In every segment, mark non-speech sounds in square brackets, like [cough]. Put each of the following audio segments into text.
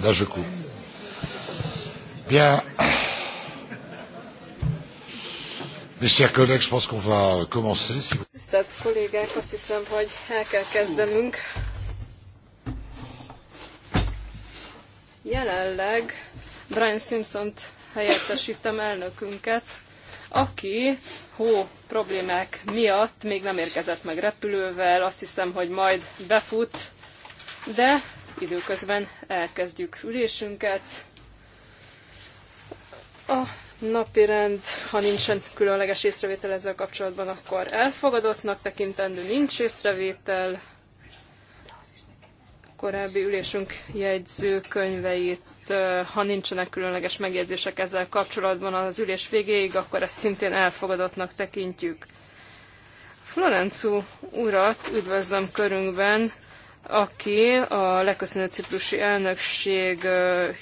D'un je coup. Bien. Mes chers collègues, je pense qu'on va commencer. Si vous... Tisztelt kollégák, azt hiszem, hogy el kell kezdenünk. Jelenleg Brian Simpson-t helyettesítem elnökünket, aki hó problémák miatt még nem érkezett meg repülővel, azt hiszem, hogy majd befut, de Időközben elkezdjük ülésünket. A napirend, ha nincsen különleges észrevétel ezzel kapcsolatban, akkor elfogadottnak tekintendő nincs észrevétel. Korábbi ülésünk jegyzőkönyveit, ha nincsenek különleges megjegyzések ezzel kapcsolatban az ülés végéig, akkor ezt szintén elfogadottnak tekintjük. Florencu urat üdvözlöm körünkben, aki a leköszönő ciprusi elnökség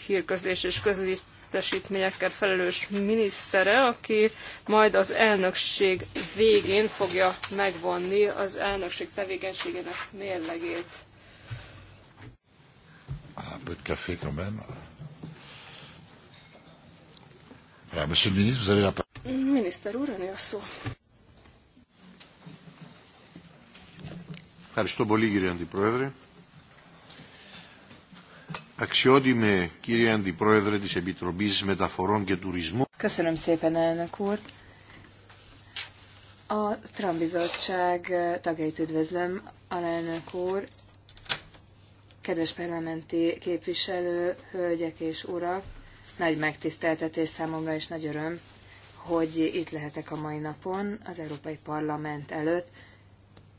hírközlés és közvetítésítményekkel felelős minisztere, aki majd az elnökség végén fogja megvonni az elnökség tevékenységének mérlegét. Ah, Miniszter úr, a szó. Ευχαριστώ πολύ κύριε Αντιπρόεδρε. κύριε Αντιπρόεδρε της Επιτροπής Μεταφορών και Τουρισμού. Köszönöm szépen, elnök úr. A Trump bizottság tagjait üdvözlöm, alelnök úr, kedves parlamenti képviselő, hölgyek és urak, nagy megtiszteltetés számomra és nagy öröm, hogy itt lehetek a mai napon az Európai Parlament előtt,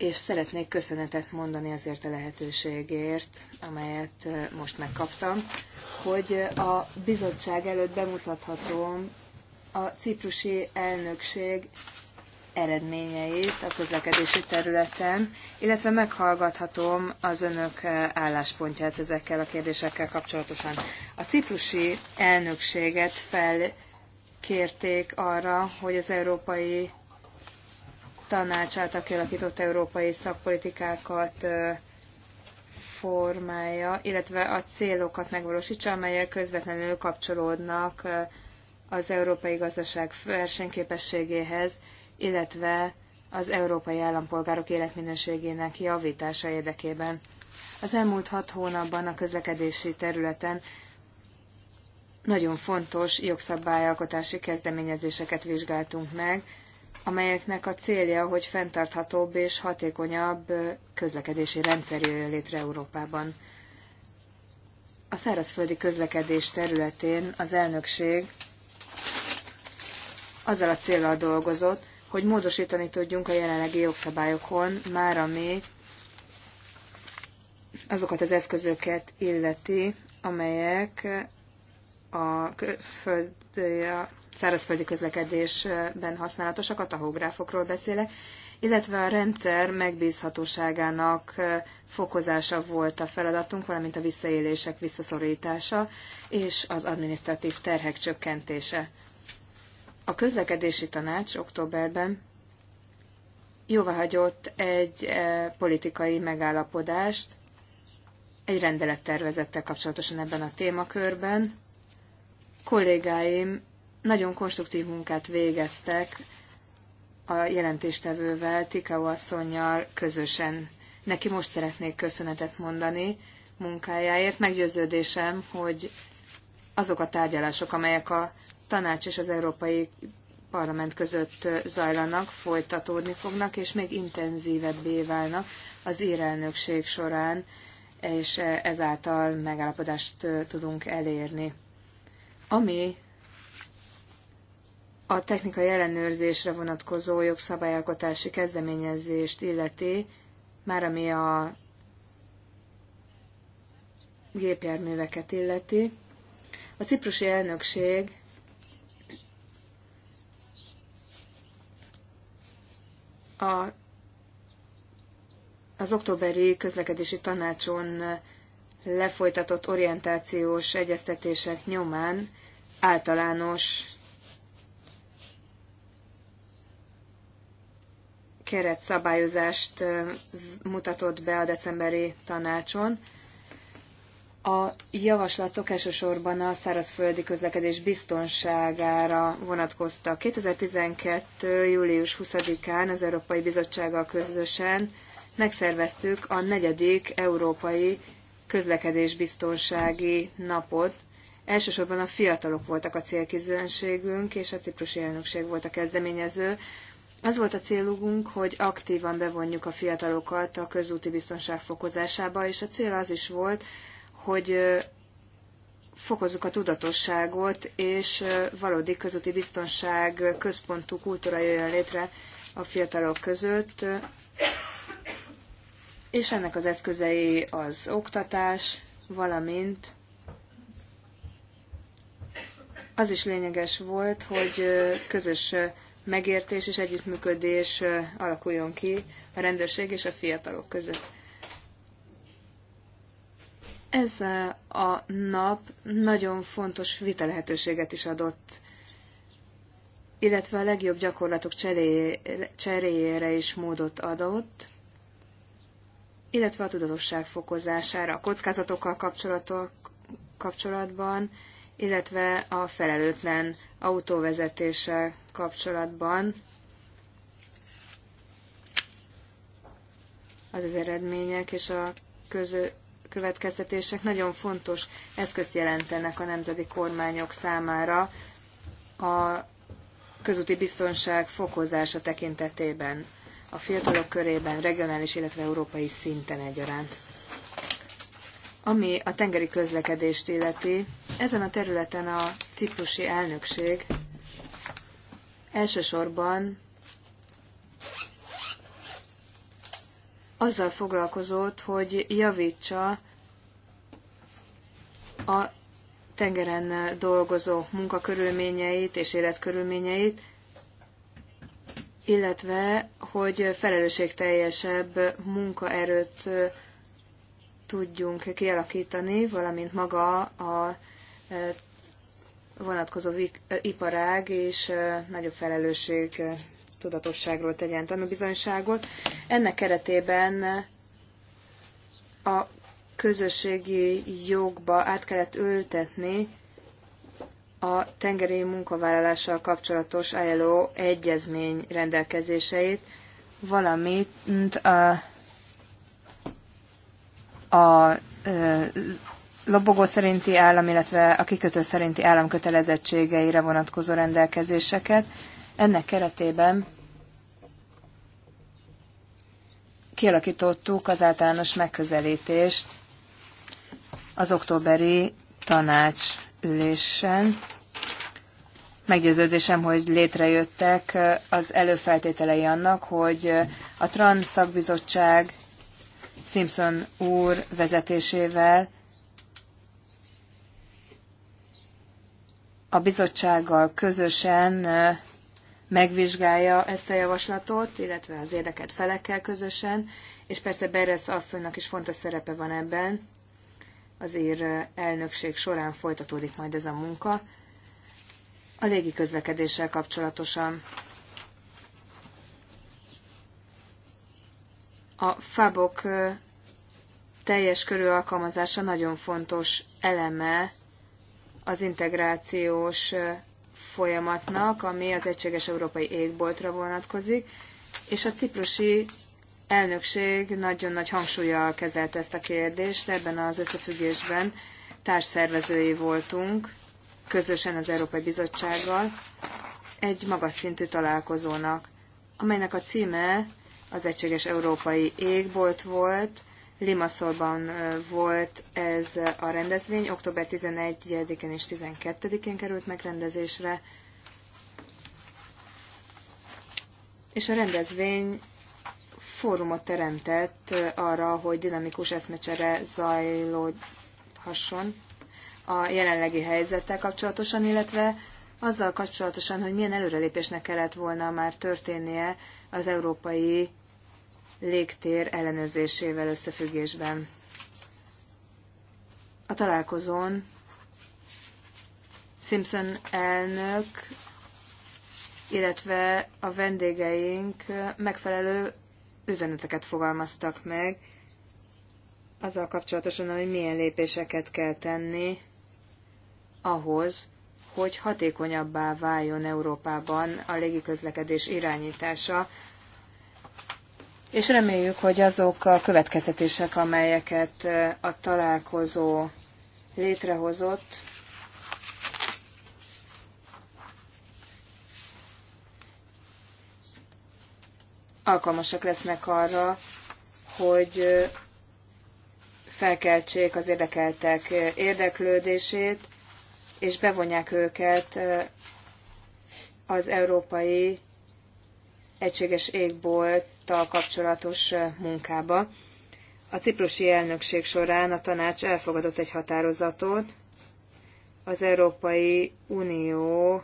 és szeretnék köszönetet mondani azért a lehetőségért, amelyet eh, most megkaptam, hogy eh, a bizottság előtt bemutathatom a ciprusi elnökség eredményeit a közlekedési területen, illetve meghallgathatom az önök eh, álláspontját ezekkel a kérdésekkel kapcsolatosan. A ciprusi elnökséget felkérték arra, hogy az európai tanács által kialakított európai szakpolitikákat formája, illetve a célokat megvalósítsa, amelyek közvetlenül kapcsolódnak az európai gazdaság versenyképességéhez, illetve az európai állampolgárok életminőségének javítása érdekében. Az elmúlt hat hónapban a közlekedési területen nagyon fontos jogszabályalkotási kezdeményezéseket vizsgáltunk meg, amelyeknek a célja, hogy fenntarthatóbb és hatékonyabb közlekedési rendszer jöjjön létre Európában. A szárazföldi közlekedés területén az elnökség azzal a célral dolgozott, hogy módosítani tudjunk a jelenlegi jogszabályokon, már ami azokat az eszközöket illeti, amelyek a föld, a szárazföldi közlekedésben használatosak, a tahográfokról beszélek, illetve a rendszer megbízhatóságának fokozása volt a feladatunk, valamint a visszaélések visszaszorítása és az administratív terhek csökkentése. A közlekedési tanács októberben jóváhagyott egy politikai megállapodást, egy rendelettervezettel kapcsolatosan ebben a témakörben. Kollégáim nagyon konstruktív munkát végeztek a jelentéstevővel, Tikau asszonynal közösen. Neki most szeretnék köszönetet mondani munkájáért. Meggyőződésem, hogy azok a tárgyalások, amelyek a tanács és az Európai Parlament között zajlanak, folytatódni fognak, és még intenzívebbé válnak az írelnökség során, és ezáltal megállapodást tudunk elérni. Ami a technikai ellenőrzésre vonatkozó jogszabályalkotási kezdeményezést illeti, már ami a gépjárműveket illeti. A ciprusi elnökség a, az októberi közlekedési tanácson lefolytatott orientációs egyeztetések nyomán általános keretszabályozást mutatott be a decemberi tanácson. A javaslatok elsősorban a szárazföldi közlekedés biztonságára vonatkoztak. 2012. július 20-án az Európai Bizottsággal közösen megszerveztük a negyedik Európai Közlekedésbiztonsági Napot. Elsősorban a fiatalok voltak a célközönségünk, és a ciprusi elnökség volt a kezdeményező. Az volt a célunk, hogy aktívan bevonjuk a fiatalokat a közúti biztonság fokozásába, és a cél az is volt, hogy fokozzuk a tudatosságot, és valódi közúti biztonság központú kultúra jöjjön létre a fiatalok között. És ennek az eszközei az oktatás, valamint az is lényeges volt, hogy közös megértés és együttműködés alakuljon ki a rendőrség és a fiatalok között. Ez a nap nagyon fontos vita lehetőséget is adott, illetve a legjobb gyakorlatok cseréjére is módot adott, illetve a tudatosság fokozására, a kockázatokkal kapcsolatban, illetve a felelőtlen autóvezetése kapcsolatban az az eredmények és a közö, következtetések nagyon fontos eszközt jelentenek a nemzeti kormányok számára a közúti biztonság fokozása tekintetében a fiatalok körében, regionális, illetve európai szinten egyaránt. Ami a tengeri közlekedést illeti, ezen a területen a ciprusi elnökség elsősorban azzal foglalkozott, hogy javítsa a tengeren dolgozó munkakörülményeit és életkörülményeit, illetve hogy felelősségteljesebb munkaerőt tudjunk kialakítani, valamint maga a e, vonatkozó e, iparág és e, nagyobb felelősség tudatosságról tegyen tanúbizonyságot. Ennek keretében a közösségi jogba át kellett ültetni a tengeri munkavállalással kapcsolatos ILO egyezmény rendelkezéseit, valamint a a lobogó szerinti állam, illetve a kikötő szerinti állam kötelezettségeire vonatkozó rendelkezéseket. Ennek keretében kialakítottuk az általános megközelítést az októberi ülésen. Meggyőződésem, hogy létrejöttek az előfeltételei annak, hogy a Trans szakbizottság Simpson úr vezetésével a bizottsággal közösen megvizsgálja ezt a javaslatot, illetve az érdekelt felekkel közösen, és persze Beres asszonynak is fontos szerepe van ebben, Az ír elnökség során folytatódik majd ez a munka. A légi közlekedéssel kapcsolatosan A fabok teljes körű alkalmazása nagyon fontos eleme az integrációs folyamatnak, ami az egységes európai égboltra vonatkozik, és a ciprusi elnökség nagyon nagy hangsúlyjal kezelt ezt a kérdést, ebben az összefüggésben társszervezői voltunk, közösen az Európai Bizottsággal, egy magas szintű találkozónak, amelynek a címe az Egységes Európai Égbolt volt, Limaszolban volt ez a rendezvény, október 11-én és 12-én került megrendezésre, és a rendezvény fórumot teremtett arra, hogy dinamikus eszmecsere zajlódhasson a jelenlegi helyzettel kapcsolatosan, illetve azzal kapcsolatosan, hogy milyen előrelépésnek kellett volna már történnie az európai légtér ellenőrzésével összefüggésben. A találkozón Simpson elnök, illetve a vendégeink megfelelő üzeneteket fogalmaztak meg azzal kapcsolatosan, hogy milyen lépéseket kell tenni ahhoz, hogy hatékonyabbá váljon Európában a légiközlekedés irányítása, és reméljük, hogy azok a következtetések, amelyeket a találkozó létrehozott, alkalmasak lesznek arra, hogy felkeltsék az érdekeltek érdeklődését, és bevonják őket az európai egységes égbolttal kapcsolatos munkába. A ciprusi elnökség során a tanács elfogadott egy határozatot az Európai Unió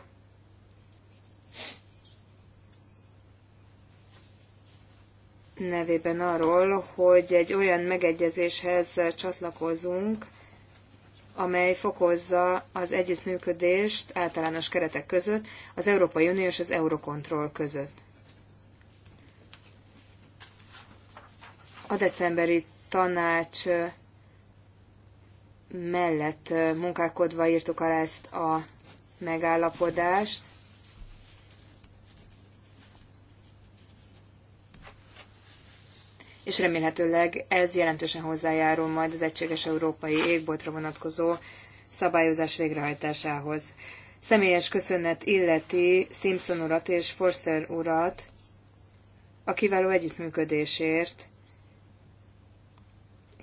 nevében arról, hogy egy olyan megegyezéshez csatlakozunk, amely fokozza az együttműködést általános keretek között az Európai Unió és az Eurocontrol között. A decemberi tanács mellett munkálkodva írtuk alá ezt a megállapodást, és remélhetőleg ez jelentősen hozzájárul majd az egységes európai égboltra vonatkozó szabályozás végrehajtásához. Személyes köszönet illeti Simpson urat és Forster urat a kiváló együttműködésért,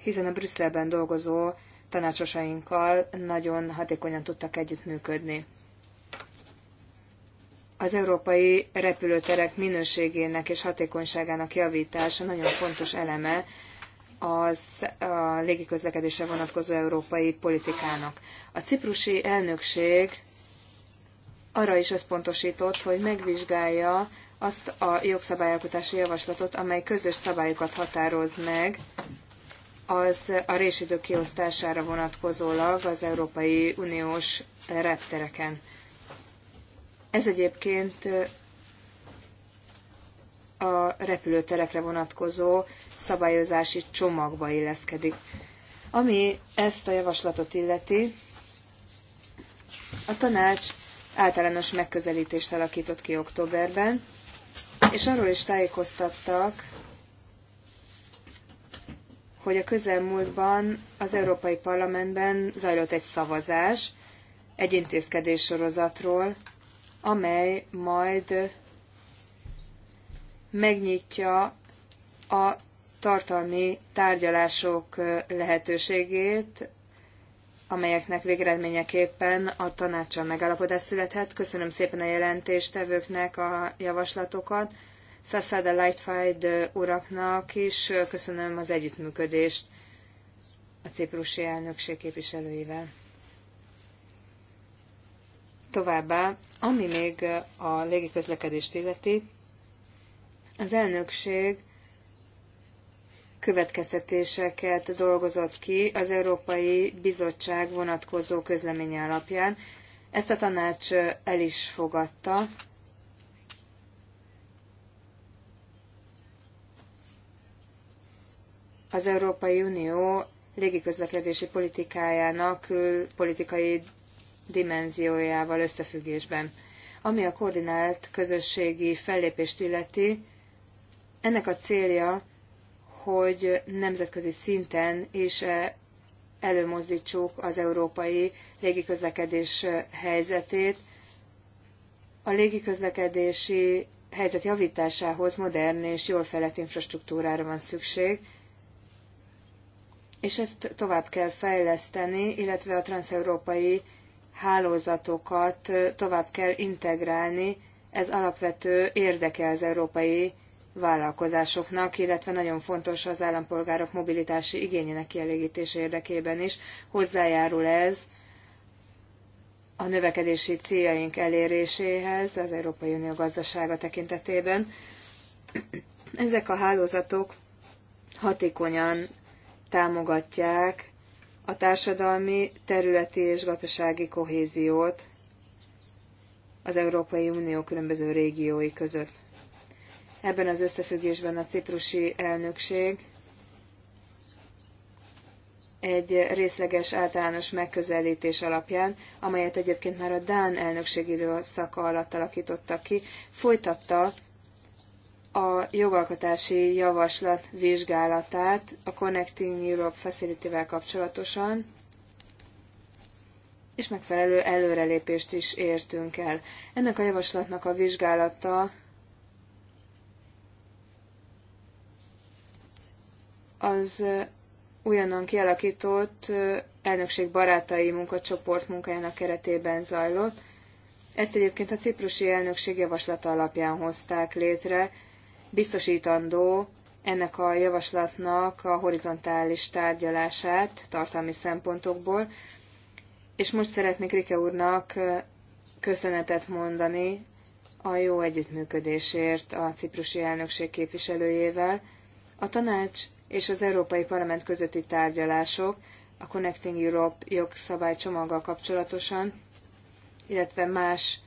hiszen a Brüsszelben dolgozó tanácsosainkkal nagyon hatékonyan tudtak együttműködni az európai repülőterek minőségének és hatékonyságának javítása nagyon fontos eleme az a légiközlekedésre vonatkozó európai politikának. A ciprusi elnökség arra is összpontosított, hogy megvizsgálja azt a jogszabályalkotási javaslatot, amely közös szabályokat határoz meg az a résidők kiosztására vonatkozólag az Európai Uniós reptereken. Ez egyébként a repülőterekre vonatkozó szabályozási csomagba illeszkedik. Ami ezt a javaslatot illeti, a tanács általános megközelítést alakított ki októberben, és arról is tájékoztattak, hogy a közelmúltban az Európai Parlamentben zajlott egy szavazás egy intézkedéssorozatról, amely majd megnyitja a tartalmi tárgyalások lehetőségét, amelyeknek végeredményeképpen a tanácssal megállapodás születhet. Köszönöm szépen a jelentéstevőknek a javaslatokat. Sassada Lightfight uraknak is köszönöm az együttműködést a ciprusi elnökség képviselőivel. Továbbá, ami még a légiközlekedést illeti, az elnökség következtetéseket dolgozott ki az Európai Bizottság vonatkozó közleménye alapján. Ezt a tanács el is fogadta. Az Európai Unió légiközlekedési politikájának politikai dimenziójával összefüggésben. Ami a koordinált közösségi fellépést illeti, ennek a célja, hogy nemzetközi szinten is eh, előmozdítsuk az európai légiközlekedés eh, helyzetét. A légiközlekedési helyzet javításához modern és jól fejlett infrastruktúrára van szükség, és ezt tovább kell fejleszteni, illetve a transeurópai hálózatokat tovább kell integrálni, ez alapvető érdeke az európai vállalkozásoknak, illetve nagyon fontos az állampolgárok mobilitási igényének kielégítése érdekében is. Hozzájárul ez a növekedési céljaink eléréséhez az Európai Unió gazdasága tekintetében. Ezek a hálózatok hatékonyan támogatják a társadalmi, területi és gazdasági kohéziót az Európai Unió különböző régiói között. Ebben az összefüggésben a ciprusi elnökség egy részleges általános megközelítés alapján, amelyet egyébként már a Dán elnökség időszaka alatt alakítottak ki, folytatta a jogalkotási javaslat vizsgálatát a Connecting Europe facility kapcsolatosan, és megfelelő előrelépést is értünk el. Ennek a javaslatnak a vizsgálata az újonnan kialakított elnökség barátai munkacsoport munkájának keretében zajlott. Ezt egyébként a ciprusi elnökség javaslata alapján hozták létre, biztosítandó ennek a javaslatnak a horizontális tárgyalását tartalmi szempontokból. És most szeretnék Rike úrnak köszönetet mondani a jó együttműködésért a ciprusi elnökség képviselőjével. A tanács és az Európai Parlament közötti tárgyalások a Connecting Europe jogszabálycsomaggal kapcsolatosan, illetve más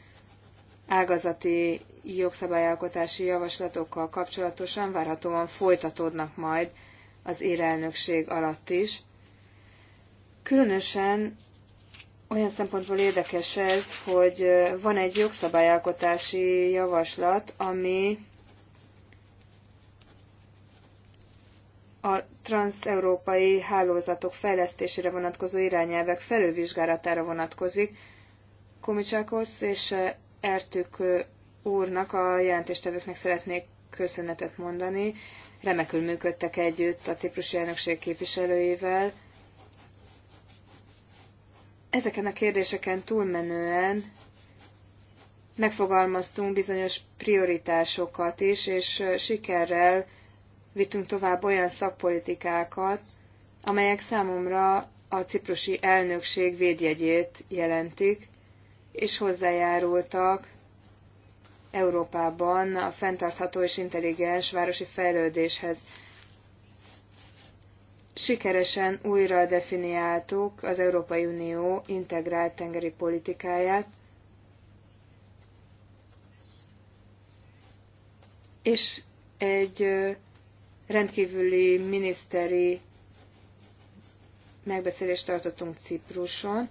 ágazati jogszabályalkotási javaslatokkal kapcsolatosan várhatóan folytatódnak majd az érelnökség alatt is. Különösen olyan szempontból érdekes ez, hogy van egy jogszabályalkotási javaslat, ami a transeurópai hálózatok fejlesztésére vonatkozó irányelvek felülvizsgálatára vonatkozik. Komicsákosz és Ertük úrnak, a jelentéstevőknek szeretnék köszönetet mondani. Remekül működtek együtt a ciprusi elnökség képviselőivel. Ezeken a kérdéseken túlmenően megfogalmaztunk bizonyos prioritásokat is, és sikerrel vittünk tovább olyan szakpolitikákat, amelyek számomra a ciprusi elnökség védjegyét jelentik és hozzájárultak Európában a fenntartható és intelligens városi fejlődéshez. Sikeresen újra definiáltuk az Európai Unió integrált tengeri politikáját, és egy rendkívüli miniszteri megbeszélést tartottunk Cipruson,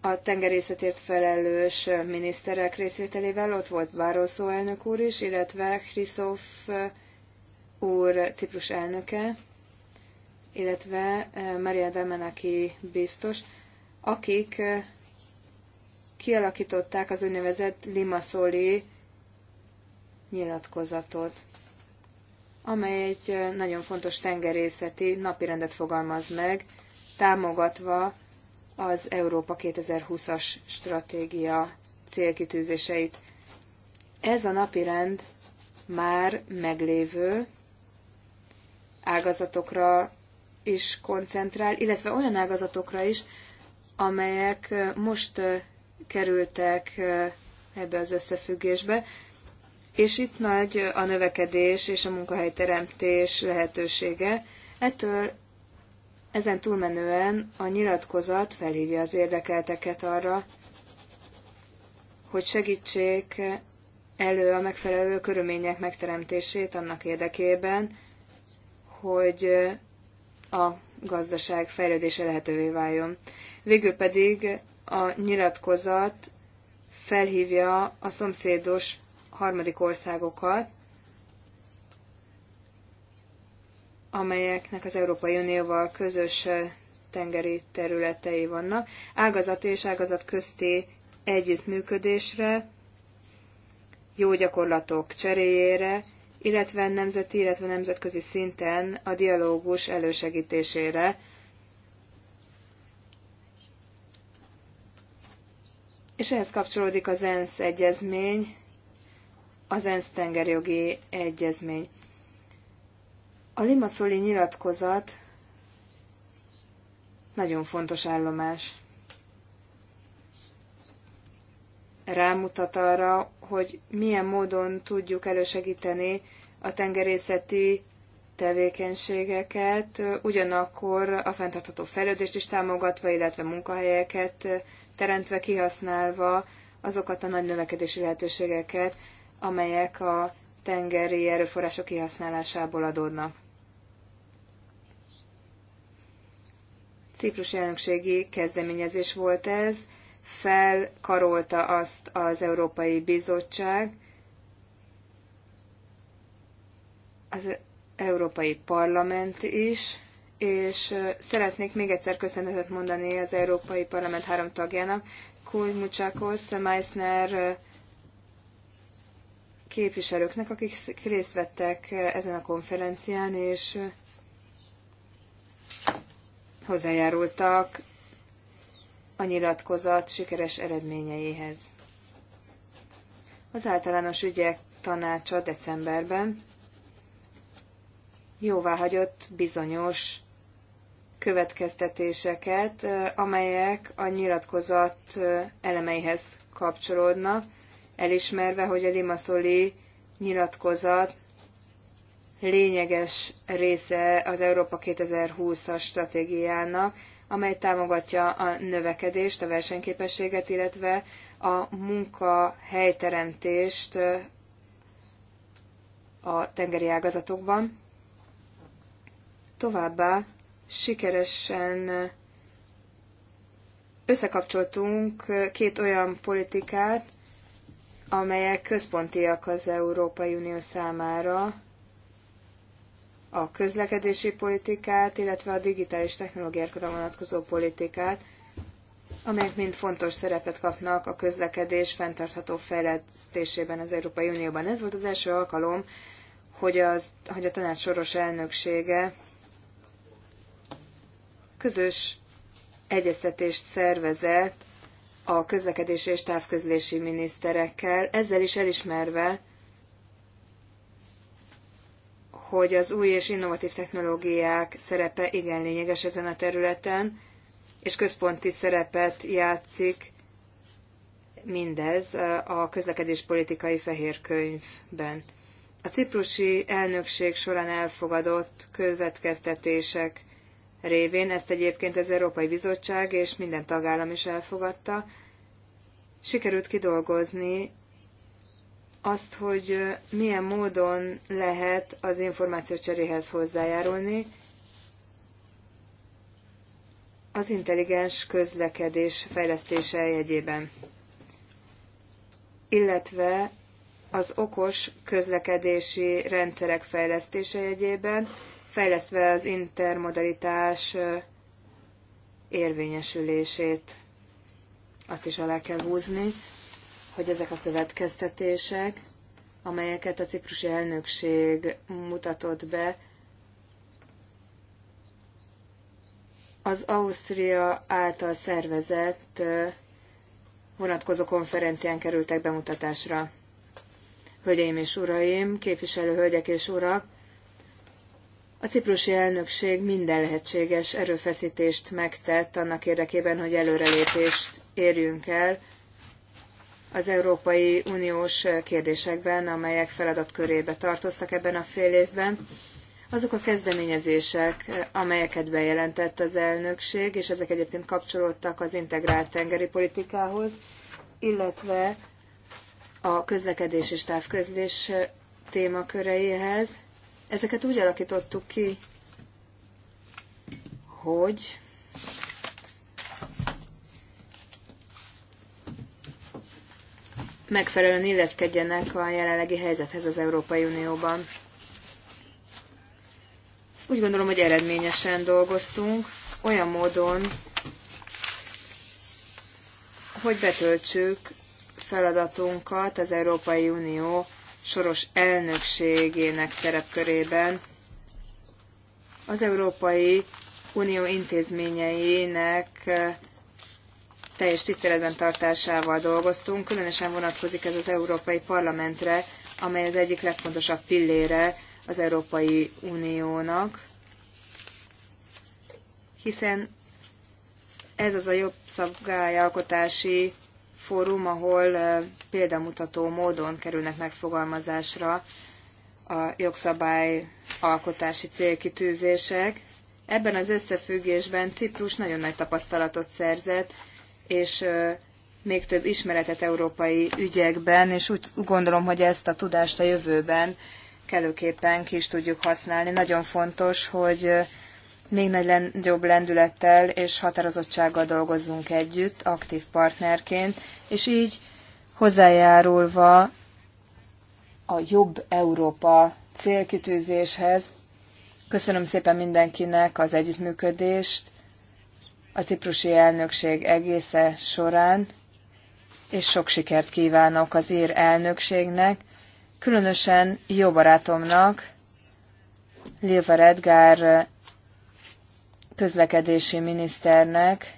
a tengerészetért felelős miniszterek részvételével. Ott volt Barroso elnök úr is, illetve Chrisof úr Ciprus elnöke, illetve eh, Maria Demenaki biztos, akik eh, kialakították az úgynevezett Limassoli nyilatkozatot, amely egy eh, nagyon fontos tengerészeti napirendet fogalmaz meg, támogatva az Európa 2020-as stratégia célkitűzéseit. Ez a napirend már meglévő ágazatokra is koncentrál, illetve olyan ágazatokra is, amelyek most kerültek ebbe az összefüggésbe, és itt nagy a növekedés és a munkahelyteremtés lehetősége. Ettől ezen túlmenően a nyilatkozat felhívja az érdekelteket arra, hogy segítsék elő a megfelelő körülmények megteremtését annak érdekében, hogy a gazdaság fejlődése lehetővé váljon. Végül pedig a nyilatkozat felhívja a szomszédos harmadik országokat, amelyeknek az Európai Unióval közös tengeri területei vannak, ágazat és ágazat közti együttműködésre, jó gyakorlatok cseréjére, illetve nemzeti, illetve nemzetközi szinten a dialógus elősegítésére. És ehhez kapcsolódik az ENSZ egyezmény, az ENSZ tengerjogi egyezmény. A Limassoli nyilatkozat nagyon fontos állomás. Rámutat arra, hogy milyen módon tudjuk elősegíteni a tengerészeti tevékenységeket, ugyanakkor a fenntartható fejlődést is támogatva, illetve munkahelyeket teremtve, kihasználva azokat a nagy növekedési lehetőségeket, amelyek a tengeri erőforrások kihasználásából adódnak. Ciprus elnökségi kezdeményezés volt ez, felkarolta azt az Európai Bizottság, az Európai Parlament is, és szeretnék még egyszer köszönetet mondani az Európai Parlament három tagjának, Kulmucsákhoz, Meissner képviselőknek, akik részt vettek eh, ezen a konferencián, és eh, hozzájárultak a nyilatkozat sikeres eredményeihez. Az általános ügyek tanácsa decemberben jóváhagyott bizonyos következtetéseket, eh, amelyek a nyilatkozat elemeihez kapcsolódnak, elismerve, hogy a Limassoli nyilatkozat lényeges része az Európa 2020-as stratégiának, amely támogatja a növekedést, a versenyképességet, illetve a munkahelyteremtést a tengeri ágazatokban. Továbbá sikeresen összekapcsoltunk két olyan politikát, amelyek központiak az Európai Unió számára a közlekedési politikát, illetve a digitális technológiákra vonatkozó politikát, amelyek mind fontos szerepet kapnak a közlekedés fenntartható fejlesztésében az Európai Unióban. Ez volt az első alkalom, hogy, az, hogy a tanács soros elnöksége közös egyeztetést szervezett a közlekedési és távközlési miniszterekkel, ezzel is elismerve, hogy az új és innovatív technológiák szerepe igen lényeges ezen a területen, és központi szerepet játszik mindez a közlekedéspolitikai fehér fehérkönyvben. A ciprusi elnökség során elfogadott következtetések révén ezt egyébként az Európai Bizottság és minden tagállam is elfogadta, sikerült kidolgozni azt, hogy milyen módon lehet az információs cseréhez hozzájárulni, az intelligens közlekedés fejlesztése jegyében, illetve az okos közlekedési rendszerek fejlesztése jegyében, fejlesztve az intermodalitás érvényesülését azt is alá kell húzni, hogy ezek a következtetések, amelyeket a ciprusi elnökség mutatott be, az Ausztria által szervezett vonatkozó konferencián kerültek bemutatásra. Hölgyeim és uraim, képviselő hölgyek és urak, a ciprusi elnökség minden lehetséges erőfeszítést megtett annak érdekében, hogy előrelépést érjünk el az Európai Uniós kérdésekben, amelyek feladatkörébe tartoztak ebben a fél évben. Azok a kezdeményezések, amelyeket bejelentett az elnökség, és ezek egyébként kapcsolódtak az integrált tengeri politikához, illetve a közlekedés és távközlés témaköreihez, Ezeket úgy alakítottuk ki, hogy megfelelően illeszkedjenek a jelenlegi helyzethez az Európai Unióban. Úgy gondolom, hogy eredményesen dolgoztunk, olyan módon, hogy betöltsük feladatunkat az Európai Unió soros elnökségének szerepkörében az Európai Unió intézményeinek eh, teljes tiszteletben tartásával dolgoztunk, különösen vonatkozik ez az Európai Parlamentre, amely az egyik legfontosabb pillére az Európai Uniónak, hiszen ez az a jobb szabályalkotási fórum, ahol eh, példamutató módon kerülnek megfogalmazásra a jogszabály alkotási célkitűzések. Ebben az összefüggésben Ciprus nagyon nagy tapasztalatot szerzett, és eh, még több ismeretet európai ügyekben, és úgy gondolom, hogy ezt a tudást a jövőben kellőképpen ki is tudjuk használni. Nagyon fontos, hogy eh, még nagyobb lendülettel és határozottsággal dolgozzunk együtt, aktív partnerként, és így hozzájárulva a jobb Európa célkitűzéshez. Köszönöm szépen mindenkinek az együttműködést a ciprusi elnökség egésze során, és sok sikert kívánok az ír elnökségnek, különösen jó barátomnak, Lilvar Edgár közlekedési miniszternek,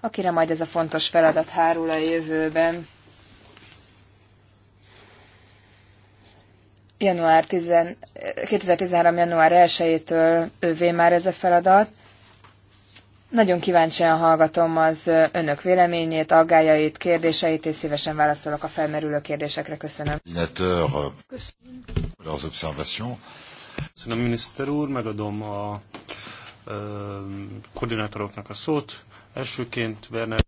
akire majd ez a fontos feladat hárul a jövőben. Január 10, 2013. január 1-től ővé már ez a feladat. Nagyon kíváncsian hallgatom az önök véleményét, aggájait, kérdéseit, és szívesen válaszolok a felmerülő kérdésekre. Köszönöm. Köszönöm. Köszönöm, miniszter úr, megadom a ö, koordinátoroknak a szót. Elsőként Werner.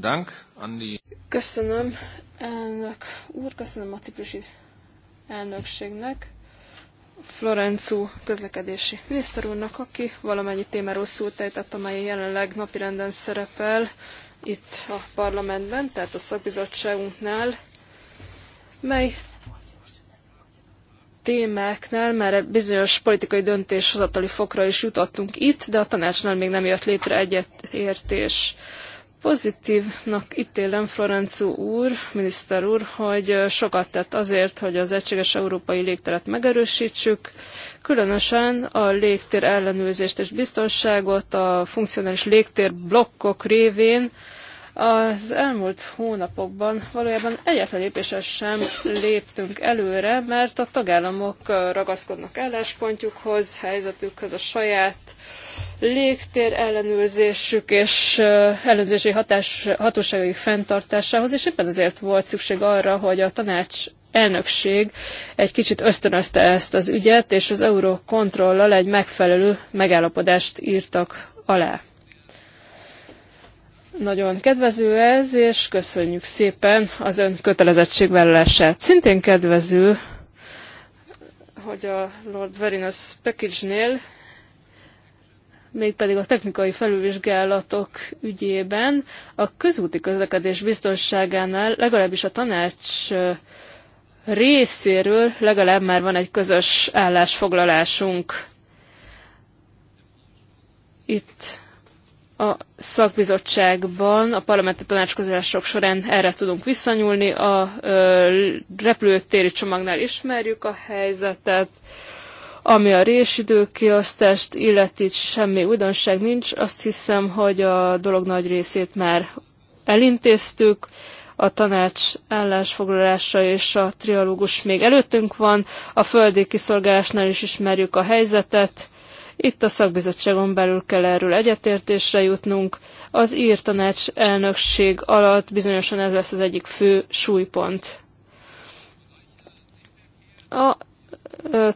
Dank, Andi. Köszönöm, elnök úr, köszönöm a ciprusi elnökségnek. Florencu közlekedési miniszter úrnak, aki valamennyi témáról szólt ejtett, amely jelenleg napirenden szerepel itt a parlamentben, tehát a szakbizottságunknál, mely témáknál már bizonyos politikai döntéshozatali fokra is jutottunk itt, de a tanácsnál még nem jött létre egyetértés. Pozitívnak ítélem Florencu úr, miniszter úr, hogy sokat tett azért, hogy az egységes európai légteret megerősítsük, különösen a légtér ellenőrzést és biztonságot a funkcionális légtér blokkok révén, az elmúlt hónapokban valójában egyetlen lépéssel sem léptünk előre, mert a tagállamok ragaszkodnak álláspontjukhoz, helyzetükhöz, a saját légtér ellenőrzésük és ellenőrzési hatás, hatóságaik fenntartásához, és éppen ezért volt szükség arra, hogy a tanács elnökség egy kicsit ösztönözte ezt az ügyet, és az Eurocontrollal egy megfelelő megállapodást írtak alá. Nagyon kedvező ez, és köszönjük szépen az ön kötelezettségvállalását. Szintén kedvező, hogy a Lord a package-nél, mégpedig a technikai felülvizsgálatok ügyében a közúti közlekedés biztonságánál legalábbis a tanács részéről legalább már van egy közös állásfoglalásunk. Itt a szakbizottságban a parlamenti tanácskozások során erre tudunk visszanyúlni. A ö, repülőtéri csomagnál ismerjük a helyzetet, ami a résidőkiasztást illeti, semmi újdonság nincs. Azt hiszem, hogy a dolog nagy részét már elintéztük. A tanács állásfoglalása és a trialógus még előttünk van. A földi kiszolgálásnál is ismerjük a helyzetet itt a szakbizottságon belül kell erről egyetértésre jutnunk. Az ír tanács elnökség alatt bizonyosan ez lesz az egyik fő súlypont. A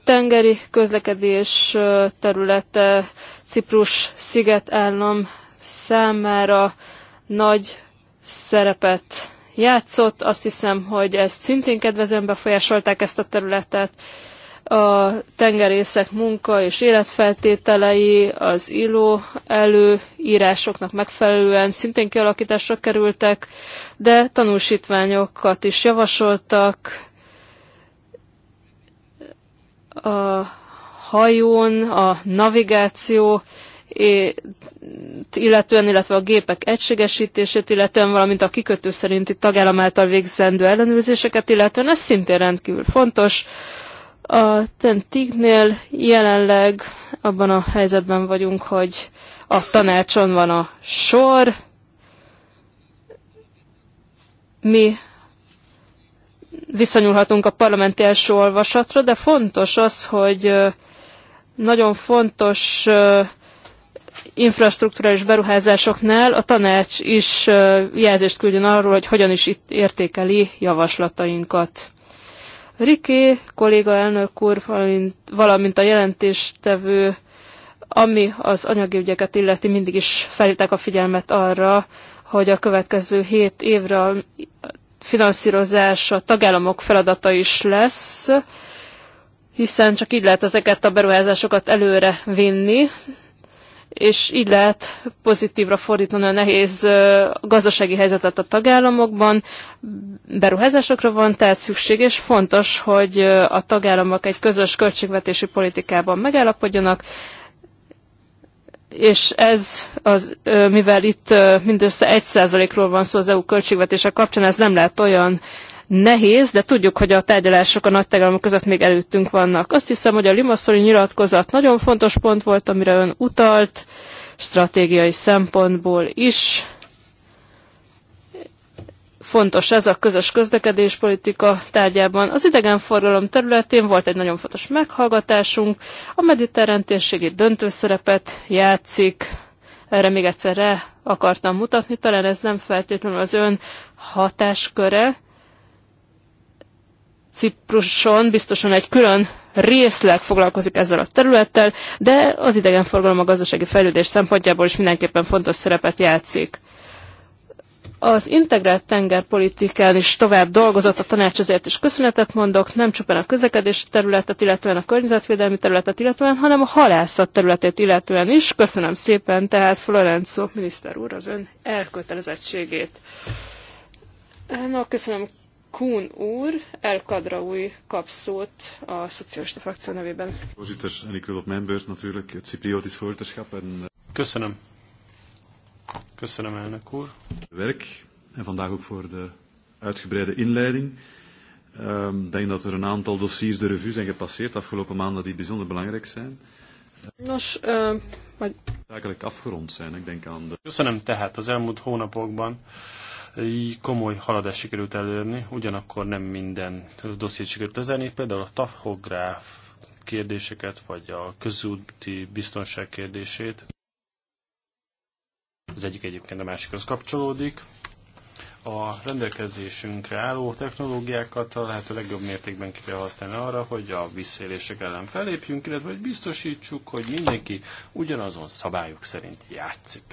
tengeri közlekedés területe Ciprus szigetállam számára nagy szerepet játszott. Azt hiszem, hogy ezt szintén kedvezően befolyásolták ezt a területet, a tengerészek munka és életfeltételei az illó előírásoknak megfelelően szintén kialakításra kerültek, de tanúsítványokat is javasoltak a hajón, a navigáció, illetően, illetve a gépek egységesítését, illetően, valamint a kikötő szerinti tagállam által végzendő ellenőrzéseket, illetően ez szintén rendkívül fontos, a tentiknél jelenleg abban a helyzetben vagyunk, hogy a tanácson van a sor. Mi viszonyulhatunk a parlamenti első olvasatra, de fontos az, hogy nagyon fontos infrastruktúrális beruházásoknál a tanács is jelzést küldjön arról, hogy hogyan is itt értékeli javaslatainkat. Riki kolléga elnök úr, valamint a jelentéstevő, ami az anyagi ügyeket illeti, mindig is felítek a figyelmet arra, hogy a következő hét évre a finanszírozás a tagállamok feladata is lesz, hiszen csak így lehet ezeket a beruházásokat előre vinni, és így lehet pozitívra fordítani a nehéz gazdasági helyzetet a tagállamokban. Beruházásokra van tehát szükség, és fontos, hogy a tagállamok egy közös költségvetési politikában megállapodjanak, és ez, az, mivel itt mindössze 1%-ról van szó az EU költségvetése kapcsán, ez nem lehet olyan nehéz, de tudjuk, hogy a tárgyalások a nagy tagállamok között még előttünk vannak. Azt hiszem, hogy a Limassoli nyilatkozat nagyon fontos pont volt, amire ön utalt, stratégiai szempontból is. Fontos ez a közös közlekedéspolitika tárgyában. Az idegenforgalom területén volt egy nagyon fontos meghallgatásunk, a mediterrán térségi döntő szerepet játszik, erre még egyszer rá akartam mutatni, talán ez nem feltétlenül az ön hatásköre, Cipruson biztosan egy külön részleg foglalkozik ezzel a területtel, de az idegenforgalom a gazdasági fejlődés szempontjából is mindenképpen fontos szerepet játszik. Az integrált tengerpolitikán is tovább dolgozott a tanács, ezért is köszönetet mondok, nem csupán a közlekedés területet, illetően a környezetvédelmi területet, illetően, hanem a halászat területét illetően is. Köszönöm szépen tehát Florenzo miniszter úr az ön elkötelezettségét. Na, köszönöm Kuhn úr, El Kadra új kap szót a szocialista frakció nevében. Voorzitter, en ik wil op mijn beurt natuurlijk het Cypriotisch voorzitterschap en... Eh, Köszönöm. Köszönöm, elnök úr. Werk, en vandaag ook voor de uitgebreide inleiding. Ehm, ik um, denk dat er een aantal dossiers de revue zijn gepasseerd afgelopen maanden die bijzonder belangrijk zijn. Nos, uh, ehm, majd... Eigenlijk afgerond zijn, ik denk aan de... Köszönöm tehát az elmúlt hónapokban így komoly haladás sikerült elérni, ugyanakkor nem minden dossziét sikerült lezárni, például a tafográf kérdéseket, vagy a közúti biztonság kérdését. Az egyik egyébként a másikhoz kapcsolódik. A rendelkezésünkre álló technológiákat a lehető legjobb mértékben ki kell használni arra, hogy a visszaélések ellen felépjünk, illetve hogy biztosítsuk, hogy mindenki ugyanazon szabályok szerint játszik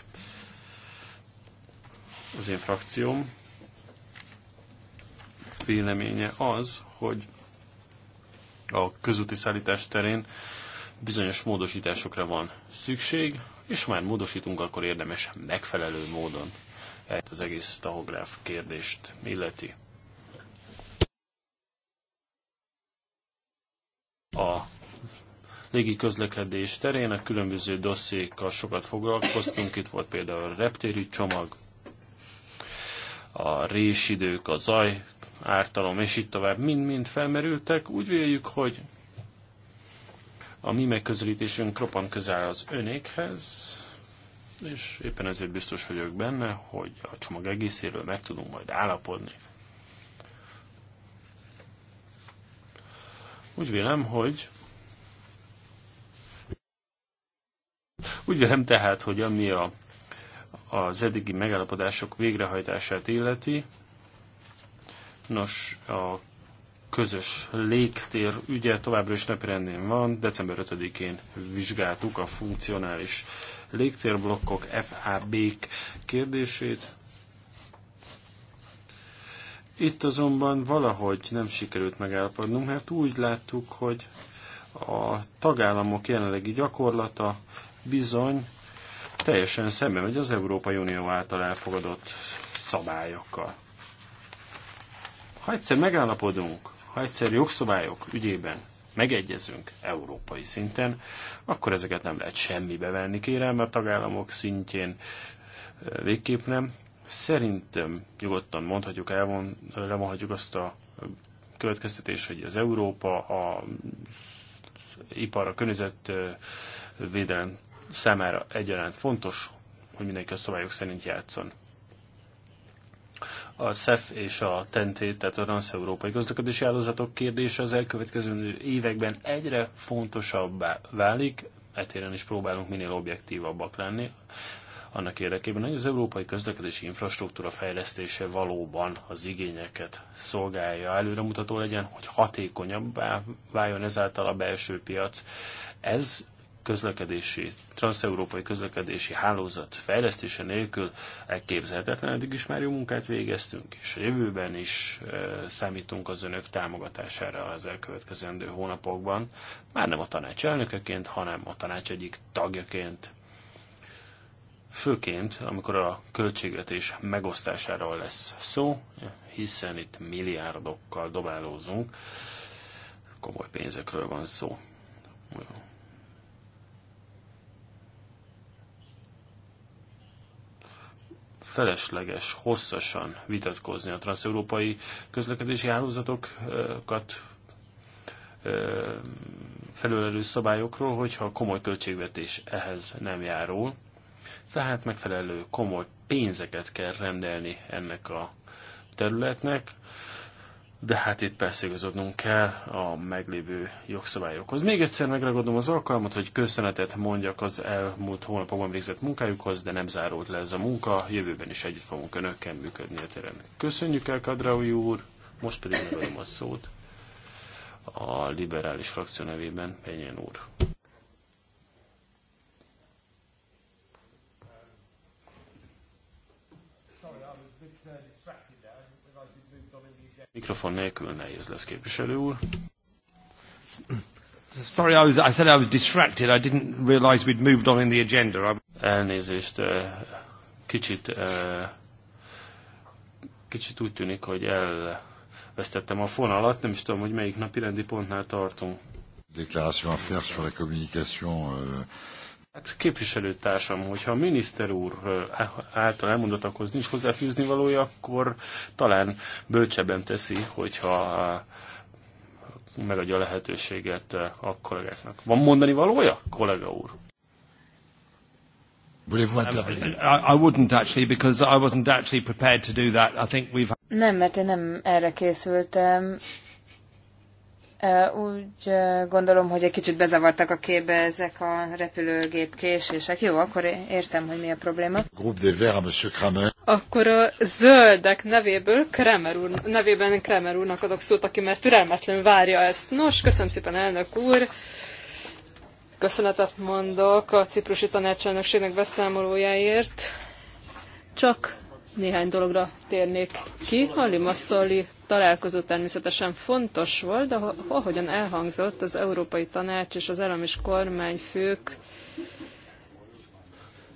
az én frakcióm véleménye az, hogy a közúti szállítás terén bizonyos módosításokra van szükség, és ha már módosítunk, akkor érdemes megfelelő módon ezt az egész tahográf kérdést illeti. A légi közlekedés terén a különböző dossziékkal sokat foglalkoztunk, itt volt például a reptéri csomag, a résidők, a zaj, ártalom, és így tovább, mind-mind felmerültek. Úgy véljük, hogy a mi megközelítésünk roppant közel az önékhez, és éppen ezért biztos vagyok benne, hogy a csomag egészéről meg tudunk majd állapodni. Úgy vélem, hogy úgy vélem tehát, hogy ami a az eddigi megállapodások végrehajtását illeti, nos, a közös légtér ügye továbbra is napirendén van. December 5-én vizsgáltuk a funkcionális légtérblokkok, FAB-k kérdését. Itt azonban valahogy nem sikerült megállapodnunk, mert úgy láttuk, hogy a tagállamok jelenlegi gyakorlata bizony teljesen szembe megy az Európai Unió által elfogadott szabályokkal. Ha egyszer megállapodunk, ha egyszer jogszabályok ügyében megegyezünk európai szinten, akkor ezeket nem lehet semmibe venni, kérem, a tagállamok szintjén végképp nem. Szerintem nyugodtan mondhatjuk, elvon, levonhatjuk azt a következtetés, hogy az Európa, a ipar, a környezetvédelem számára egyaránt fontos, hogy mindenki a szabályok szerint játszon. A SZEF és a TENTÉ, tehát a Transz-Európai Közlekedési Hálózatok kérdése az elkövetkező években egyre fontosabbá válik, etéren is próbálunk minél objektívabbak lenni, annak érdekében, hogy az európai közlekedési infrastruktúra fejlesztése valóban az igényeket szolgálja, előremutató legyen, hogy hatékonyabbá váljon ezáltal a belső piac. Ez közlekedési, transeurópai közlekedési hálózat fejlesztése nélkül elképzelhetetlen. Eddig is már jó munkát végeztünk, és a jövőben is számítunk az önök támogatására az elkövetkezendő hónapokban. Már nem a tanács elnökeként, hanem a tanács egyik tagjaként. Főként, amikor a költségvetés megosztásáról lesz szó, hiszen itt milliárdokkal dobálózunk, komoly pénzekről van szó felesleges hosszasan vitatkozni a transeurópai közlekedési hálózatokat felülelő szabályokról, hogyha komoly költségvetés ehhez nem járul. Tehát megfelelő komoly pénzeket kell rendelni ennek a területnek de hát itt persze igazodnunk kell a meglévő jogszabályokhoz. Még egyszer megragadom az alkalmat, hogy köszönetet mondjak az elmúlt hónapokban végzett munkájukhoz, de nem zárult le ez a munka, jövőben is együtt fogunk önökkel működni a teren. Köszönjük el, Kadraui úr, most pedig megadom a szót a liberális frakció nevében, Penyen úr. Mikrofon nélkül nehéz lesz, képviselő úr. Sorry, I, was, I said I was distracted. I didn't realize we'd moved on in the agenda. Elnézést, eh, kicsit, eh, kicsit úgy tűnik, hogy elvesztettem a fonalat, nem is tudom, hogy melyik napi rendi pontnál tartunk. Déclaration à faire sur la communication euh, Hát képviselőtársam, hogyha a miniszter úr által elmondottakhoz nincs hozzáfűzni valója, akkor talán bölcsebben teszi, hogyha megadja a lehetőséget a kollégáknak. Van mondani valója, kollega úr? Um, nem, mert én nem erre készültem. Úgy gondolom, hogy egy kicsit bezavartak a képbe ezek a repülőgép késések. Jó, akkor értem, hogy mi a probléma. Akkor a zöldek nevéből Kremer úr, nevében Kremer úrnak adok szót, aki mert türelmetlenül várja ezt. Nos, köszönöm szépen, elnök úr. Köszönetet mondok a ciprusi tanácselnökségnek beszámolójáért. Csak néhány dologra térnék ki. A Limasszoli találkozó természetesen fontos volt, de ahogyan elhangzott, az Európai Tanács és az állam és kormányfők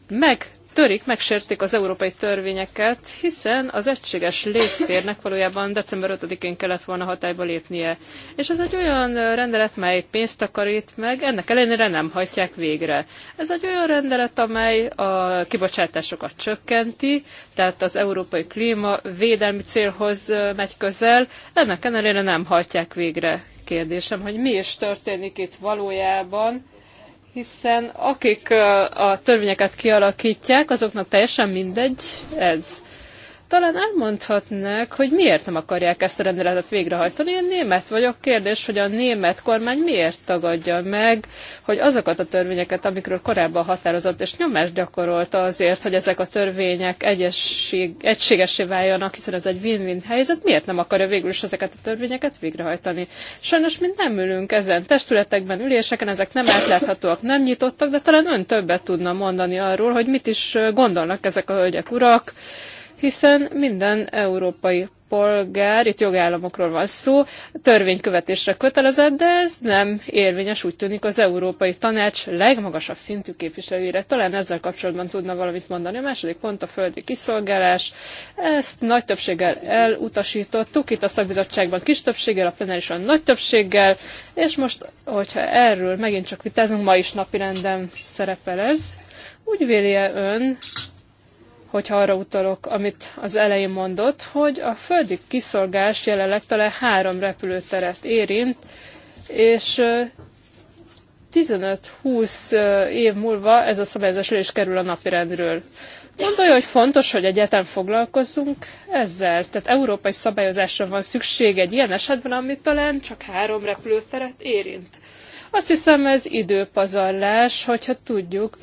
meg törik, megsértik az európai törvényeket, hiszen az egységes légtérnek valójában december 5-én kellett volna hatályba lépnie. És ez egy olyan rendelet, mely pénzt takarít meg, ennek ellenére nem hagyják végre. Ez egy olyan rendelet, amely a kibocsátásokat csökkenti, tehát az európai klíma védelmi célhoz megy közel, ennek ellenére nem hagyják végre. Kérdésem, hogy mi is történik itt valójában, hiszen akik a törvényeket kialakítják, azoknak teljesen mindegy ez talán elmondhatnák, hogy miért nem akarják ezt a rendeletet végrehajtani. Én német vagyok. Kérdés, hogy a német kormány miért tagadja meg, hogy azokat a törvényeket, amikről korábban határozott és nyomást gyakorolta azért, hogy ezek a törvények egyesség, egységesé váljanak, hiszen ez egy win-win helyzet, miért nem akarja végül is ezeket a törvényeket végrehajtani? Sajnos mi nem ülünk ezen testületekben, üléseken, ezek nem átláthatóak, nem nyitottak, de talán ön többet tudna mondani arról, hogy mit is gondolnak ezek a hölgyek, urak, hiszen minden európai polgár, itt jogállamokról van szó, törvénykövetésre kötelezett, de ez nem érvényes, úgy tűnik az Európai Tanács legmagasabb szintű képviselőire. Talán ezzel kapcsolatban tudna valamit mondani. A második pont a földi kiszolgálás. Ezt nagy többséggel elutasítottuk, itt a szakbizottságban kis többséggel, a plenárison nagy többséggel, és most, hogyha erről megint csak vitázunk, ma is napirenden szerepel ez. Úgy vélje ön, hogyha arra utalok, amit az elején mondott, hogy a földi kiszolgás jelenleg talán három repülőteret érint, és 15-20 év múlva ez a szabályozás le is kerül a napirendről. Gondolja, hogy fontos, hogy egyetem foglalkozzunk ezzel? Tehát európai szabályozásra van szükség egy ilyen esetben, amit talán csak három repülőteret érint. Azt hiszem, ez időpazarlás, hogyha tudjuk,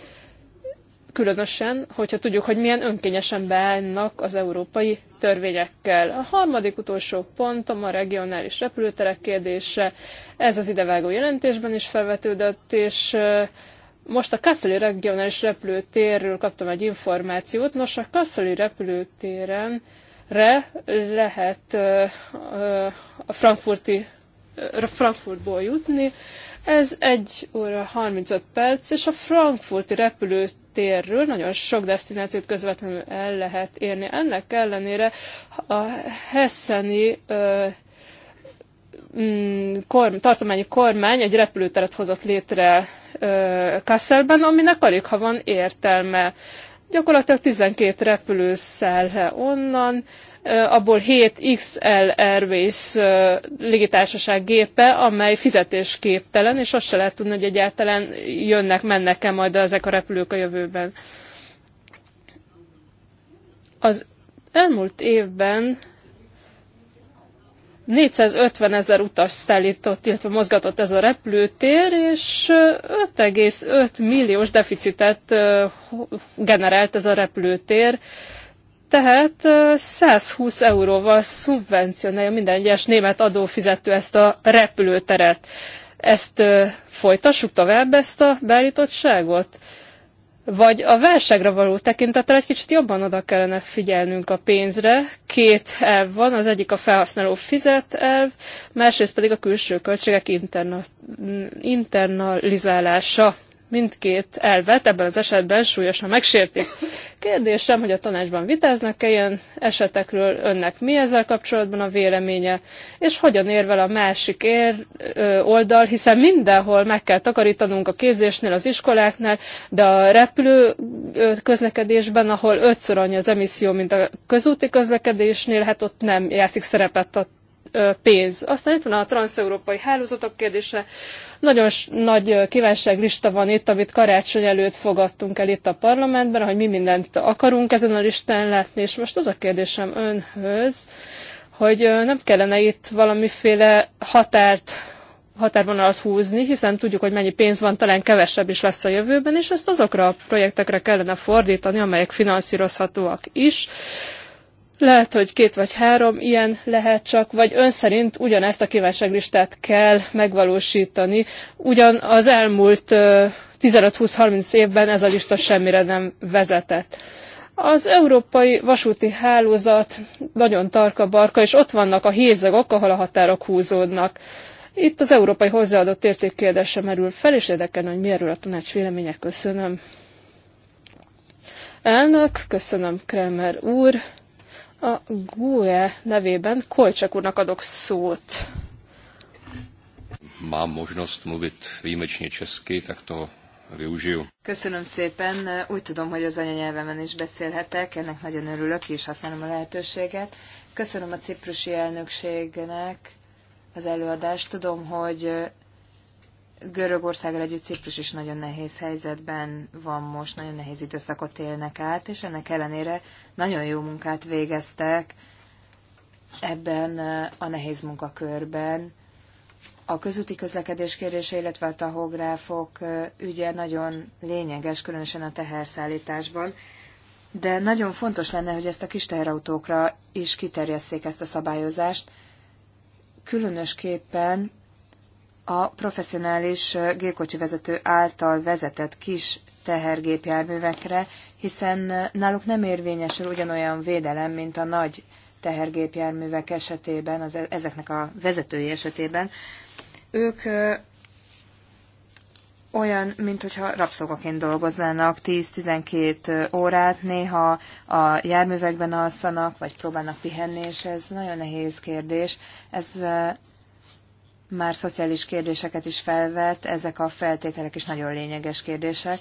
különösen, hogyha tudjuk, hogy milyen önkényesen beállnak az európai törvényekkel. A harmadik utolsó pontom a regionális repülőterek kérdése. Ez az idevágó jelentésben is felvetődött, és most a Kasszoli regionális repülőtérről kaptam egy információt. Nos, a Kasszoli repülőtéren re lehet a frankfurti Frankfurtból jutni, ez 1 óra 35 perc, és a frankfurti repülőtérről nagyon sok destinációt közvetlenül el lehet érni. Ennek ellenére a hesseni ö, mm, korm, tartományi kormány egy repülőteret hozott létre ö, Kasselben, aminek alig ha van értelme. Gyakorlatilag 12 repülő onnan, abból 7 XL Airways légitársaság gépe, amely fizetésképtelen, és azt se lehet tudni, hogy egyáltalán jönnek, mennek-e majd ezek a repülők a jövőben. Az elmúlt évben 450 ezer utas szállított, illetve mozgatott ez a repülőtér, és 5,5 milliós deficitet generált ez a repülőtér tehát 120 euróval szubvencionálja minden egyes német adófizető ezt a repülőteret. Ezt folytassuk tovább, ezt a beállítottságot? Vagy a válságra való tekintettel egy kicsit jobban oda kellene figyelnünk a pénzre. Két elv van, az egyik a felhasználó fizet elv, másrészt pedig a külső költségek interna- mm, internalizálása mindkét elvet ebben az esetben súlyosan megsértik. Kérdésem, hogy a tanácsban vitáznak-e ilyen esetekről, önnek mi ezzel kapcsolatban a véleménye, és hogyan érvel a másik ér, ö, oldal, hiszen mindenhol meg kell takarítanunk a képzésnél, az iskoláknál, de a repülő közlekedésben, ahol ötször annyi az emisszió, mint a közúti közlekedésnél, hát ott nem játszik szerepet a pénz. Aztán itt van a transeurópai hálózatok kérdése. Nagyon nagy kívánságlista van itt, amit karácsony előtt fogadtunk el itt a parlamentben, hogy mi mindent akarunk ezen a listán látni, és most az a kérdésem önhöz, hogy nem kellene itt valamiféle határt határvonalat húzni, hiszen tudjuk, hogy mennyi pénz van, talán kevesebb is lesz a jövőben, és ezt azokra a projektekre kellene fordítani, amelyek finanszírozhatóak is, lehet, hogy két vagy három ilyen lehet csak, vagy ön szerint ugyanezt a kívánságlistát kell megvalósítani. Ugyan az elmúlt 15-20-30 évben ez a lista semmire nem vezetett. Az európai vasúti hálózat nagyon tarka-barka, és ott vannak a hézagok, ahol a határok húzódnak. Itt az európai hozzáadott érték kérdése merül fel, és érdekelne, hogy miről a tanács vélemények. Köszönöm. Elnök, köszönöm Kremer úr. A GUE nevében Kolcsak úrnak adok szót. Mám možnost mluvit výjimečně česky, tak to využiju. Köszönöm szépen. Úgy tudom, hogy az anyanyelvemen is beszélhetek, ennek nagyon örülök, és használom a lehetőséget. Köszönöm a ciprusi elnökségnek az előadást. Tudom, hogy Görögországgal együtt Ciprus is nagyon nehéz helyzetben van most, nagyon nehéz időszakot élnek át, és ennek ellenére nagyon jó munkát végeztek ebben a nehéz munkakörben. A közúti közlekedés kérdése, illetve a tahográfok ügye nagyon lényeges, különösen a teherszállításban. De nagyon fontos lenne, hogy ezt a kis teherautókra is kiterjesszék ezt a szabályozást, különösképpen a professzionális gépkocsi vezető által vezetett kis tehergépjárművekre, hiszen náluk nem érvényesül ugyanolyan védelem, mint a nagy tehergépjárművek esetében, az, e, ezeknek a vezetői esetében. Ők ö, olyan, mint hogyha rabszolgaként dolgoznának 10-12 órát, néha a járművekben alszanak, vagy próbálnak pihenni, és ez nagyon nehéz kérdés. Ez már szociális kérdéseket is felvet, ezek a feltételek is nagyon lényeges kérdések,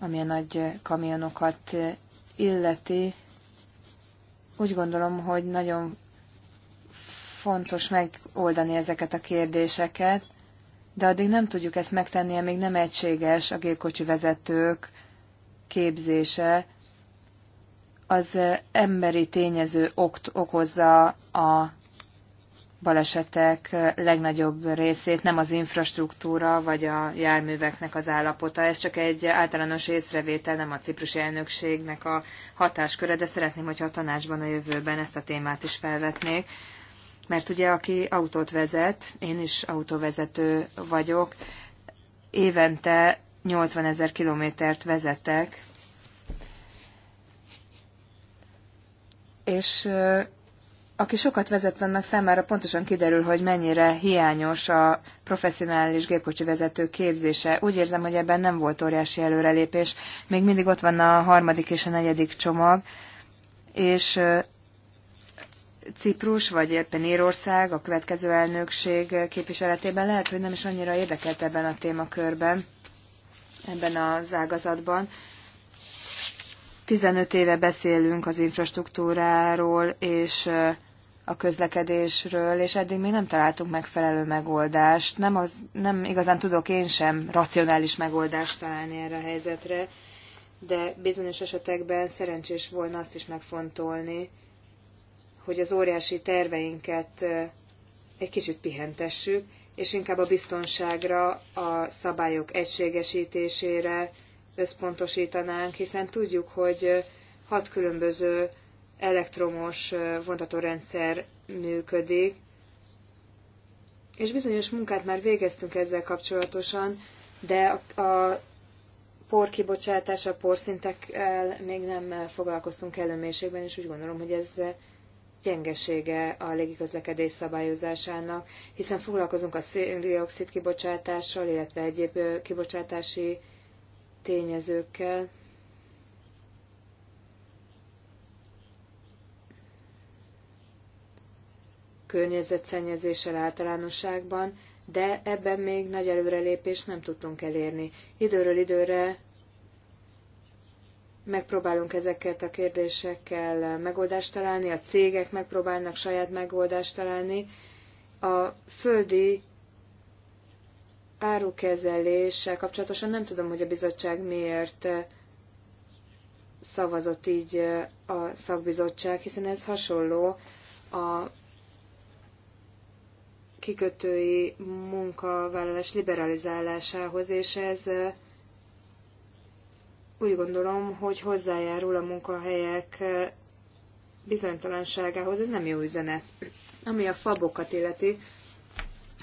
ami a nagy kamionokat illeti. Úgy gondolom, hogy nagyon fontos megoldani ezeket a kérdéseket, de addig nem tudjuk ezt megtenni, amíg nem egységes a gépkocsi vezetők képzése, az emberi tényező okt, okozza a balesetek legnagyobb részét nem az infrastruktúra vagy a járműveknek az állapota. Ez csak egy általános észrevétel, nem a ciprusi elnökségnek a hatásköre, de szeretném, hogyha a tanácsban a jövőben ezt a témát is felvetnék. Mert ugye, aki autót vezet, én is autóvezető vagyok, évente 80 ezer kilométert vezetek, és aki sokat vezet, annak számára pontosan kiderül, hogy mennyire hiányos a professzionális gépkocsi vezető képzése. Úgy érzem, hogy ebben nem volt óriási előrelépés. Még mindig ott van a harmadik és a negyedik csomag, és Ciprus, vagy éppen Írország a következő elnökség képviseletében lehet, hogy nem is annyira érdekelt ebben a témakörben, ebben az ágazatban. 15 éve beszélünk az infrastruktúráról, és a közlekedésről, és eddig még nem találtunk megfelelő megoldást. Nem, az, nem igazán tudok én sem racionális megoldást találni erre a helyzetre, de bizonyos esetekben szerencsés volna azt is megfontolni, hogy az óriási terveinket egy kicsit pihentessük, és inkább a biztonságra, a szabályok egységesítésére összpontosítanánk, hiszen tudjuk, hogy hat különböző elektromos vontatórendszer működik, és bizonyos munkát már végeztünk ezzel kapcsolatosan, de a, a por kibocsátása, a porszintekkel még nem foglalkoztunk előmérségben, és úgy gondolom, hogy ez gyengesége a légiközlekedés szabályozásának, hiszen foglalkozunk a széndiokszid kibocsátással, illetve egyéb kibocsátási tényezőkkel. környezetszennyezéssel általánosságban, de ebben még nagy előrelépést nem tudtunk elérni. Időről időre megpróbálunk ezeket a kérdésekkel megoldást találni, a cégek megpróbálnak saját megoldást találni. A földi árukezeléssel kapcsolatosan nem tudom, hogy a bizottság miért szavazott így a szakbizottság, hiszen ez hasonló a kikötői munkavállalás liberalizálásához, és ez úgy gondolom, hogy hozzájárul a munkahelyek bizonytalanságához, ez nem jó üzenet. Ami a fabokat illeti,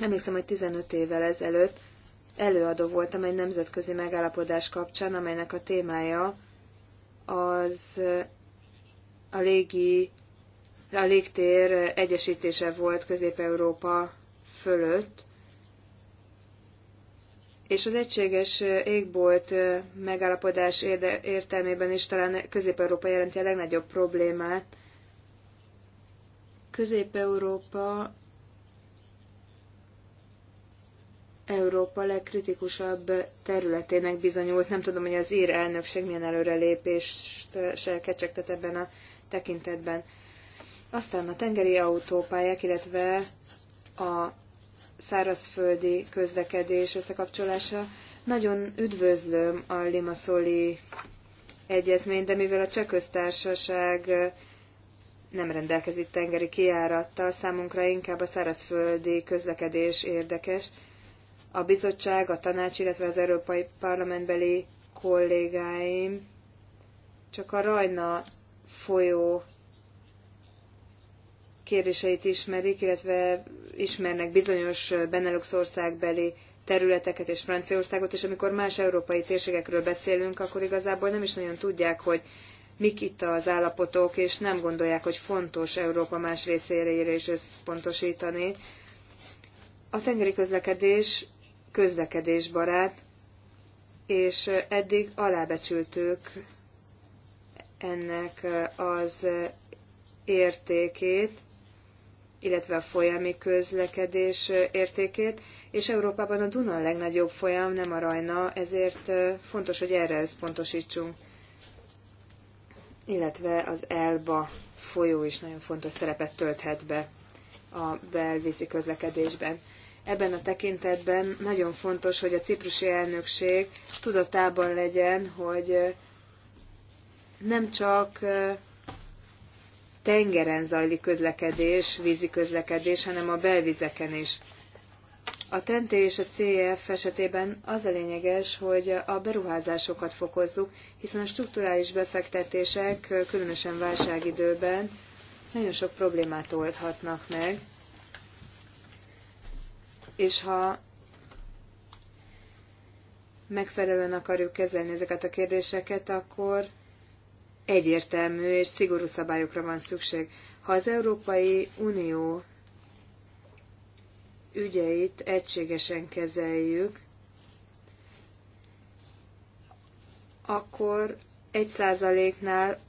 hiszem, hogy 15 évvel ezelőtt előadó voltam egy nemzetközi megállapodás kapcsán, amelynek a témája az a légi, a légtér egyesítése volt Közép-Európa fölött, és az egységes égbolt megállapodás értelmében is talán Közép-Európa jelenti a legnagyobb problémát. Közép-Európa Európa legkritikusabb területének bizonyult. Nem tudom, hogy az ír elnökség milyen előrelépést se kecsegtet ebben a tekintetben. Aztán a tengeri autópályák, illetve a szárazföldi közlekedés összekapcsolása. Nagyon üdvözlöm a Limassoli egyezményt, de mivel a cseh köztársaság nem rendelkezik tengeri kiárattal, számunkra inkább a szárazföldi közlekedés érdekes. A bizottság, a tanács, illetve az Európai Parlamentbeli kollégáim csak a Rajna folyó kérdéseit ismerik, illetve ismernek bizonyos Benelux országbeli területeket és Franciaországot, és amikor más európai térségekről beszélünk, akkor igazából nem is nagyon tudják, hogy mik itt az állapotok, és nem gondolják, hogy fontos Európa más részére is összpontosítani. A tengeri közlekedés közlekedésbarát, és eddig alábecsültük ennek az értékét illetve a folyami közlekedés értékét, és Európában a Duna a legnagyobb folyam, nem a Rajna, ezért fontos, hogy erre összpontosítsunk. Illetve az Elba folyó is nagyon fontos szerepet tölthet be a belvízi közlekedésben. Ebben a tekintetben nagyon fontos, hogy a ciprusi elnökség tudatában legyen, hogy nem csak tengeren zajlik közlekedés, vízi közlekedés, hanem a belvizeken is. A TENTE e és a CEF esetében az a lényeges, hogy a beruházásokat fokozzuk, hiszen a strukturális befektetések, különösen válságidőben, nagyon sok problémát oldhatnak meg, és ha megfelelően akarjuk kezelni ezeket a kérdéseket, akkor egyértelmű és szigorú szabályokra van szükség. Ha az Európai Unió ügyeit egységesen kezeljük, akkor egy százaléknál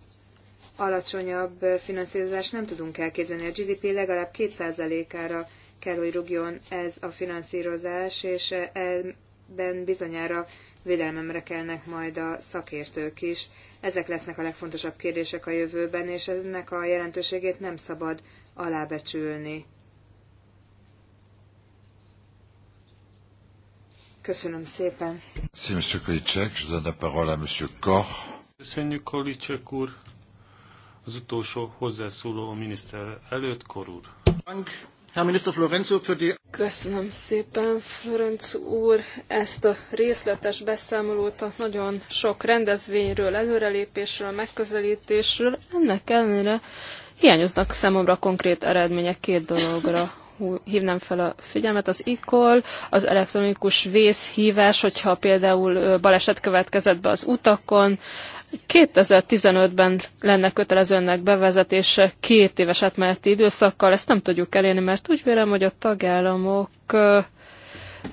alacsonyabb finanszírozást nem tudunk elképzelni. A GDP legalább 2 százalékára kell, hogy rugjon ez a finanszírozás, és ebben bizonyára védelmemre kelnek majd a szakértők is. Ezek lesznek a legfontosabb kérdések a jövőben, és ennek a jelentőségét nem szabad alábecsülni. Köszönöm szépen. Köszönjük, Kolicek úr. Az utolsó hozzászóló a miniszter előtt, korúr. Herr Minister Florenzo, für die... Köszönöm szépen, Florenc úr, ezt a részletes beszámolót a nagyon sok rendezvényről, előrelépésről, megközelítésről. Ennek ellenére hiányoznak számomra konkrét eredmények két dologra hívnám fel a figyelmet, az ikol, az elektronikus vészhívás, hogyha például baleset következett be az utakon, 2015-ben lenne kötelező ennek bevezetése két éves átmeneti időszakkal, ezt nem tudjuk elérni, mert úgy vélem, hogy a tagállamok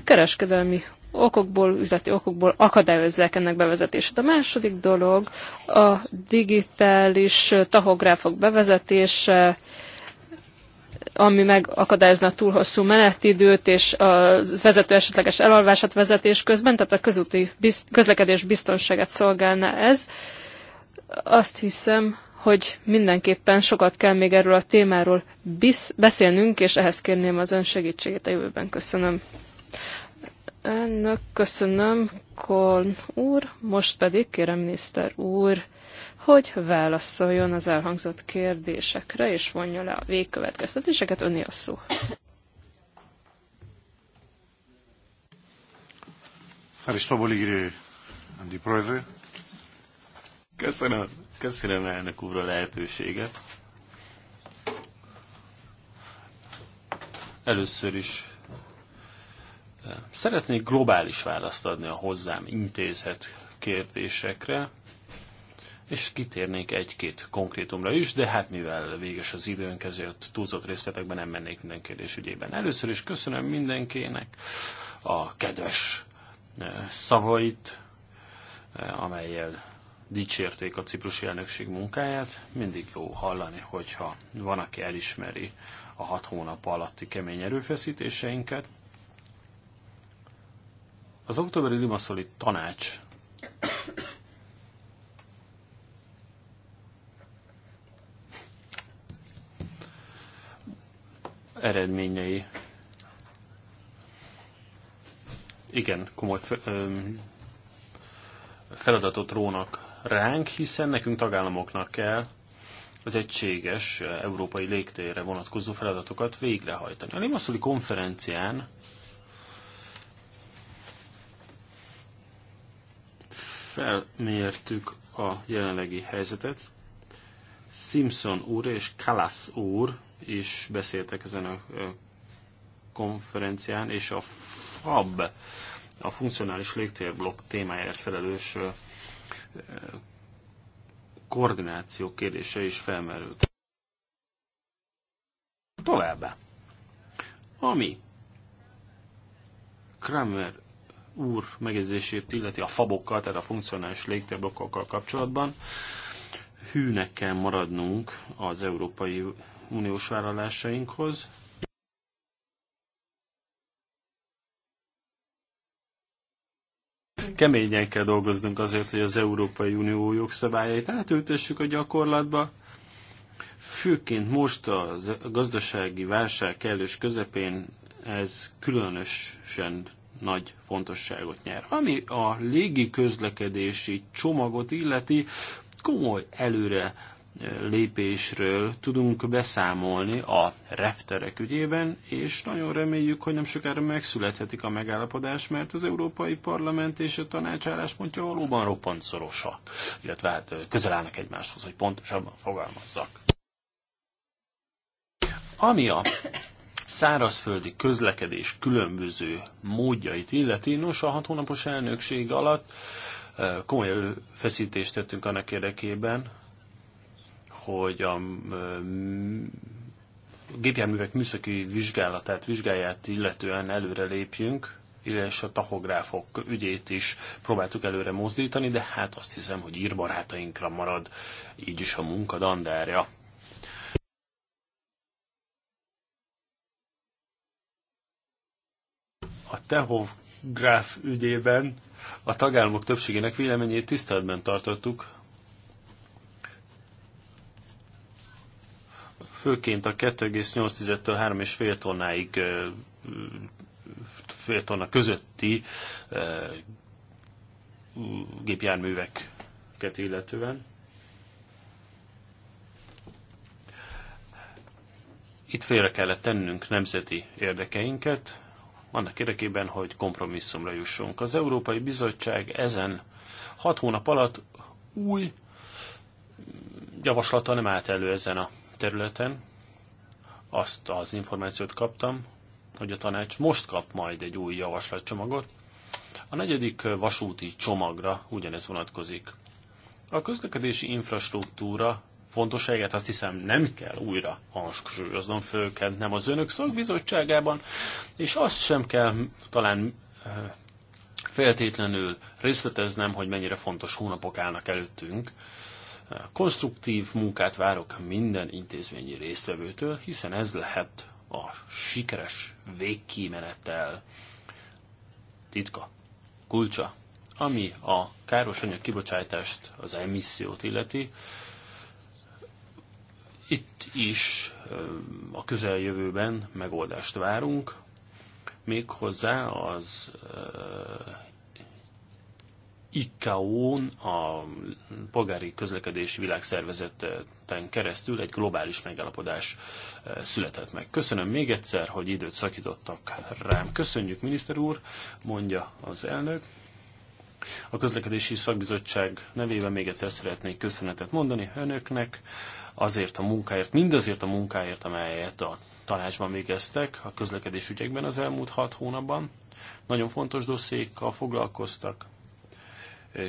kereskedelmi okokból, üzleti okokból akadályozzák ennek bevezetését. A második dolog a digitális tahográfok bevezetése, ami megakadályozna túl hosszú menetidőt és a vezető esetleges elalvását vezetés közben, tehát a közúti biz, közlekedés biztonságát szolgálna ez. Azt hiszem, hogy mindenképpen sokat kell még erről a témáról bisz, beszélnünk, és ehhez kérném az ön segítségét a jövőben. Köszönöm. Önök köszönöm, Korn úr, most pedig kérem miniszter úr, hogy válaszoljon az elhangzott kérdésekre, és vonja le a végkövetkeztetéseket. Önni a szó. Köszönöm. Köszönöm elnök úr a lehetőséget. Először is eh, szeretnék globális választ adni a hozzám intézhet kérdésekre, és kitérnék egy-két konkrétumra is, de hát mivel véges az időnk, ezért túlzott részletekben nem mennék minden kérdés ügyében. Először is köszönöm mindenkinek a kedves eh, szavait, eh, amelyel dicsérték a ciprusi elnökség munkáját. Mindig jó hallani, hogyha van, aki elismeri a hat hónap alatti kemény erőfeszítéseinket. Az októberi limaszoli tanács eredményei. Igen, komoly feladatot rónak ránk, hiszen nekünk tagállamoknak kell az egységes európai légtérre vonatkozó feladatokat végrehajtani. A Limaszoli konferencián felmértük a jelenlegi helyzetet. Simpson úr és Kalasz úr is beszéltek ezen a konferencián, és a FAB, a funkcionális légtérblokk témáért felelős koordináció kérdése is felmerült. Továbbá, ami Kramer úr megjegyzését illeti a fabokkal, tehát a funkcionális légtérblokkokkal kapcsolatban, hűnek kell maradnunk az európai uniós vállalásainkhoz. Keményen kell dolgoznunk azért, hogy az Európai Unió jogszabályait átültessük a gyakorlatba. Főként most a gazdasági válság kellős közepén ez különösen nagy fontosságot nyer. Ami a légi közlekedési csomagot illeti, komoly előre lépésről tudunk beszámolni a repterek ügyében, és nagyon reméljük, hogy nem sokára megszülethetik a megállapodás, mert az Európai Parlament és a tanács álláspontja valóban roppant szorosak, illetve hát közel állnak egymáshoz, hogy pontosabban fogalmazzak. Ami a szárazföldi közlekedés különböző módjait illeti, nos a hat hónapos elnökség alatt komoly feszítést tettünk annak érdekében, hogy a gépjárművek műszaki vizsgálatát, vizsgáját illetően előre lépjünk, illetve a tahográfok ügyét is próbáltuk előre mozdítani, de hát azt hiszem, hogy írbarátainkra marad így is a munka dandárja. A tehográf ügyében a tagállamok többségének véleményét tiszteletben tartottuk, főként a 2,8-től 3,5 tonnáig fél tonna közötti gépjárműveket illetően. Itt félre kellett tennünk nemzeti érdekeinket, annak érdekében, hogy kompromisszumra jussunk. Az Európai Bizottság ezen hat hónap alatt új javaslata nem állt elő ezen a területen. Azt az információt kaptam, hogy a tanács most kap majd egy új javaslatcsomagot. A negyedik vasúti csomagra ugyanez vonatkozik. A közlekedési infrastruktúra fontosságát azt hiszem nem kell újra hangsúlyoznom, főként nem az önök szakbizottságában, és azt sem kell talán eh, feltétlenül részleteznem, hogy mennyire fontos hónapok állnak előttünk Konstruktív munkát várok minden intézményi résztvevőtől, hiszen ez lehet a sikeres végkimenettel titka, kulcsa, ami a káros anyag kibocsátást, az emissziót illeti. Itt is a közeljövőben megoldást várunk, méghozzá az ICAO-n, a Polgári Közlekedési Világszervezeten keresztül egy globális megállapodás e, született meg. Köszönöm még egyszer, hogy időt szakítottak rám. Köszönjük, miniszter úr, mondja az elnök. A közlekedési szakbizottság nevében még egyszer szeretnék köszönetet mondani önöknek azért a munkáért, mindazért a munkáért, amelyet a tanácsban végeztek a közlekedés ügyekben az elmúlt hat hónapban. Nagyon fontos dosszékkal foglalkoztak,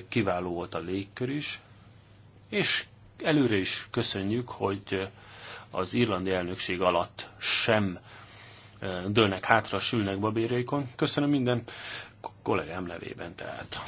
kiváló volt a légkör is, és előre is köszönjük, hogy az irlandi elnökség alatt sem e, dőlnek hátra, sülnek babérjaikon. Köszönöm minden kollégám nevében tehát.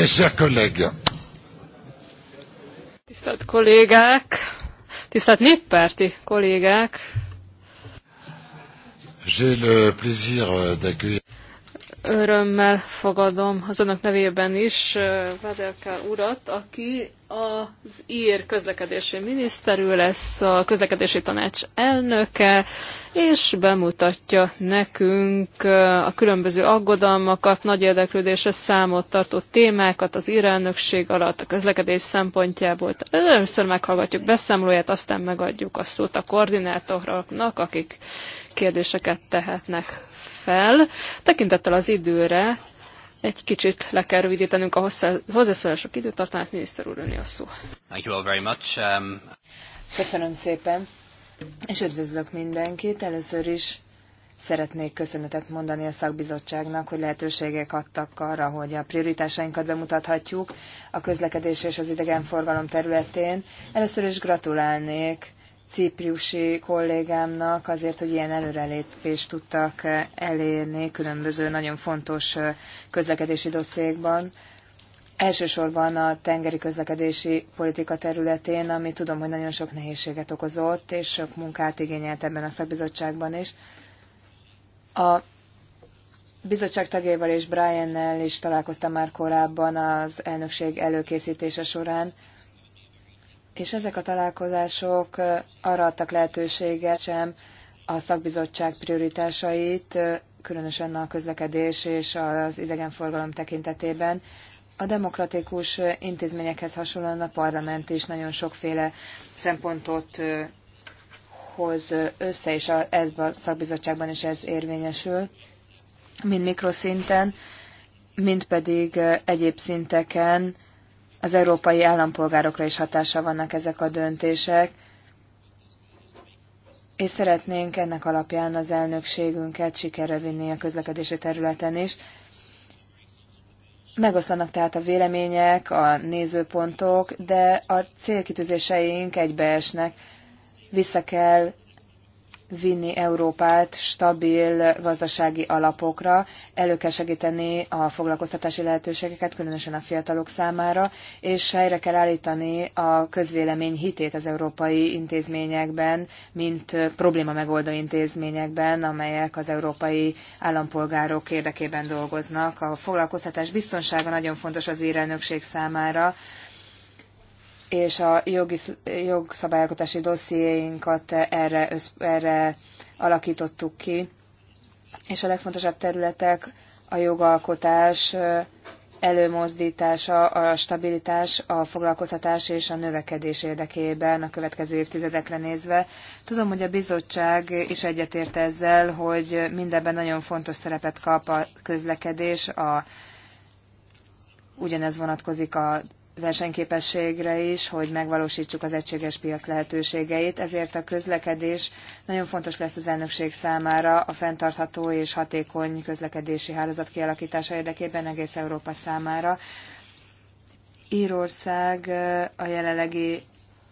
Mes chers collègues. Tisztelt kollégák, tisztelt néppárti kollégák. J'ai le plaisir d'accueillir örömmel fogadom az önök nevében is Vedelkel urat, aki az ír közlekedési miniszterű lesz, a közlekedési tanács elnöke, és bemutatja nekünk a különböző aggodalmakat, nagy érdeklődésre számot tartó témákat az ír elnökség alatt a közlekedés szempontjából. Először meghallgatjuk beszámolóját, aztán megadjuk a szót a koordinátoroknak, akik kérdéseket tehetnek fel. Tekintettel az időre egy kicsit le kell rövidítenünk a hozzászólások időtartalmát. Miniszter úr, a szó. Thank you all very much. Um... Köszönöm szépen, és üdvözlök mindenkit. Először is szeretnék köszönetet mondani a szakbizottságnak, hogy lehetőségek adtak arra, hogy a prioritásainkat bemutathatjuk a közlekedés és az idegenforgalom területén. Először is gratulálnék ciprusi kollégámnak azért, hogy ilyen előrelépést tudtak elérni különböző nagyon fontos közlekedési dossziékban. Elsősorban a tengeri közlekedési politika területén, ami tudom, hogy nagyon sok nehézséget okozott, és sok munkát igényelt ebben a szakbizottságban is. A bizottság tagjaival és Briannel is találkoztam már korábban az elnökség előkészítése során, és ezek a találkozások arra adtak lehetőséget sem a szakbizottság prioritásait, különösen a közlekedés és az idegenforgalom tekintetében. A demokratikus intézményekhez hasonlóan a parlament is nagyon sokféle szempontot hoz össze, és a, ebben a szakbizottságban is ez érvényesül, mind mikroszinten, mind pedig egyéb szinteken, az európai állampolgárokra is hatása vannak ezek a döntések, és szeretnénk ennek alapján az elnökségünket sikerre vinni a közlekedési területen is. Megoszlanak tehát a vélemények, a nézőpontok, de a célkitűzéseink egybeesnek. Vissza kell vinni Európát stabil gazdasági alapokra, elő kell segíteni a foglalkoztatási lehetőségeket, különösen a fiatalok számára, és helyre kell állítani a közvélemény hitét az európai intézményekben, mint probléma megoldó intézményekben, amelyek az európai állampolgárok érdekében dolgoznak. A foglalkoztatás biztonsága nagyon fontos az írelnökség számára, és a jogi, jogszabályalkotási dossziéinkat erre, erre alakítottuk ki. És a legfontosabb területek a jogalkotás előmozdítása, a stabilitás, a foglalkoztatás és a növekedés érdekében a következő évtizedekre nézve. Tudom, hogy a bizottság is egyetért ezzel, hogy mindenben nagyon fontos szerepet kap a közlekedés, a, ugyanez vonatkozik a versenyképességre is, hogy megvalósítsuk az egységes piac lehetőségeit, ezért a közlekedés nagyon fontos lesz az elnökség számára a fenntartható és hatékony közlekedési hálózat kialakítása érdekében egész Európa számára. Írország eh, a jelenlegi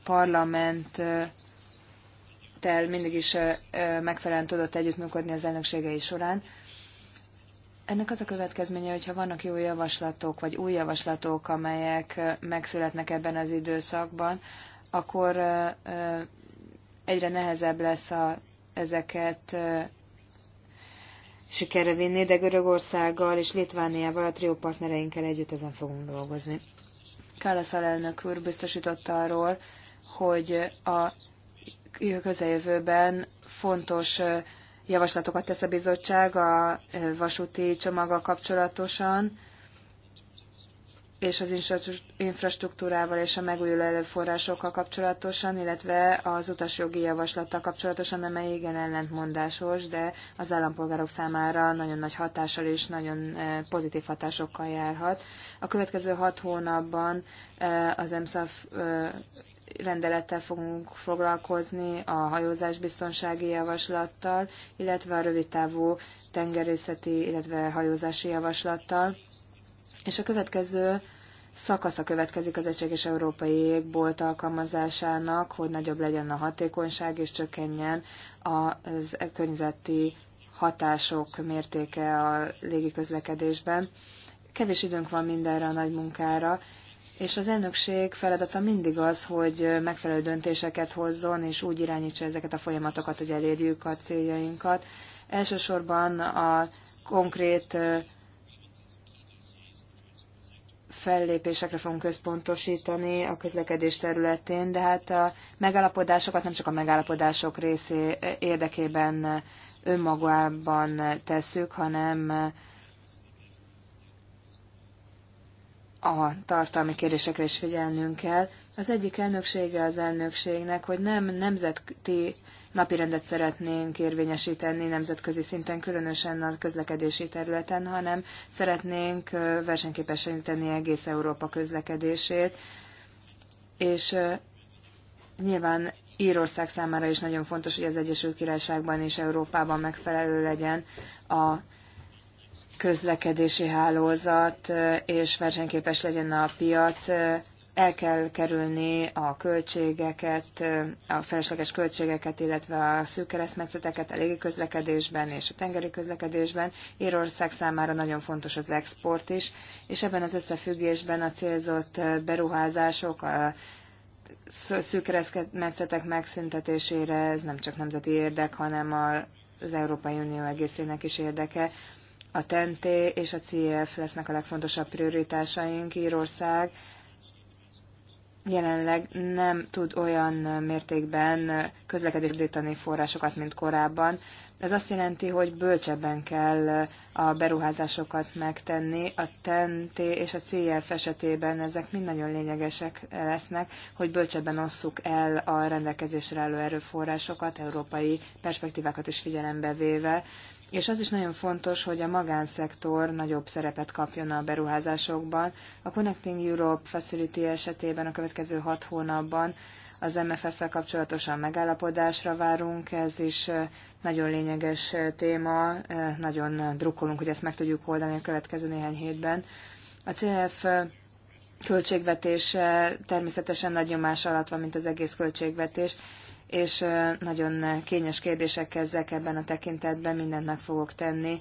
parlament tel mindig is eh, eh, megfelelően tudott együttműködni az elnökségei során. Ennek az a következménye, hogyha vannak jó javaslatok, vagy új javaslatok, amelyek megszületnek ebben az időszakban, akkor egyre nehezebb lesz a, ezeket sikerre vinni, de Görögországgal és Litvániával, a trió partnereinkkel együtt ezen fogunk dolgozni. Kálasz alelnök úr biztosította arról, hogy a közeljövőben fontos javaslatokat tesz a bizottság a vasúti csomaggal kapcsolatosan, és az infrastruktúrával és a megújuló előforrásokkal kapcsolatosan, illetve az utasjogi javaslattal kapcsolatosan, amely igen ellentmondásos, de az állampolgárok számára nagyon nagy hatással és nagyon pozitív hatásokkal járhat. A következő hat hónapban az EMSZAF rendelettel fogunk foglalkozni, a hajózás biztonsági javaslattal, illetve a rövidtávú tengerészeti, illetve hajózási javaslattal. És a következő szakasza következik az egységes európai égbolt alkalmazásának, hogy nagyobb legyen a hatékonyság és csökkenjen a környezeti hatások mértéke a légiközlekedésben. Kevés időnk van mindenre a nagy munkára, és az elnökség feladata mindig az, hogy megfelelő döntéseket hozzon, és úgy irányítsa ezeket a folyamatokat, hogy elérjük a céljainkat. Elsősorban a konkrét fellépésekre fogunk központosítani a közlekedés területén, de hát a megállapodásokat nem csak a megállapodások részé érdekében önmagában tesszük, hanem a tartalmi kérdésekre is figyelnünk kell. Az egyik elnöksége az elnökségnek, hogy nem nemzeti napirendet szeretnénk érvényesíteni nemzetközi szinten, különösen a közlekedési területen, hanem szeretnénk versenyképesíteni egész Európa közlekedését, és nyilván Írország számára is nagyon fontos, hogy az Egyesült Királyságban és Európában megfelelő legyen a közlekedési hálózat, és versenyképes legyen a piac, el kell kerülni a költségeket, a felesleges költségeket, illetve a szűk keresztmetszeteket a légiközlekedésben és a tengeri közlekedésben. Írország számára nagyon fontos az export is, és ebben az összefüggésben a célzott beruházások, a szűk keresztmetszetek megszüntetésére, ez nem csak nemzeti érdek, hanem az Európai Unió egészének is érdeke. A TNT és a Cf e lesznek a legfontosabb prioritásaink. Írország jelenleg nem tud olyan mértékben közlekedésbritani forrásokat, mint korábban. Ez azt jelenti, hogy bölcsebben kell a beruházásokat megtenni. A TNT és a CF e esetében ezek mind nagyon lényegesek lesznek, hogy bölcsebben osszuk el a rendelkezésre álló erőforrásokat, európai perspektívákat is figyelembe véve. És az is nagyon fontos, hogy a magánszektor nagyobb szerepet kapjon a beruházásokban. A Connecting Europe Facility esetében a következő hat hónapban az MFF-fel kapcsolatosan megállapodásra várunk, ez is nagyon lényeges téma, nagyon drukkolunk, hogy ezt meg tudjuk oldani a következő néhány hétben. A CF költségvetése természetesen nagy nyomás alatt van, mint az egész költségvetés, és nagyon kényes kérdések kezdek ebben a tekintetben, mindent meg fogok tenni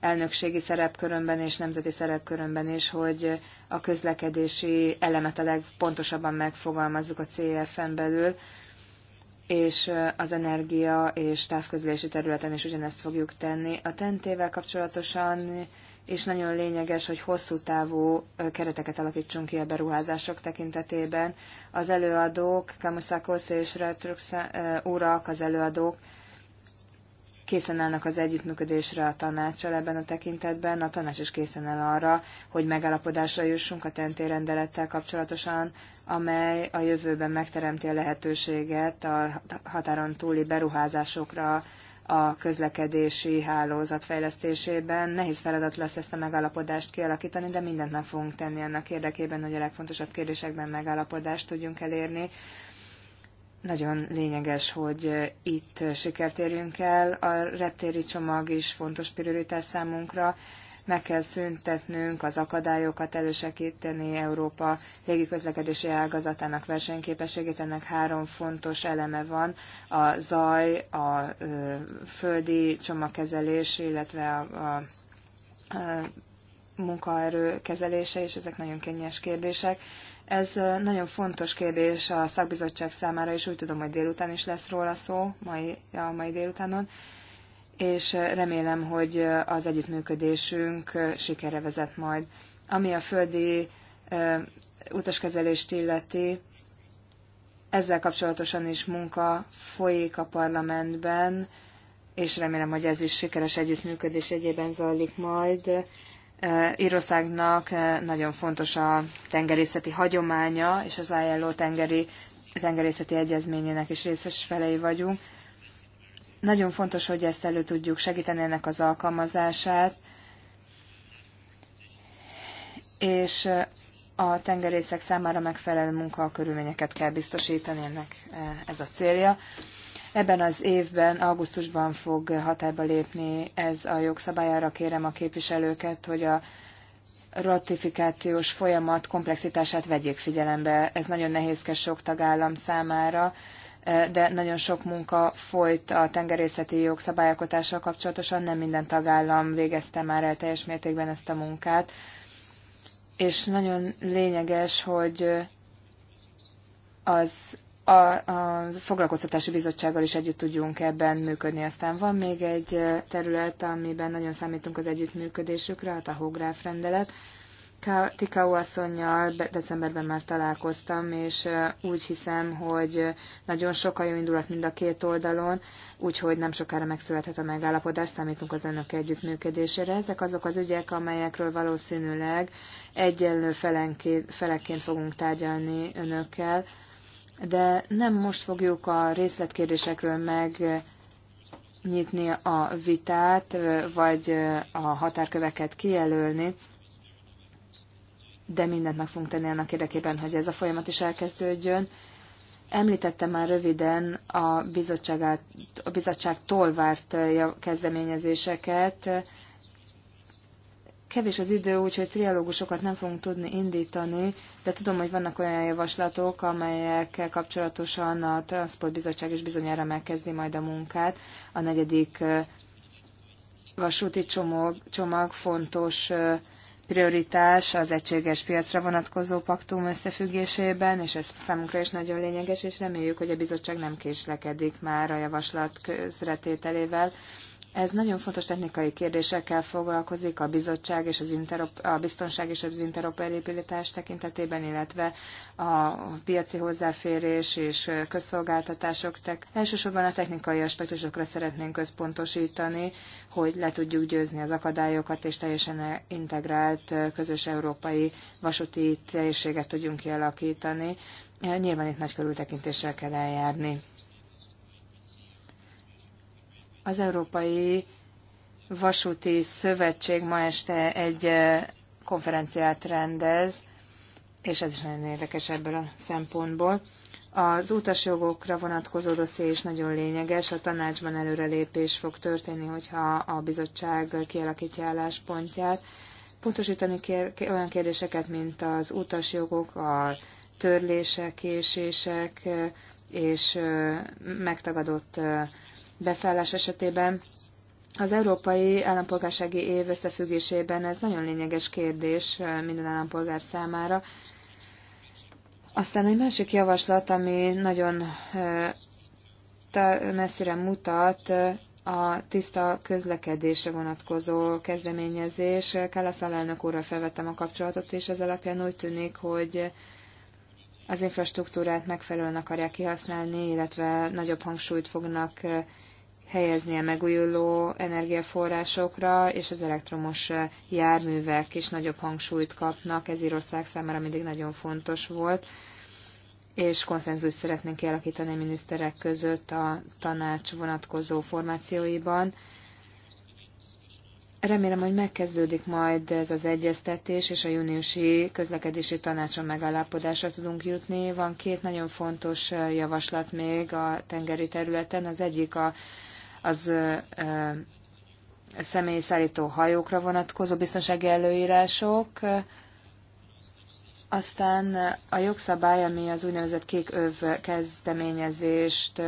elnökségi szerepkörömben és nemzeti szerepkörömben is, hogy a közlekedési elemet a legpontosabban megfogalmazzuk a cef belül, és az energia és távközlési területen is ugyanezt fogjuk tenni. A tentével kapcsolatosan és nagyon lényeges, hogy hosszú távú kereteket alakítsunk ki a beruházások tekintetében. Az előadók, Kamuszakosz és Retrux urak, az előadók készen állnak az együttműködésre a tanácsal ebben a tekintetben, a tanács is készen áll arra, hogy megállapodásra jussunk a TNT rendelettel kapcsolatosan, amely a jövőben megteremti a lehetőséget a határon túli beruházásokra, a közlekedési hálózat fejlesztésében. Nehéz feladat lesz ezt a megállapodást kialakítani, de mindent meg fogunk tenni annak érdekében, hogy a legfontosabb kérdésekben megállapodást tudjunk elérni. Nagyon lényeges, hogy itt sikert érjünk el. A reptéri csomag is fontos prioritás számunkra meg kell szüntetnünk az akadályokat, elősegíteni Európa légiközlekedési ágazatának versenyképességét. Ennek három fontos eleme van, a zaj, a földi csomagkezelés, illetve a, a, a munkaerő kezelése, és ezek nagyon kényes kérdések. Ez nagyon fontos kérdés a szakbizottság számára, és úgy tudom, hogy délután is lesz róla szó, mai, a mai délutánon és remélem, hogy az együttműködésünk sikere vezet majd. Ami a földi utaskezelést illeti, ezzel kapcsolatosan is munka folyik a parlamentben, és remélem, hogy ez is sikeres együttműködés egyében zajlik majd. Írországnak nagyon fontos a tengerészeti hagyománya, és az ILO tengeri, tengerészeti egyezményének is részes felei vagyunk. Nagyon fontos, hogy ezt elő tudjuk segíteni ennek az alkalmazását, és a tengerészek számára megfelelő munkakörülményeket kell biztosítani, ennek ez a célja. Ebben az évben, augusztusban fog hatályba lépni ez a jogszabályára kérem a képviselőket, hogy a ratifikációs folyamat komplexitását vegyék figyelembe. Ez nagyon nehézkes sok tagállam számára, Eh, de nagyon sok munka folyt a tengerészeti jogszabályalkotással kapcsolatosan, nem minden tagállam végezte már el teljes mértékben ezt a munkát. És nagyon lényeges, hogy eh, az a, a foglalkoztatási bizottsággal is együtt tudjunk ebben működni. Aztán van még egy eh, terület, amiben nagyon számítunk az együttműködésükre, a tahográf rendelet. Tikau asszonynal decemberben már találkoztam, és úgy hiszem, hogy nagyon sok a jó indulat mind a két oldalon, úgyhogy nem sokára megszülethet a megállapodás, számítunk az önök együttműködésére. Ezek azok az ügyek, amelyekről valószínűleg egyenlő feleként fogunk tárgyalni önökkel, de nem most fogjuk a részletkérdésekről meg nyitni a vitát, vagy a határköveket kijelölni, de mindent meg fogunk tenni annak érdekében, hogy ez a folyamat is elkezdődjön. Említettem már röviden a, a bizottságtól várt eh, kezdeményezéseket. Kevés az idő, úgyhogy trialógusokat nem fogunk tudni indítani, de tudom, hogy vannak olyan javaslatok, amelyek kapcsolatosan a Transportbizottság is bizonyára megkezdi majd a munkát. A negyedik eh, vasúti csomag, csomag fontos eh, prioritás az egységes piacra vonatkozó paktum összefüggésében, és ez számunkra is nagyon lényeges, és reméljük, hogy a bizottság nem késlekedik már a javaslat közretételével, ez nagyon fontos technikai kérdésekkel foglalkozik a bizottság és az interop, a biztonság és az interoperabilitás tekintetében, illetve a piaci hozzáférés és közszolgáltatások. Tek. Elsősorban a technikai aspektusokra szeretnénk központosítani, hogy le tudjuk győzni az akadályokat, és teljesen integrált közös európai vasúti térséget tudjunk kialakítani. Nyilván itt nagy körültekintéssel kell eljárni. Az Európai Vasúti Szövetség ma este egy konferenciát rendez, és ez is nagyon érdekes ebből a szempontból. Az utasjogokra vonatkozó dosszé is nagyon lényeges, a tanácsban előrelépés fog történni, hogyha a bizottság kialakítja álláspontját. Pontosítani kér, olyan kérdéseket, mint az utasjogok, a törlések, késések és megtagadott beszállás esetében. Az európai állampolgársági év összefüggésében ez nagyon lényeges kérdés minden állampolgár számára. Aztán egy másik javaslat, ami nagyon messzire mutat, a tiszta közlekedése vonatkozó kezdeményezés. Kálasz alelnök úrral felvettem a kapcsolatot, és ez alapján úgy tűnik, hogy az infrastruktúrát megfelelően akarják kihasználni, illetve nagyobb hangsúlyt fognak helyezni a megújuló energiaforrásokra, és az elektromos járművek is nagyobb hangsúlyt kapnak. Ez Írország számára mindig nagyon fontos volt, és konszenzus szeretnénk kialakítani a miniszterek között a tanács vonatkozó formációiban Remélem, hogy megkezdődik majd ez az egyeztetés, és a júniusi közlekedési tanácson megállapodásra tudunk jutni. Van két nagyon fontos javaslat még a tengeri területen. Az egyik a, az ö, személyszállító hajókra vonatkozó biztonsági előírások, aztán a jogszabály, ami az úgynevezett kék öv kezdeményezést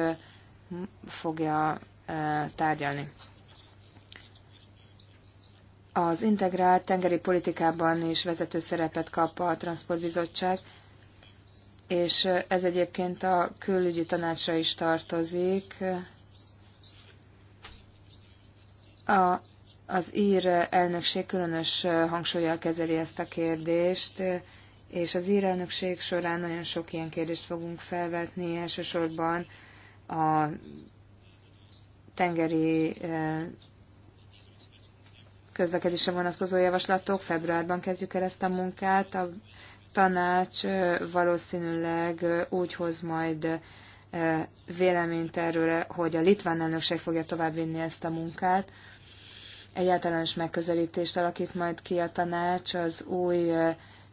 fogja tárgyalni. Az integrált tengeri politikában is vezető szerepet kap a Transportbizottság, és ez egyébként a külügyi tanácsra is tartozik. A, az ír elnökség különös hangsúlyjal kezeli ezt a kérdést, és az ír elnökség során nagyon sok ilyen kérdést fogunk felvetni, elsősorban a tengeri eh, közlekedésre vonatkozó javaslatok. Februárban kezdjük el ezt a munkát. A tanács valószínűleg úgy hoz majd véleményt erről, hogy a litván elnökség fogja továbbvinni ezt a munkát. Egy általános megközelítést alakít majd ki a tanács az új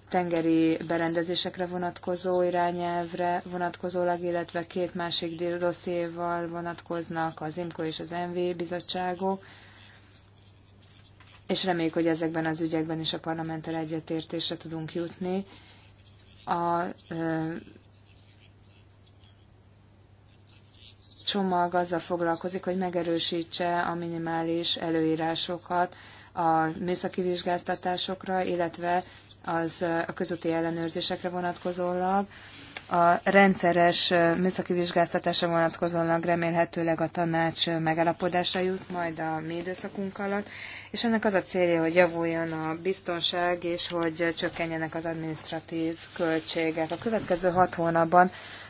tengeri berendezésekre vonatkozó irányelvre vonatkozólag, illetve két másik dossziéval vonatkoznak az IMCO és az MV bizottságok és reméljük, hogy ezekben az ügyekben is a parlamenttel egyetértésre tudunk jutni. A ö, csomag azzal foglalkozik, hogy megerősítse a minimális előírásokat a műszaki vizsgáztatásokra, illetve az a közúti ellenőrzésekre vonatkozólag. Ö, a rendszeres műszaki vizsgáztatásra vonatkozólag remélhetőleg a tanács megállapodásra jut majd a mi időszakunk alatt, és ennek az a célja, hogy javuljon a biztonság, és hogy csökkenjenek az administratív költségek. A következő hat hónapban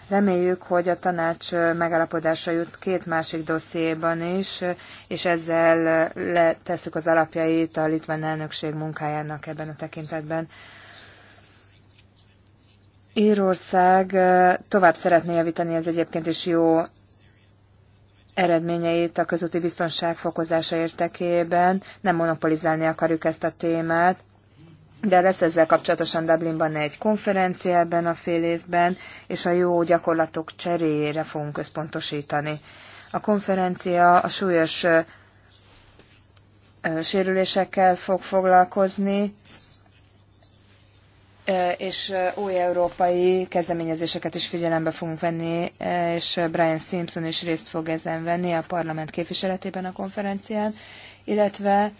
reméljük, hogy a tanács megállapodásra jut két másik dossziéban is, és ezzel letesszük az alapjait a litván elnökség munkájának ebben a tekintetben. Írország tovább szeretné javítani az egyébként is jó eredményeit a közúti biztonság fokozása értekében. Nem monopolizálni akarjuk ezt a témát, de lesz ezzel kapcsolatosan Dublinban egy konferencia ebben a fél évben, és a jó gyakorlatok cseréjére fogunk központosítani. A konferencia a súlyos sérülésekkel fog foglalkozni, és új európai kezdeményezéseket is figyelembe fogunk venni, és Brian Simpson is részt fog ezen venni a parlament képviseletében a konferencián, illetve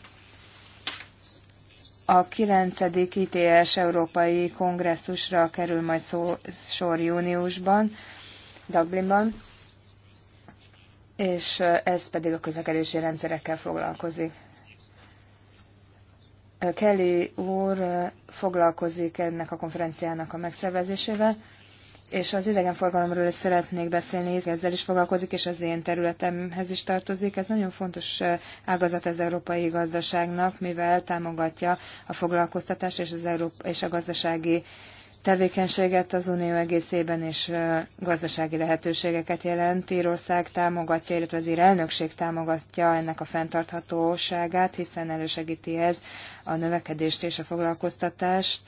a 9. ITS Európai Kongresszusra kerül majd szó, sor júniusban, Dublinban, és ez pedig a közlekedési rendszerekkel foglalkozik. Kelly úr foglalkozik ennek a konferenciának a megszervezésével, és az idegenforgalomról is szeretnék beszélni, ezzel is foglalkozik, és az én területemhez is tartozik. Ez nagyon fontos ágazat az európai gazdaságnak, mivel támogatja a foglalkoztatás és, az Európa, és a gazdasági tevékenységet az Unió egészében és gazdasági lehetőségeket jelent. Írország támogatja, illetve az ír elnökség támogatja ennek a fenntarthatóságát, hiszen elősegíti ez a növekedést és a foglalkoztatást.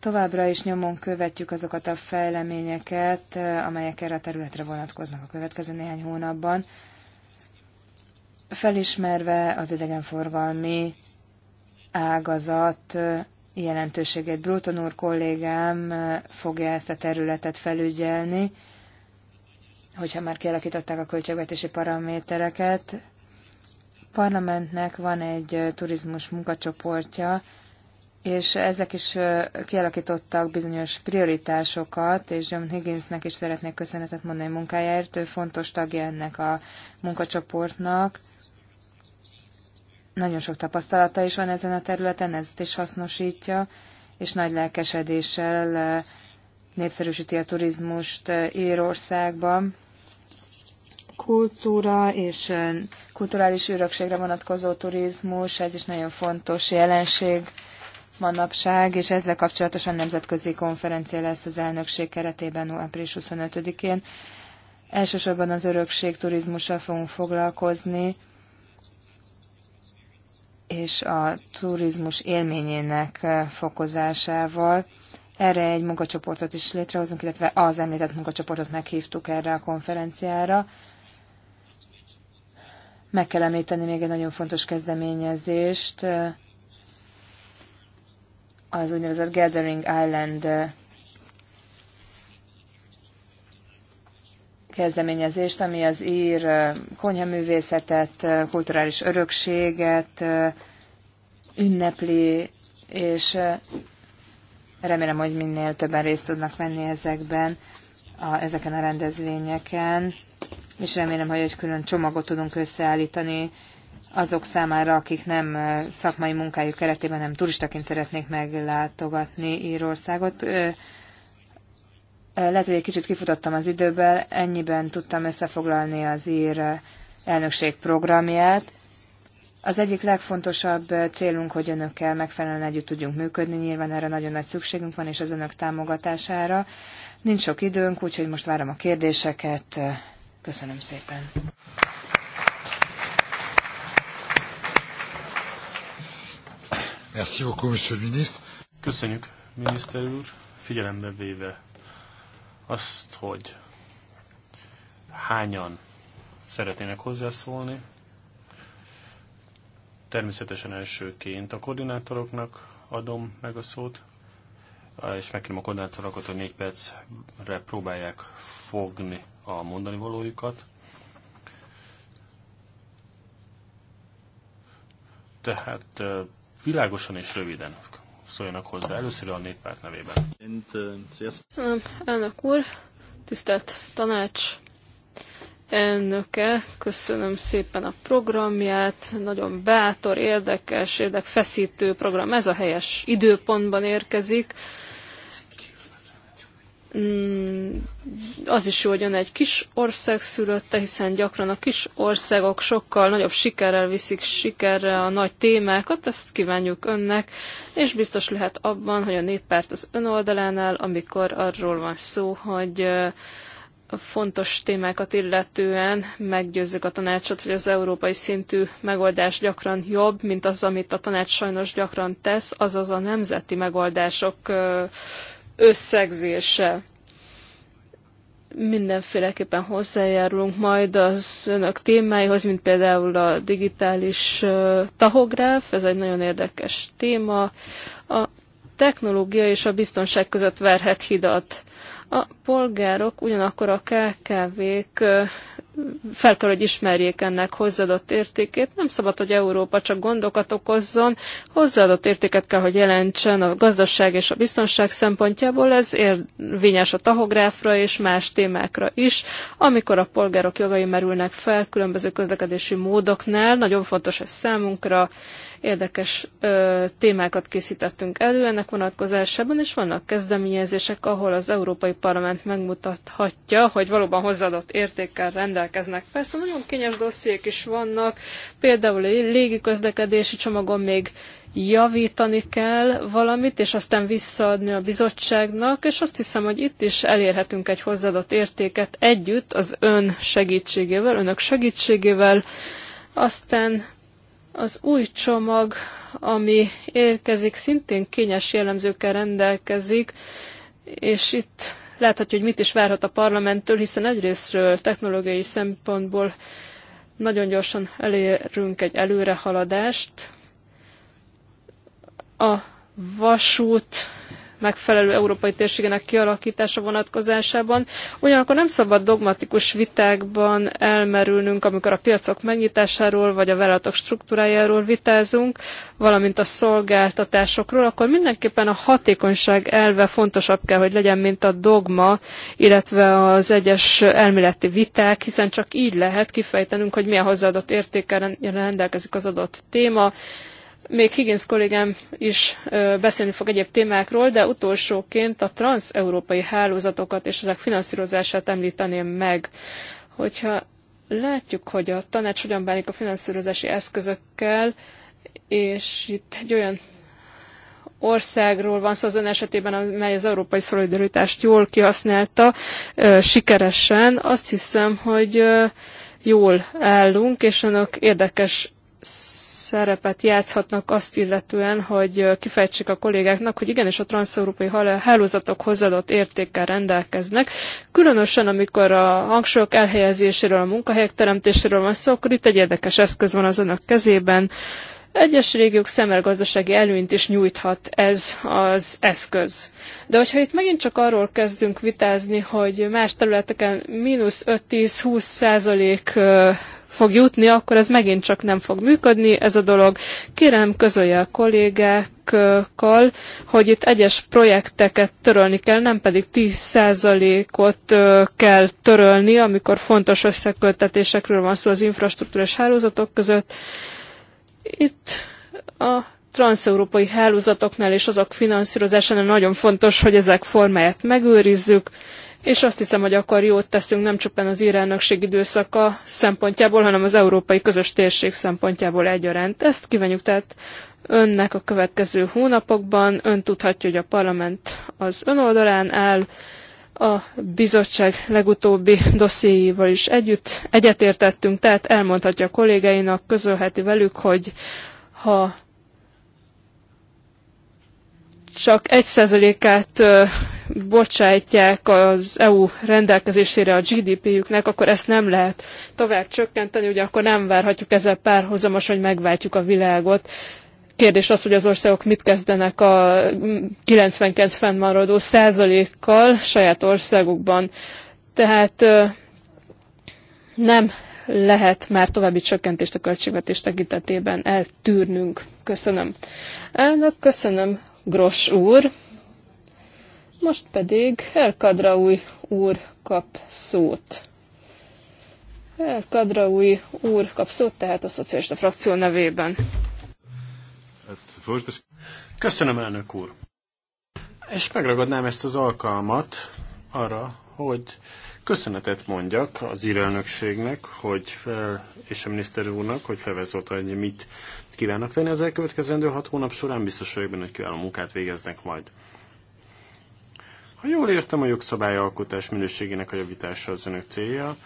Továbbra is nyomon követjük azokat a fejleményeket, amelyek erre a területre vonatkoznak a következő néhány hónapban. Felismerve az idegenforgalmi ágazat jelentőségét. Bruton úr kollégám fogja ezt a területet felügyelni, hogyha már kialakították a költségvetési paramétereket. Parlamentnek van egy turizmus munkacsoportja, és ezek is kialakítottak bizonyos prioritásokat, és John Higginsnek is szeretnék köszönetet mondani munkájáért, ő fontos tagja ennek a munkacsoportnak, nagyon sok tapasztalata is van ezen a területen, ezt is hasznosítja, és nagy lelkesedéssel népszerűsíti a turizmust Írországban. Kultúra és kulturális örökségre vonatkozó turizmus, ez is nagyon fontos jelenség manapság, és ezzel kapcsolatosan nemzetközi konferencia lesz az elnökség keretében április 25-én. Elsősorban az örökség turizmussal fogunk foglalkozni, és a turizmus élményének eh, fokozásával. Erre egy munkacsoportot is létrehozunk, illetve az említett munkacsoportot meghívtuk erre a konferenciára. Meg kell említeni még egy nagyon fontos kezdeményezést, eh, az úgynevezett Gathering Island eh, kezdeményezést, ami az ír konyhaművészetet, kulturális örökséget ünnepli, és remélem, hogy minél többen részt tudnak venni ezekben, a, ezeken a rendezvényeken, és remélem, hogy egy külön csomagot tudunk összeállítani azok számára, akik nem szakmai munkájuk keretében, nem turistaként szeretnék meglátogatni Írországot. Lehet, hogy egy kicsit kifutottam az időből, ennyiben tudtam összefoglalni az ír elnökség programját. Az egyik legfontosabb célunk, hogy önökkel megfelelően együtt tudjunk működni, nyilván erre nagyon nagy szükségünk van, és az önök támogatására. Nincs sok időnk, úgyhogy most várom a kérdéseket. Köszönöm szépen. Merci beaucoup, monsieur le ministre. Köszönjük, miniszter úr, figyelembe véve azt, hogy hányan szeretnének hozzászólni. Természetesen elsőként a koordinátoroknak adom meg a szót, és megkérem a koordinátorokat, hogy négy percre próbálják fogni a mondani valójukat. Tehát világosan és röviden szóljanak hozzá. Először a néppárt nevében. Köszönöm, elnök úr, tisztelt tanács elnöke, köszönöm szépen a programját, nagyon bátor, érdekes, érdekfeszítő program, ez a helyes időpontban érkezik Mm, az is jó, hogy ön egy kis ország szülötte, hiszen gyakran a kis országok sokkal nagyobb sikerrel viszik sikerre a nagy témákat, ezt kívánjuk önnek, és biztos lehet abban, hogy a néppárt az ön oldalánál, amikor arról van szó, hogy fontos témákat illetően meggyőzzük a tanácsot, hogy az európai szintű megoldás gyakran jobb, mint az, amit a tanács sajnos gyakran tesz, azaz a nemzeti megoldások összegzése. Mindenféleképpen hozzájárulunk majd az önök témáihoz, mint például a digitális tahográf, ez egy nagyon érdekes téma. A technológia és a biztonság között verhet hidat. A polgárok ugyanakkor a KKV-k fel kell, hogy ismerjék ennek hozzáadott értékét. Nem szabad, hogy Európa csak gondokat okozzon, hozzáadott értéket kell, hogy jelentsen a gazdaság és a biztonság szempontjából. Ez érvényes a tahográfra és más témákra is. Amikor a polgárok jogai merülnek fel különböző közlekedési módoknál, nagyon fontos ez számunkra, Érdekes ö, témákat készítettünk elő ennek vonatkozásában, és vannak kezdeményezések, ahol az Európai Parlament megmutathatja, hogy valóban hozzáadott értékkel rendelkeznek. Persze nagyon kényes dossziék is vannak, például a légiközlekedési csomagon még javítani kell valamit, és aztán visszaadni a bizottságnak, és azt hiszem, hogy itt is elérhetünk egy hozzáadott értéket együtt az ön segítségével, önök segítségével, aztán az új csomag, ami érkezik, szintén kényes jellemzőkkel rendelkezik, és itt láthatja, hogy mit is várhat a parlamenttől, hiszen egyrésztről technológiai szempontból nagyon gyorsan elérünk egy előrehaladást. A vasút megfelelő európai térségének kialakítása vonatkozásában. Ugyanakkor nem szabad dogmatikus vitákban elmerülnünk, amikor a piacok megnyitásáról vagy a vállalatok struktúrájáról vitázunk, valamint a szolgáltatásokról, akkor mindenképpen a hatékonyság elve fontosabb kell, hogy legyen, mint a dogma, illetve az egyes elméleti viták, hiszen csak így lehet kifejtenünk, hogy milyen hozzáadott értékkel rendelkezik az adott téma, még Higgins kollégám is beszélni fog egyéb témákról, de utolsóként a transeurópai hálózatokat és ezek finanszírozását említeném meg. Hogyha látjuk, hogy a tanács hogyan bánik a finanszírozási eszközökkel, és itt egy olyan országról van szó az ön esetében, amely az európai szolidaritást jól kihasználta, sikeresen. Azt hiszem, hogy jól állunk, és önök érdekes szerepet játszhatnak azt illetően, hogy kifejtsék a kollégáknak, hogy igenis a transzeurópai hálózatok hozzáadott értékkel rendelkeznek. Különösen, amikor a hangsúlyok elhelyezéséről, a munkahelyek teremtéséről van szó, akkor itt egy érdekes eszköz van az önök kezében. Egyes régiók szemel gazdasági előnyt is nyújthat ez az eszköz. De hogyha itt megint csak arról kezdünk vitázni, hogy más területeken mínusz 5-10-20 százalék fog jutni, akkor ez megint csak nem fog működni ez a dolog. Kérem, közölje a kollégákkal, hogy itt egyes projekteket törölni kell, nem pedig 10%-ot kell törölni, amikor fontos összeköltetésekről van szó az infrastruktúrás hálózatok között. Itt a transzeurópai hálózatoknál és azok finanszírozásánál nagyon fontos, hogy ezek formáját megőrizzük, és azt hiszem, hogy akkor jót teszünk nem csupán az irányokség időszaka szempontjából, hanem az európai közös térség szempontjából egyaránt. Ezt kívánjuk tehát önnek a következő hónapokban. Ön tudhatja, hogy a parlament az ön oldalán áll, a bizottság legutóbbi dossziéival is együtt egyetértettünk, tehát elmondhatja a kollégáinak, közölheti velük, hogy ha csak egy át bocsájtják az EU rendelkezésére a GDP-jüknek, akkor ezt nem lehet tovább csökkenteni, ugye akkor nem várhatjuk ezzel párhuzamos, hogy megváltjuk a világot. Kérdés az, hogy az országok mit kezdenek a 99 fennmaradó százalékkal saját országukban. Tehát nem lehet már további csökkentést a költségvetés tekintetében eltűrnünk. Köszönöm. Elnök, köszönöm, Gros úr. Most pedig Elkadraúj úr kap szót. Elkadraúj úr kap szót, tehát a szocialista frakció nevében. Köszönöm, elnök úr. És megragadnám ezt az alkalmat arra, hogy köszönetet mondjak az írelnökségnek, hogy fel, és a miniszter úrnak, hogy felvezolta, hogy mit kívánnak tenni az elkövetkezendő hat hónap során, biztos vagyok benne, hogy kiváló munkát végeznek majd. Ha jól értem, a jogszabályalkotás minőségének a javítása az önök célja,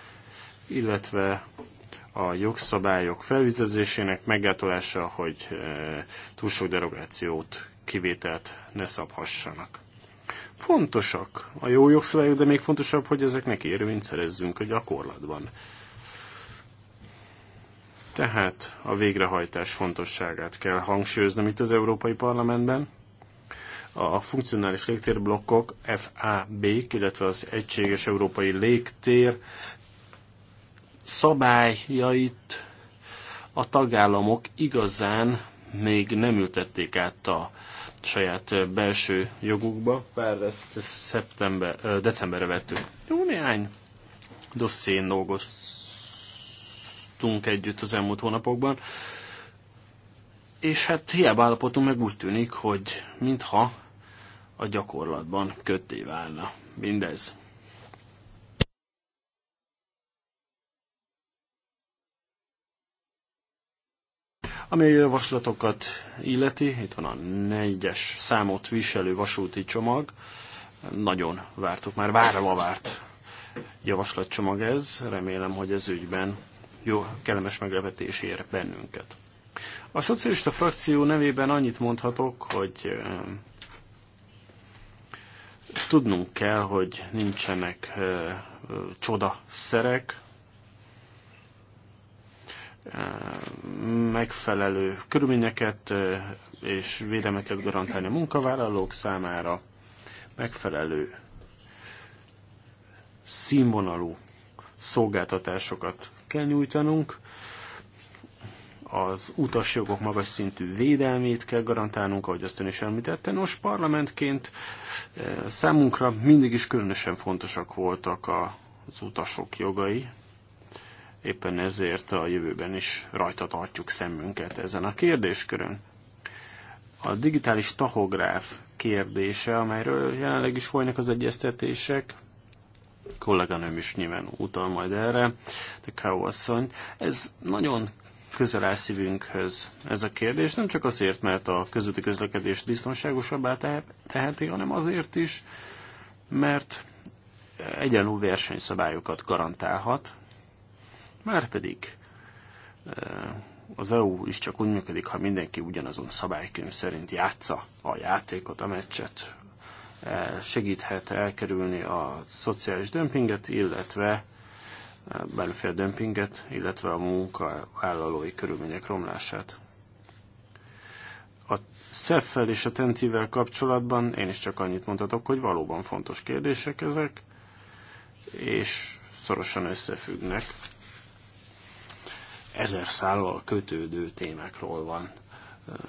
illetve a jogszabályok felvizezésének meggátolása, hogy e, túl sok derogációt, kivételt ne szabhassanak. Fontosak a jó jogszabályok, de még fontosabb, hogy ezeknek érvényt szerezzünk a gyakorlatban. Tehát a végrehajtás fontosságát kell hangsúlyoznom itt az Európai Parlamentben. A funkcionális légtérblokkok FAB, illetve az Egységes Európai Légtér szabályait a tagállamok igazán még nem ültették át a saját belső jogukba, bár ezt szeptember, decemberre vettük. Jó néhány dosszén dolgoztunk együtt az elmúlt hónapokban, és hát hiába állapotunk meg úgy tűnik, hogy mintha a gyakorlatban kötté válna mindez. Ami a javaslatokat illeti, itt van a negyes számot viselő vasúti csomag. Nagyon vártuk, már várva várt javaslatcsomag ez. Remélem, hogy ez ügyben jó, kellemes meglepetés ér bennünket. A szocialista frakció nevében annyit mondhatok, hogy eh, tudnunk kell, hogy nincsenek eh, csodaszerek, megfelelő körülményeket és védelmeket garantálni a munkavállalók számára, megfelelő színvonalú szolgáltatásokat kell nyújtanunk, az utasjogok magas szintű védelmét kell garantálnunk, ahogy azt ön is említette. Nos, parlamentként számunkra mindig is különösen fontosak voltak az utasok jogai, Éppen ezért a jövőben is rajta tartjuk szemünket ezen a kérdéskörön. A digitális tahográf kérdése, amelyről jelenleg is folynak az egyeztetések, kolléganőm is nyilván utal majd erre, de Kau asszony. Ez nagyon közel áll szívünkhöz ez a kérdés, nem csak azért, mert a közúti közlekedés biztonságosabbá teheti, hanem azért is, mert egyenlő versenyszabályokat garantálhat, mert pedig az EU is csak úgy működik, ha mindenki ugyanazon szabálykönyv szerint játsza a játékot, a meccset, e, segíthet elkerülni a szociális dömpinget, illetve e, belőfél dömpinget, illetve a munkavállalói körülmények romlását. A szef és a Tentivel kapcsolatban én is csak annyit mondhatok, hogy valóban fontos kérdések ezek, és szorosan összefüggnek ezer szállal kötődő témákról van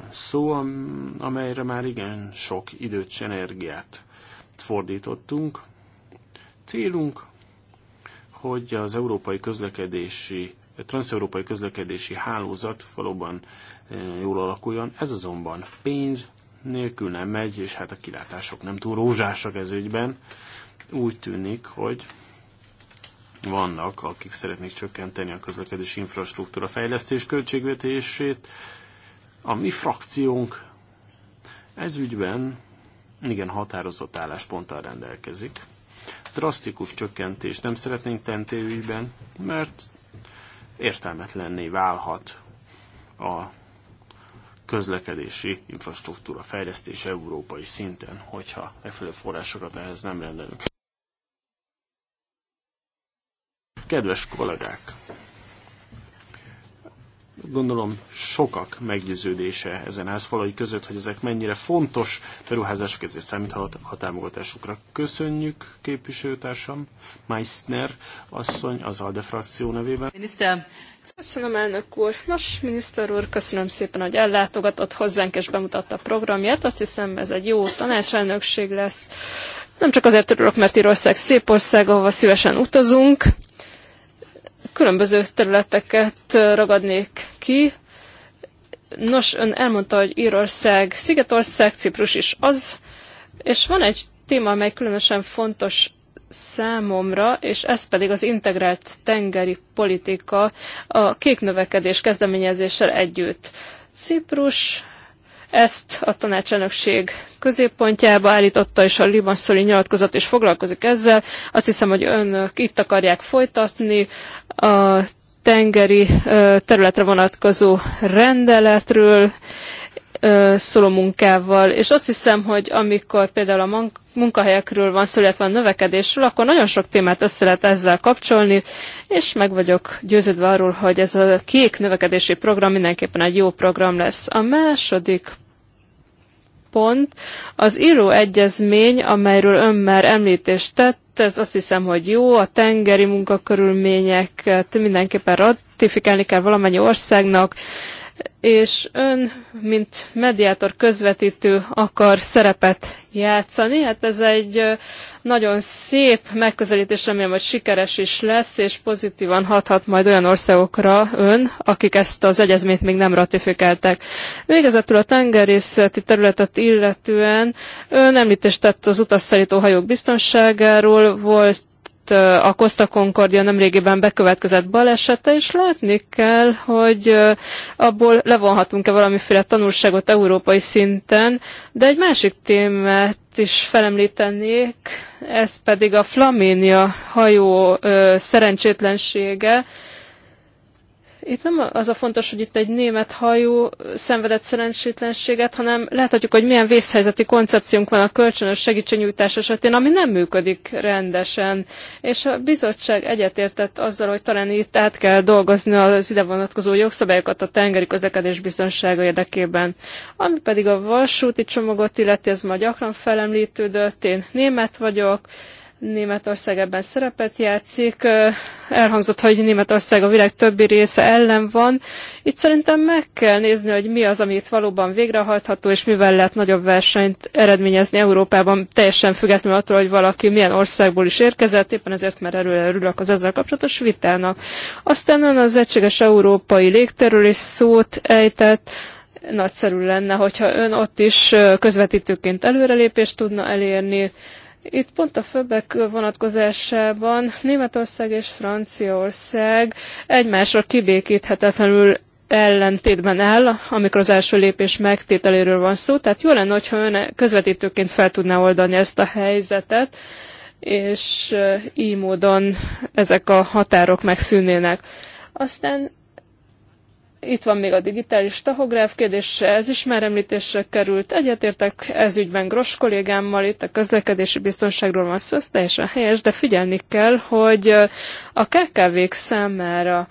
szó, amelyre már igen sok időt és energiát fordítottunk. Célunk, hogy az európai közlekedési, transeurópai közlekedési hálózat valóban jól alakuljon. Ez azonban pénz nélkül nem megy, és hát a kilátások nem túl rózsásak ez ügyben. Úgy tűnik, hogy vannak, akik szeretnék csökkenteni a közlekedési infrastruktúra fejlesztés költségvetését. A mi frakciónk ez ügyben igen határozott állásponttal rendelkezik. Drasztikus csökkentést nem szeretnénk tenni ügyben, mert értelmetlenné válhat a közlekedési infrastruktúra fejlesztés európai szinten, hogyha megfelelő forrásokat ehhez nem rendelünk. Kedves kollégák! Gondolom sokak meggyőződése ezen házfalai között, hogy ezek mennyire fontos beruházások, ezért számíthat a támogatásukra. Köszönjük képviselőtársam, Meissner asszony az ALDE frakció nevében. Miniszter, Köszönöm, elnök úr. Nos, miniszter úr, köszönöm szépen, hogy ellátogatott hozzánk és bemutatta a programját. Azt hiszem, ez egy jó tanácselnökség lesz. Nem csak azért örülök, mert Írország szép ország, ahova szívesen utazunk, Különböző területeket ragadnék ki. Nos, ön elmondta, hogy Írország, Szigetország, Ciprus is az, és van egy téma, amely különösen fontos számomra, és ez pedig az integrált tengeri politika a kék növekedés kezdeményezéssel együtt. Ciprus ezt a tanácselnökség középpontjába állította, és a Libanszoli nyilatkozat is foglalkozik ezzel. Azt hiszem, hogy önök itt akarják folytatni a tengeri területre vonatkozó rendeletről, szóló munkával, és azt hiszem, hogy amikor például a munkahelyekről van szó, illetve a növekedésről, akkor nagyon sok témát össze lehet ezzel kapcsolni, és meg vagyok győződve arról, hogy ez a kék növekedési program mindenképpen egy jó program lesz. A második pont az író egyezmény, amelyről ön már említést tett, ez azt hiszem, hogy jó, a tengeri munkakörülményeket mindenképpen ratifikálni kell valamennyi országnak, és ön, mint mediátor közvetítő akar szerepet játszani. Hát ez egy nagyon szép megközelítés, remélem, hogy sikeres is lesz, és pozitívan hathat majd olyan országokra ön, akik ezt az egyezményt még nem ratifikálták. Végezetül a tengerészeti területet illetően ön említést tett az utasszállító hajók biztonságáról, volt a Costa Concordia nemrégiben bekövetkezett balesete, és látni kell, hogy abból levonhatunk-e valamiféle tanulságot európai szinten, de egy másik témát is felemlítenék, ez pedig a Flaminia hajó szerencsétlensége, itt nem az a fontos, hogy itt egy német hajó szenvedett szerencsétlenséget, hanem láthatjuk, hogy milyen vészhelyzeti koncepciónk van a kölcsönös segítségnyújtás esetén, ami nem működik rendesen. És a bizottság egyetértett azzal, hogy talán itt át kell dolgozni az ide vonatkozó jogszabályokat a tengeri közlekedés biztonsága érdekében. Ami pedig a vasúti csomagot illeti, ez ma gyakran felemlítődött. Én német vagyok, Németország ebben szerepet játszik. Elhangzott, hogy Németország a világ többi része ellen van. Itt szerintem meg kell nézni, hogy mi az, amit valóban végrehajtható, és mivel lehet nagyobb versenyt eredményezni Európában, teljesen függetlenül attól, hogy valaki milyen országból is érkezett, éppen ezért már erről örülök az ezzel kapcsolatos vitának. Aztán ön az egységes európai légterről is szót ejtett, nagyszerű lenne, hogyha ön ott is közvetítőként előrelépést tudna elérni, itt pont a föbbek vonatkozásában Németország és Franciaország egymásra kibékíthetetlenül ellentétben áll, amikor az első lépés megtételéről van szó. Tehát jó lenne, hogyha ön közvetítőként fel tudná oldani ezt a helyzetet, és így módon ezek a határok megszűnnének. Aztán itt van még a digitális tahográf kérdés, ez is már említésre került. Egyetértek ez ügyben Gros kollégámmal, itt a közlekedési biztonságról van szó, ez teljesen helyes, de figyelni kell, hogy a KKV-k számára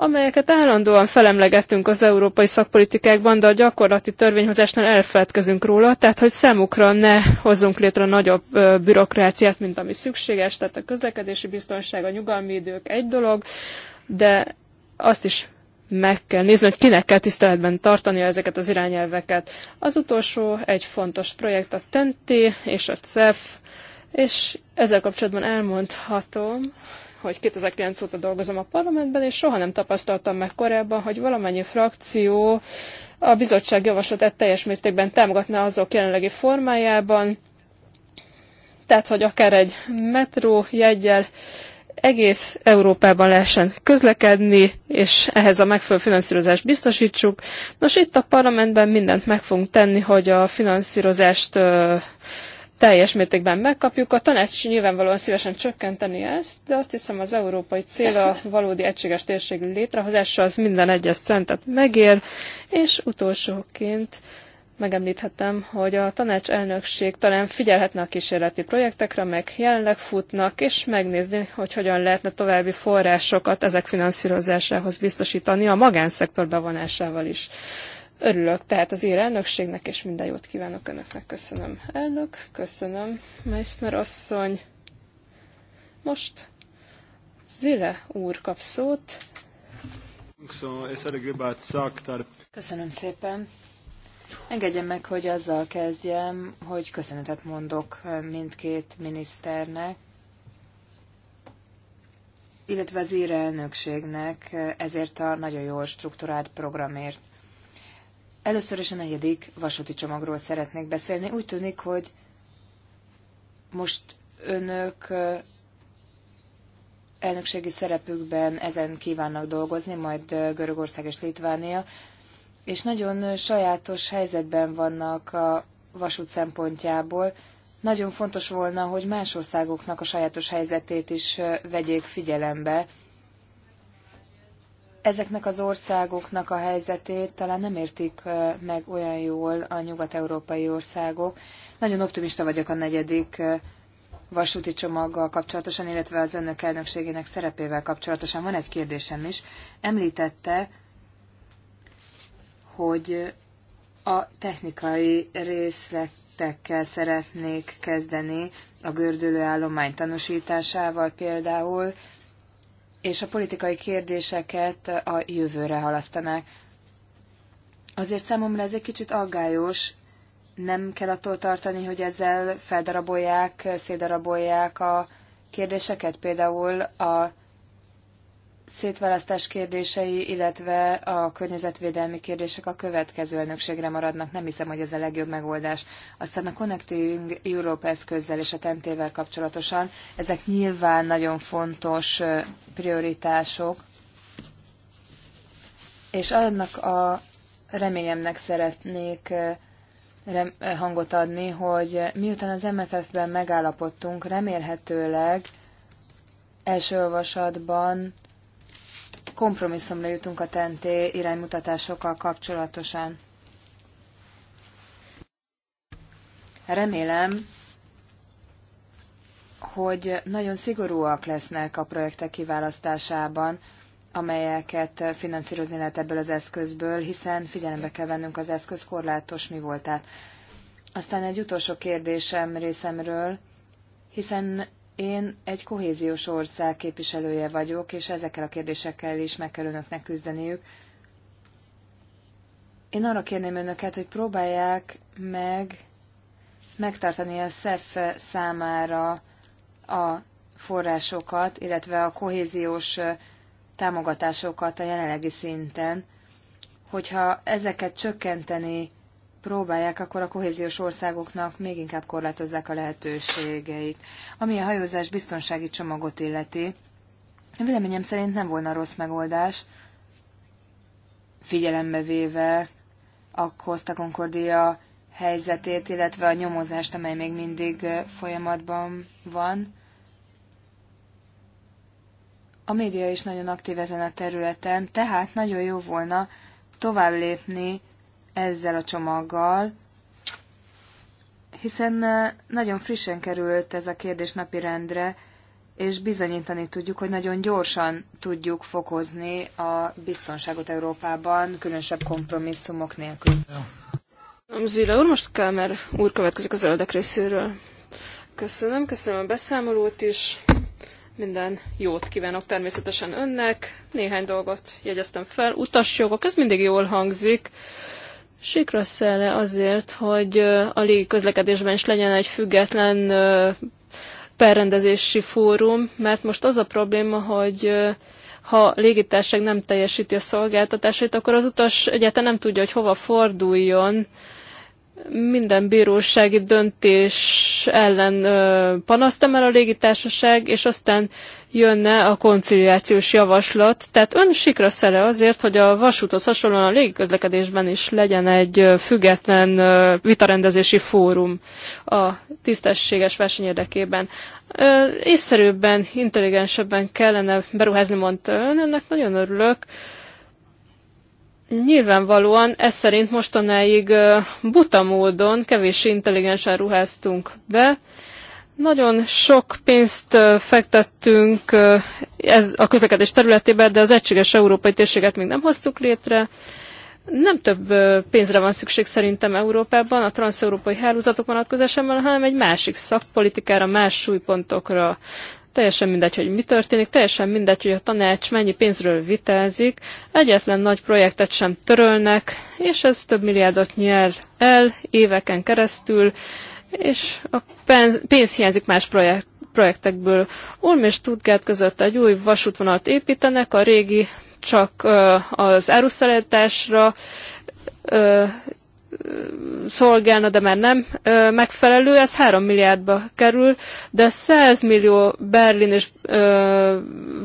amelyeket állandóan felemlegettünk az európai szakpolitikákban, de a gyakorlati törvényhozásnál elfeledkezünk róla, tehát hogy számukra ne hozzunk létre nagyobb bürokráciát, mint ami szükséges, tehát a közlekedési biztonság, a nyugalmi idők egy dolog, de azt is meg kell nézni, hogy kinek kell tiszteletben tartania ezeket az irányelveket. Az utolsó egy fontos projekt a TENTI és a CEF, és ezzel kapcsolatban elmondhatom, hogy 2009 óta dolgozom a parlamentben, és soha nem tapasztaltam meg korábban, hogy valamennyi frakció a bizottság javaslatát teljes mértékben támogatná azok jelenlegi formájában, tehát hogy akár egy metró jegyel egész Európában lehessen közlekedni, és ehhez a megfelelő finanszírozást biztosítsuk. Nos, itt a parlamentben mindent meg fogunk tenni, hogy a finanszírozást ö, teljes mértékben megkapjuk. A tanács nyilvánvalóan szívesen csökkenteni ezt, de azt hiszem az európai cél a valódi egységes térségű létrehozása az minden egyes centet megér, és utolsóként megemlíthetem, hogy a tanács elnökség talán figyelhetne a kísérleti projektekre, amelyek jelenleg futnak, és megnézni, hogy hogyan lehetne további forrásokat ezek finanszírozásához biztosítani a magánszektor bevonásával is. Örülök tehát az ír elnökségnek, és minden jót kívánok Önöknek. Köszönöm, elnök, köszönöm, Meissner asszony. Most Zile úr kap szót. Köszönöm szépen engedjen meg, hogy azzal kezdjem, hogy köszönetet mondok eh, mindkét miniszternek, illetve az ír elnökségnek eh, ezért a nagyon jól struktúrált programért. Először is a negyedik vasúti csomagról szeretnék beszélni. Úgy tűnik, hogy most önök eh, elnökségi szerepükben ezen kívánnak dolgozni, majd Görögország és Litvánia és nagyon sajátos helyzetben vannak a vasút szempontjából. Nagyon fontos volna, hogy más országoknak a sajátos helyzetét is vegyék figyelembe. Ezeknek az országoknak a helyzetét talán nem értik meg olyan jól a nyugat-európai országok. Nagyon optimista vagyok a negyedik vasúti csomaggal kapcsolatosan, illetve az önök elnökségének szerepével kapcsolatosan. Van egy kérdésem is. Említette, hogy a technikai részletekkel szeretnék kezdeni, a gördülő állomány tanúsításával például, és a politikai kérdéseket a jövőre halasztanák. Azért számomra ez egy kicsit aggályos, nem kell attól tartani, hogy ezzel feldarabolják, szédarabolják a kérdéseket, például a szétválasztás kérdései, illetve a környezetvédelmi kérdések a következő elnökségre maradnak. Nem hiszem, hogy ez a legjobb megoldás. Aztán a Connecting Europe eszközzel és a tentével kapcsolatosan, ezek nyilván nagyon fontos prioritások, és annak a reményemnek szeretnék hangot adni, hogy miután az MFF-ben megállapodtunk, remélhetőleg első olvasatban kompromisszumra jutunk a TNT iránymutatásokkal kapcsolatosan. Remélem, hogy nagyon szigorúak lesznek a projektek kiválasztásában, amelyeket finanszírozni lehet ebből az eszközből, hiszen figyelembe kell vennünk az eszköz korlátos mi voltát. Aztán egy utolsó kérdésem részemről, hiszen én egy kohéziós ország képviselője vagyok, és ezekkel a kérdésekkel is meg kell önöknek küzdeniük. Én arra kérném önöket, hogy próbálják meg megtartani a SZEF számára a forrásokat, illetve a kohéziós támogatásokat a jelenlegi szinten. Hogyha ezeket csökkenteni próbálják, akkor a kohéziós országoknak még inkább korlátozzák a lehetőségeit. Ami a hajózás biztonsági csomagot illeti, véleményem szerint nem volna rossz megoldás, figyelembe véve a Costa Concordia helyzetét, illetve a nyomozást, amely még mindig folyamatban van. A média is nagyon aktív ezen a területen, tehát nagyon jó volna tovább lépni ezzel a csomaggal, hiszen nagyon frissen került ez a kérdés rendre, és bizonyítani tudjuk, hogy nagyon gyorsan tudjuk fokozni a biztonságot Európában, különösebb kompromisszumok nélkül. Zila úr, most Kámer úr következik az öldek részéről. Köszönöm, köszönöm a beszámolót is. Minden jót kívánok természetesen önnek. Néhány dolgot jegyeztem fel. Utasjogok, ez mindig jól hangzik. Sikra szelle azért, hogy a légi közlekedésben is legyen egy független perrendezési fórum, mert most az a probléma, hogy ha légitárság nem teljesíti a szolgáltatásait, akkor az utas egyáltalán nem tudja, hogy hova forduljon, minden bírósági döntés ellen panaszt emel a légitársaság, és aztán jönne a konciliációs javaslat. Tehát ön sikra szere azért, hogy a vasúthoz hasonlóan a légiközlekedésben is legyen egy független vitarendezési fórum a tisztességes verseny érdekében. észszerűbben, intelligensebben kellene beruházni, mondta ön, ennek nagyon örülök. Nyilvánvalóan ez szerint mostanáig buta módon kevés intelligensen ruháztunk be. Nagyon sok pénzt fektettünk ez a közlekedés területébe, de az egységes európai térséget még nem hoztuk létre. Nem több pénzre van szükség szerintem Európában, a transzeurópai hálózatok vonatkozásában, hanem egy másik szakpolitikára, más súlypontokra teljesen mindegy, hogy mi történik, teljesen mindegy, hogy a tanács mennyi pénzről vitázik, egyetlen nagy projektet sem törölnek, és ez több milliárdot nyer el éveken keresztül, és a pénz, pénz hiányzik más projekt, projektekből. Ulm és Stuttgart között egy új vasútvonalat építenek, a régi csak az áruszállításra szolgálna, de már nem megfelelő, ez 3 milliárdba kerül, de 100 millió Berlin és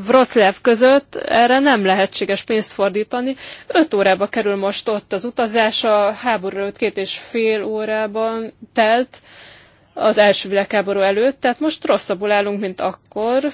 Wroclaw között erre nem lehetséges pénzt fordítani. 5 órába kerül most ott az utazás, a háború előtt két és fél órában telt az első világháború előtt, tehát most rosszabbul állunk, mint akkor,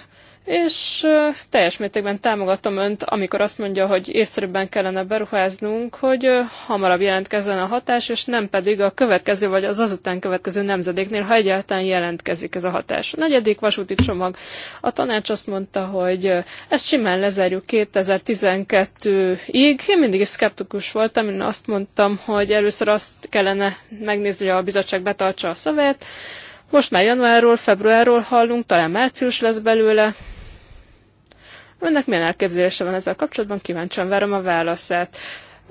és teljes mértékben támogatom önt, amikor azt mondja, hogy észrebben kellene beruháznunk, hogy hamarabb jelentkezzen a hatás, és nem pedig a következő vagy az azután következő nemzedéknél, ha egyáltalán jelentkezik ez a hatás. A negyedik vasúti csomag. A tanács azt mondta, hogy ezt simán lezárjuk 2012-ig. Én mindig is szkeptikus voltam, én azt mondtam, hogy először azt kellene megnézni, hogy a bizottság betartsa a szavát, most már januárról, februárról hallunk, talán március lesz belőle, Önnek milyen elképzelése van ezzel kapcsolatban? Kíváncsian várom a válaszát.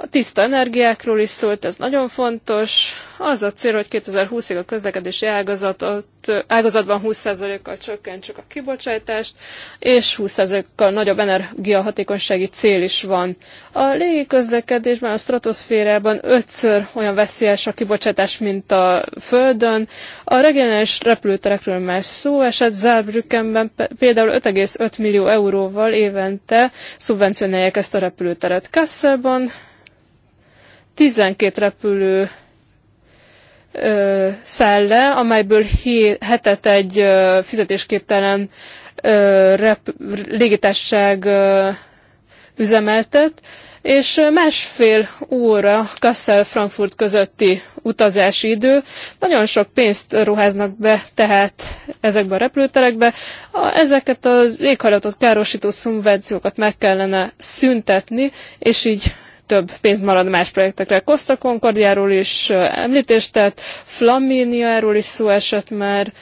A tiszta energiákról is szólt, ez nagyon fontos. Az a cél, hogy 2020-ig a közlekedési ágazatot, ágazatban 20%-kal csökkentsük a kibocsátást, és 20%-kal nagyobb energiahatékonysági cél is van. A közlekedésben, a stratoszférában ötször olyan veszélyes a kibocsátás, mint a Földön. A regionális repülőterekről már szó esett, Zárbrückenben például 5,5 millió euróval évente szubvencionálják ezt a repülőteret. Kasselban 12 repülő szelle, amelyből hetet egy fizetésképtelen rep- légitárság üzemeltet, és másfél óra Kassel-Frankfurt közötti utazási idő. Nagyon sok pénzt ruháznak be tehát ezekbe a repülőterekbe. Ezeket az éghajlatot károsító szubvenciókat meg kellene szüntetni, és így több pénz marad más projektekre. Costa Concordiáról is említést tett, Flaminiáról is szó esett már.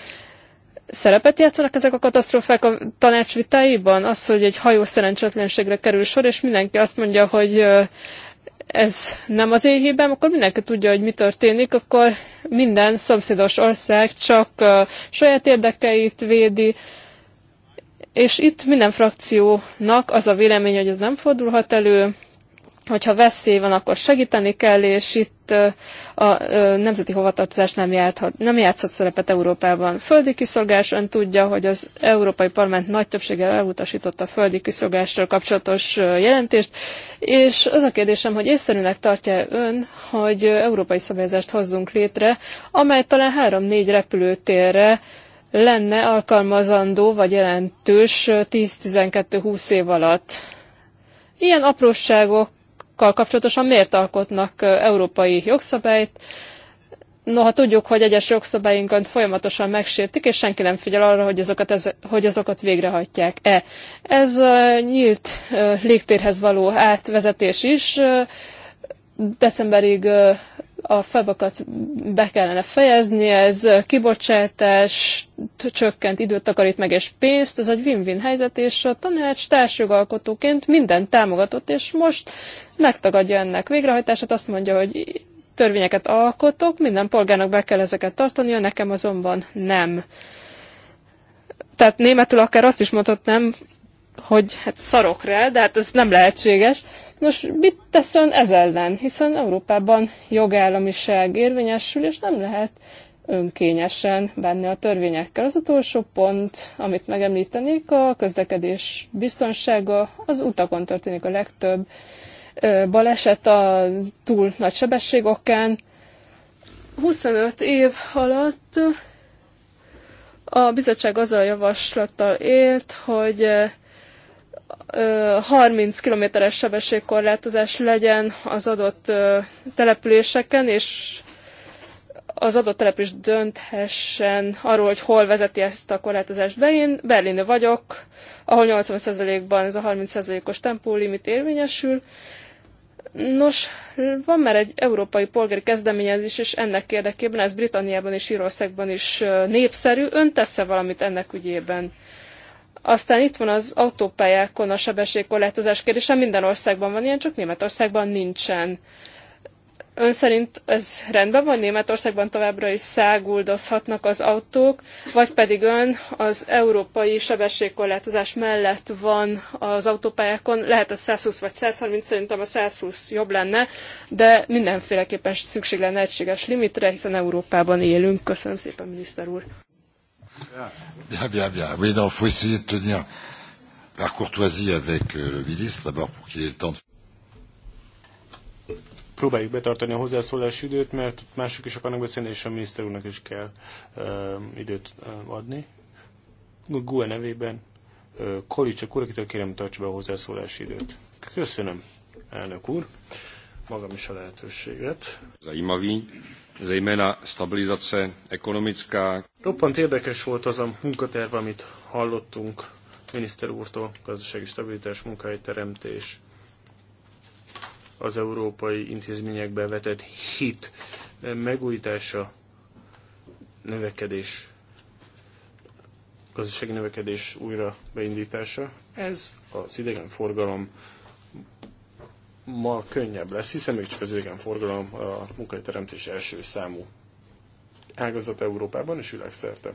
Szerepet játszanak ezek a katasztrófák a tanácsvitáiban, Az, hogy egy hajó szerencsétlenségre kerül sor, és mindenki azt mondja, hogy ez nem az én hibám, akkor mindenki tudja, hogy mi történik, akkor minden szomszédos ország csak saját érdekeit védi, és itt minden frakciónak az a vélemény, hogy ez nem fordulhat elő, hogyha veszély van, akkor segíteni kell, és itt a nemzeti hovatartozás nem, játhat, nem játszhat szerepet Európában. Földi kiszolgás ön tudja, hogy az Európai Parlament nagy többséggel elutasította a földi kiszolgásról kapcsolatos jelentést, és az a kérdésem, hogy észszerűnek tartja ön, hogy európai szabályozást hozzunk létre, amely talán három-négy repülőtérre lenne alkalmazandó vagy jelentős 10-12-20 év alatt. Ilyen apróságok kapcsolatosan miért alkotnak európai jogszabályt, Noha tudjuk, hogy egyes jogszabályinkat folyamatosan megsértik, és senki nem figyel arra, hogy azokat, ez, hogy azokat végrehajtják-e. Ez a nyílt légtérhez való átvezetés is decemberig a fabakat be kellene fejezni, ez kibocsátás csökkent, időt takarít meg és pénzt, ez egy win-win helyzet, és a tanács társjogalkotóként minden támogatott, és most megtagadja ennek végrehajtását, azt mondja, hogy törvényeket alkotok, minden polgárnak be kell ezeket tartania, nekem azonban nem. Tehát németül akár azt is mondhatnám, hogy hát szarok rá, de hát ez nem lehetséges. Nos, mit tesz ön ez ellen? Hiszen Európában jogállamiság érvényesül, és nem lehet önkényesen benne a törvényekkel. Az utolsó pont, amit megemlítenék, a közlekedés biztonsága. Az utakon történik a legtöbb baleset a túl nagy sebességokán. 25 év alatt a bizottság azzal a javaslattal élt, hogy 30 kilométeres sebességkorlátozás legyen az adott településeken, és az adott település dönthessen arról, hogy hol vezeti ezt a korlátozást be. Én Berlinbe vagyok, ahol 80%-ban ez a 30%-os tempólimit érvényesül. Nos, van már egy európai polgári kezdeményezés, és ennek érdekében, ez Britanniában és Írországban is népszerű. Ön tesz-e valamit ennek ügyében? Aztán itt van az autópályákon a sebességkorlátozás kérdése, minden országban van ilyen, csak Németországban nincsen. Ön szerint ez rendben van? Németországban továbbra is száguldozhatnak az autók, vagy pedig ön az európai sebességkorlátozás mellett van az autópályákon, lehet ez 120 vagy 130, szerintem a 120 jobb lenne, de mindenféleképpen szükség lenne egységes limitre, hiszen Európában élünk. Köszönöm szépen, miniszter úr! [laughs] Bien, bien, bien. Oui, non, il faut essayer de tenir la courtoisie avec euh, le ministre, d'abord pour qu'il ait le temps de... Próbáljuk betartani a hozzászólási időt, mert mások is akarnak beszélni, és a miniszter úrnak is kell uh, időt uh, adni. GUE nevében uh, Kolicsak úr, akitől kérem, tartsa be a hozzászólási időt. Köszönöm, elnök úr, magam is a lehetőséget. Az a imavíny zejména stabilizace ekonomická. Roppant érdekes volt az a munkaterv, amit hallottunk miniszter úrtól, gazdasági stabilitás, munkahelyteremtés, az európai intézményekbe vetett hit megújítása, növekedés, gazdasági növekedés újra beindítása. Ez az idegenforgalom ma könnyebb lesz, hiszen még csak az forgalom a munkahelyteremtés első számú ágazat Európában és világszerte.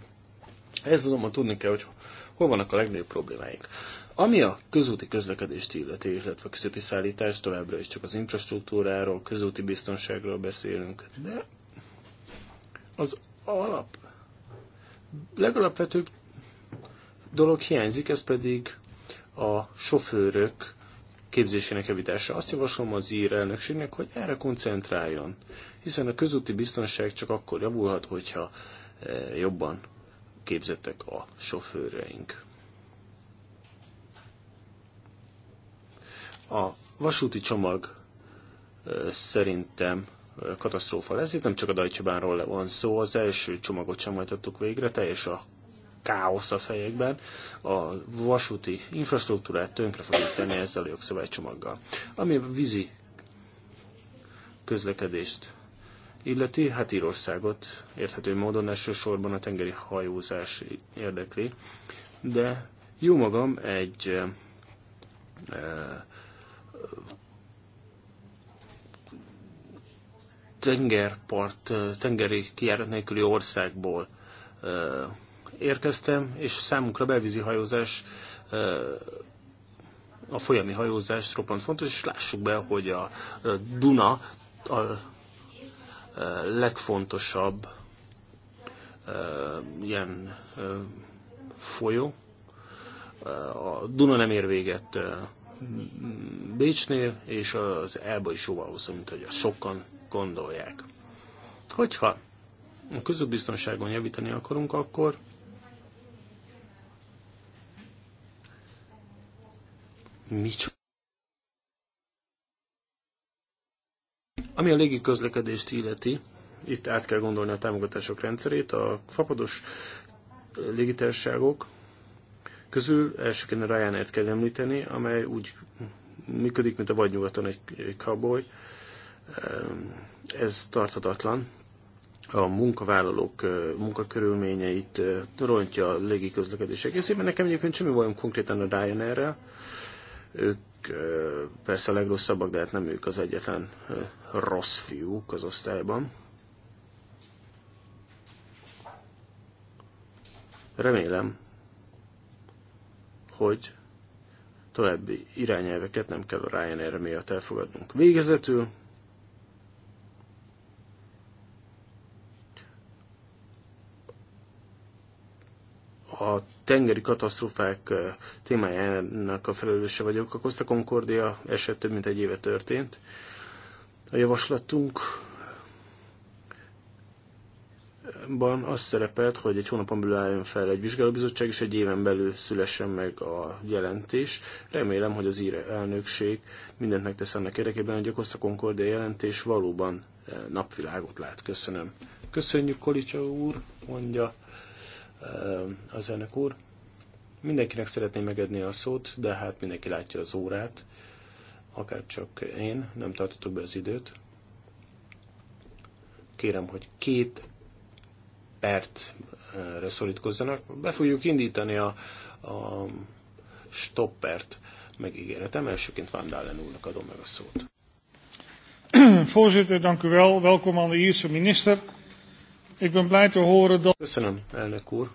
Ez azonban tudni kell, hogy hol vannak a legnagyobb problémáink. Ami a közúti közlekedést illeti, illetve a közúti szállítást, továbbra is csak az infrastruktúráról, közúti biztonságról beszélünk, de az alap, legalapvetőbb dolog hiányzik, ez pedig a sofőrök képzésének javítása. Azt javaslom az ír elnökségnek, hogy erre koncentráljon, hiszen a közúti biztonság csak akkor javulhat, hogyha eh, jobban képzettek a sofőreink. A vasúti csomag eh, szerintem eh, katasztrófa lesz. Itt nem csak a Deutsche Bahnról van szó, az első csomagot sem hajtottuk végre, teljes a káosz a fejekben, a vasúti infrastruktúrát tönkre fogjuk tenni ezzel a jogszabálycsomaggal. Ami a vízi közlekedést illeti, hát Írországot érthető módon elsősorban a tengeri hajózás érdekli, de jó magam egy e, e, tengerpart, tengeri kijárat nélküli országból e, érkeztem, és számunkra belvízi hajózás, a folyami hajózás roppant fontos, és lássuk be, hogy a Duna a legfontosabb ilyen folyó. A Duna nem ér véget Bécsnél, és az Elba is jóval hosszú, mint hogy a sokan gondolják. Hogyha a biztonságon javítani akarunk, akkor Micsoda? Ami a légiközlekedést illeti, itt át kell gondolni a támogatások rendszerét. A fapados légitársaságok közül elsőként a ryanair kell említeni, amely úgy működik, mint a vadnyugaton egy cowboy. Ez tarthatatlan. A munkavállalók munkakörülményeit rontja a közlekedés egészében. Nekem egyébként semmi bajom konkrétan a Ryanair-rel, ők persze a legrosszabbak, de hát nem ők az egyetlen rossz fiúk az osztályban. Remélem, hogy további irányelveket nem kell a Ryanair miatt elfogadnunk. Végezetül a tengeri katasztrófák témájának a felelőse vagyok. A Costa Concordia eset több mint egy éve történt. A javaslatunkban az szerepelt, hogy egy hónapon belül álljon fel egy vizsgálóbizottság, és egy éven belül szülessen meg a jelentés. Remélem, hogy az ír elnökség mindent megtesz annak érdekében, hogy a Costa Concordia jelentés valóban napvilágot lát. Köszönöm. Köszönjük, Kolicsa úr, mondja az elnök úr. Mindenkinek szeretném megadni a szót, de hát mindenki látja az órát, akár csak én, nem tartottuk be az időt. Kérem, hogy két percre szorítkozzanak. Be fogjuk indítani a, a stoppert, megígéretem. Elsőként Van úrnak adom meg a szót. Voorzitter, dank u wel. Welkom aan de Ierse minister. Ik ben blij te horen dat... Köszönöm, elnök úr.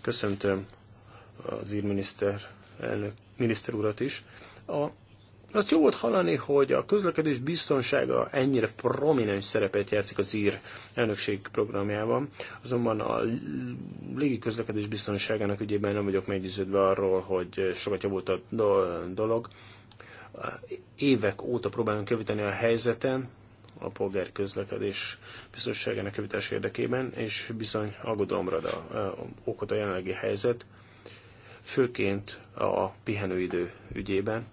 Köszöntöm az írminiszter elnök, miniszter urat is. A, azt jó volt hallani, hogy a közlekedés biztonsága ennyire prominens szerepet játszik az ír elnökség programjában, azonban a légi közlekedés biztonságának ügyében nem vagyok meggyőződve arról, hogy sokat javult a dolog. Évek óta próbálunk javítani a helyzeten, a polgári közlekedés biztonságának javítás érdekében, és bizony aggodalomra a okot a jelenlegi helyzet, főként a pihenőidő ügyében.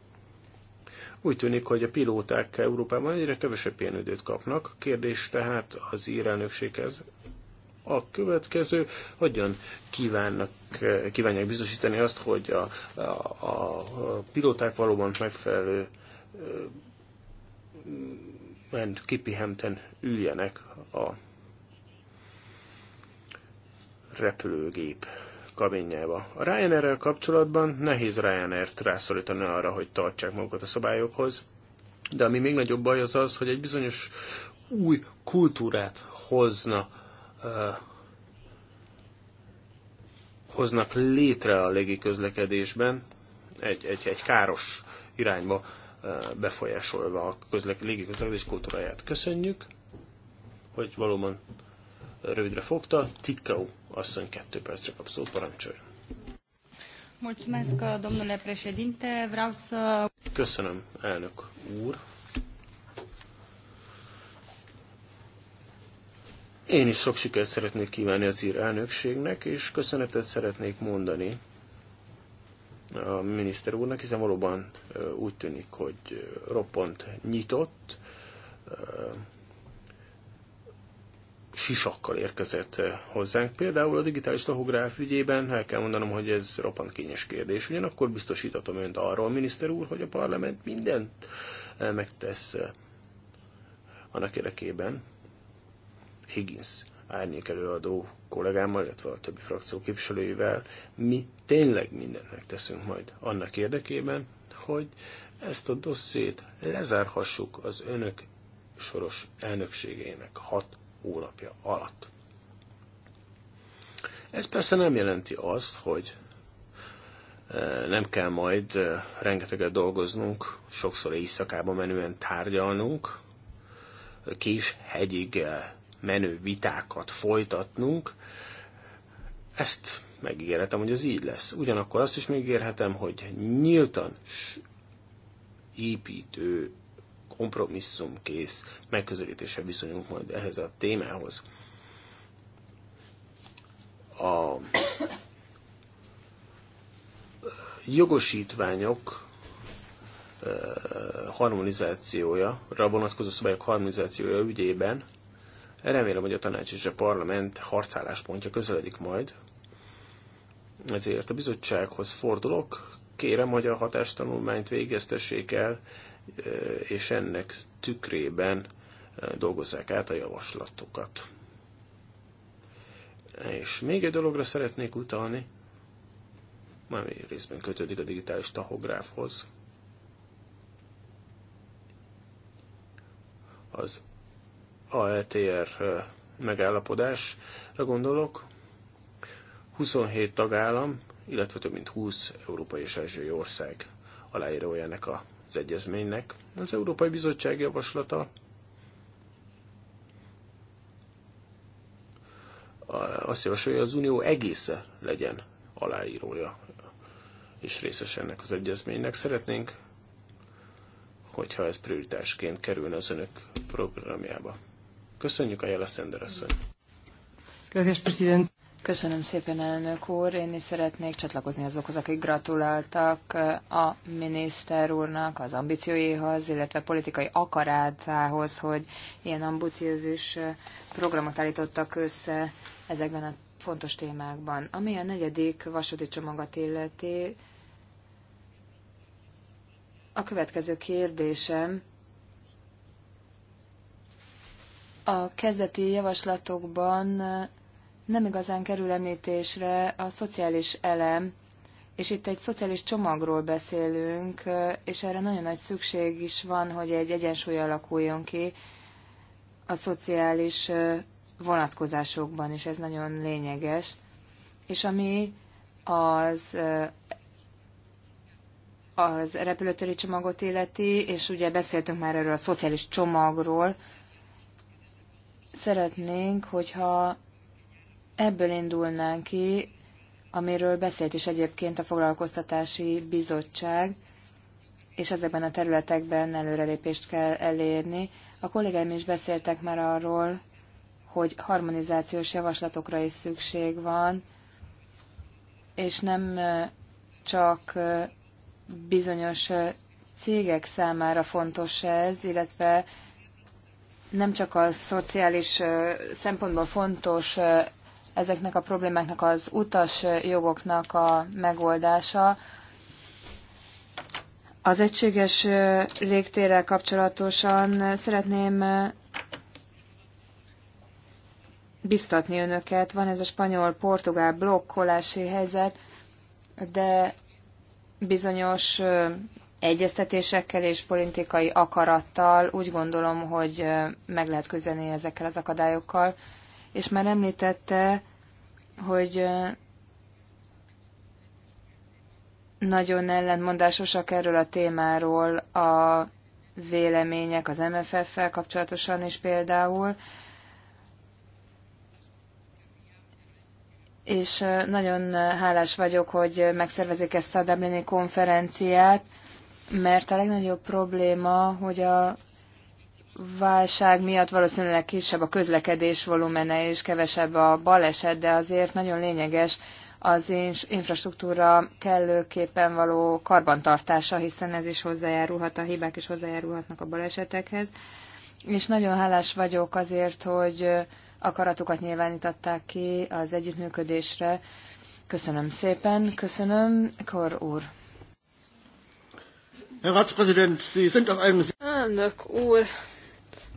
Úgy tűnik, hogy a pilóták Európában egyre kevesebb pihenőidőt kapnak. A kérdés tehát az ír elnökséghez a következő, hogyan kívánnak, kívánják biztosítani azt, hogy a, a, a pilóták valóban megfelelő ment kipihenten üljenek a repülőgép kabinjába. A Ryanair-rel kapcsolatban nehéz Ryanair-t rászorítani arra, hogy tartsák magukat a szabályokhoz, de ami még nagyobb baj az az, hogy egy bizonyos új kultúrát hozna uh, hoznak létre a légiközlekedésben, egy, egy, egy káros irányba befolyásolva a közlek, légi közlekedés kultúráját. Köszönjük, hogy valóban rövidre fogta. tikkau asszony kettő percre kap szót, parancsoljon. domnule președinte. Köszönöm, elnök úr. Én is sok sikert szeretnék kívánni az ír elnökségnek, és köszönetet szeretnék mondani a miniszter úrnak, hiszen valóban úgy tűnik, hogy roppant nyitott, sisakkal érkezett hozzánk. Például a digitális tahográf ügyében el kell mondanom, hogy ez roppant kényes kérdés. Ugyanakkor biztosítatom önt arról, miniszter úr, hogy a parlament mindent megtesz annak érdekében. Higgins árnyék előadó kollégámmal, illetve a többi frakció képviselőivel mi tényleg mindent megteszünk majd annak érdekében, hogy ezt a dosszét lezárhassuk az önök soros elnökségének hat hónapja alatt. Ez persze nem jelenti azt, hogy e, nem kell majd e, rengeteget dolgoznunk, sokszor éjszakában menően tárgyalnunk, kis hegyig e, menő vitákat folytatnunk. Ezt megígérhetem, hogy ez így lesz. Ugyanakkor azt is megígérhetem, hogy nyíltan építő, kompromisszumkész megközelítése viszonyunk majd ehhez a témához. A jogosítványok harmonizációja, vonatkozó szabályok harmonizációja ügyében remélem, hogy a tanács és a parlament harcálláspontja közeledik majd, ezért a bizottsághoz fordulok, kérem, hogy a hatástanulmányt végeztessék el, eh, és ennek tükrében eh, dolgozzák át a javaslatokat. És még egy dologra szeretnék utalni, ami részben kötődik a digitális tahográfhoz. Az ALTR e eh, megállapodásra gondolok, 27 tagállam, illetve több mint 20 európai és ázsiai ország aláírója ennek az egyezménynek. Az Európai Bizottság javaslata azt javasolja, hogy az Unió egésze legyen aláírója és részes ennek az egyezménynek. Szeretnénk, hogyha ez prioritásként kerülne az önök programjába. Köszönjük a Jela Szender asszony. Köszönöm szépen, elnök úr. Én is szeretnék csatlakozni azokhoz, akik gratuláltak a miniszter úrnak az ambícióihoz, illetve politikai akarátához, hogy ilyen ambiciózus programot állítottak össze ezekben a fontos témákban. Ami a negyedik vasúti csomagot illeti, a következő kérdésem. A kezdeti javaslatokban nem igazán kerül említésre a szociális elem, és itt egy szociális csomagról beszélünk, és erre nagyon nagy szükség is van, hogy egy egyensúly alakuljon ki a szociális vonatkozásokban, és ez nagyon lényeges. És ami az az repülőtöri csomagot illeti, és ugye beszéltünk már erről a szociális csomagról, szeretnénk, hogyha Ebből indulnánk ki, amiről beszélt is egyébként a Foglalkoztatási Bizottság, és ezekben a területekben előrelépést kell elérni. A kollégáim is beszéltek már arról, hogy harmonizációs javaslatokra is szükség van, és nem csak bizonyos cégek számára fontos ez, illetve nem csak a szociális szempontból fontos ezeknek a problémáknak az utas jogoknak a megoldása. Az egységes légtérrel kapcsolatosan szeretném biztatni önöket. Van ez a spanyol-portugál blokkolási helyzet, de bizonyos egyeztetésekkel és politikai akarattal úgy gondolom, hogy meg lehet küzdeni ezekkel az akadályokkal és már említette, hogy nagyon ellentmondásosak erről a témáról a vélemények az MFF-fel kapcsolatosan is például, és nagyon hálás vagyok, hogy megszervezik ezt a Dublini konferenciát, mert a legnagyobb probléma, hogy a válság miatt valószínűleg kisebb a közlekedés volumene és kevesebb a baleset, de azért nagyon lényeges az infrastruktúra kellőképpen való karbantartása, hiszen ez is hozzájárulhat, a hibák is hozzájárulhatnak a balesetekhez. És nagyon hálás vagyok azért, hogy akaratukat nyilvánították ki az együttműködésre. Köszönöm szépen, köszönöm, Kor úr. Herr Ratspräsident, Sie sind auf einem... Elnök úr,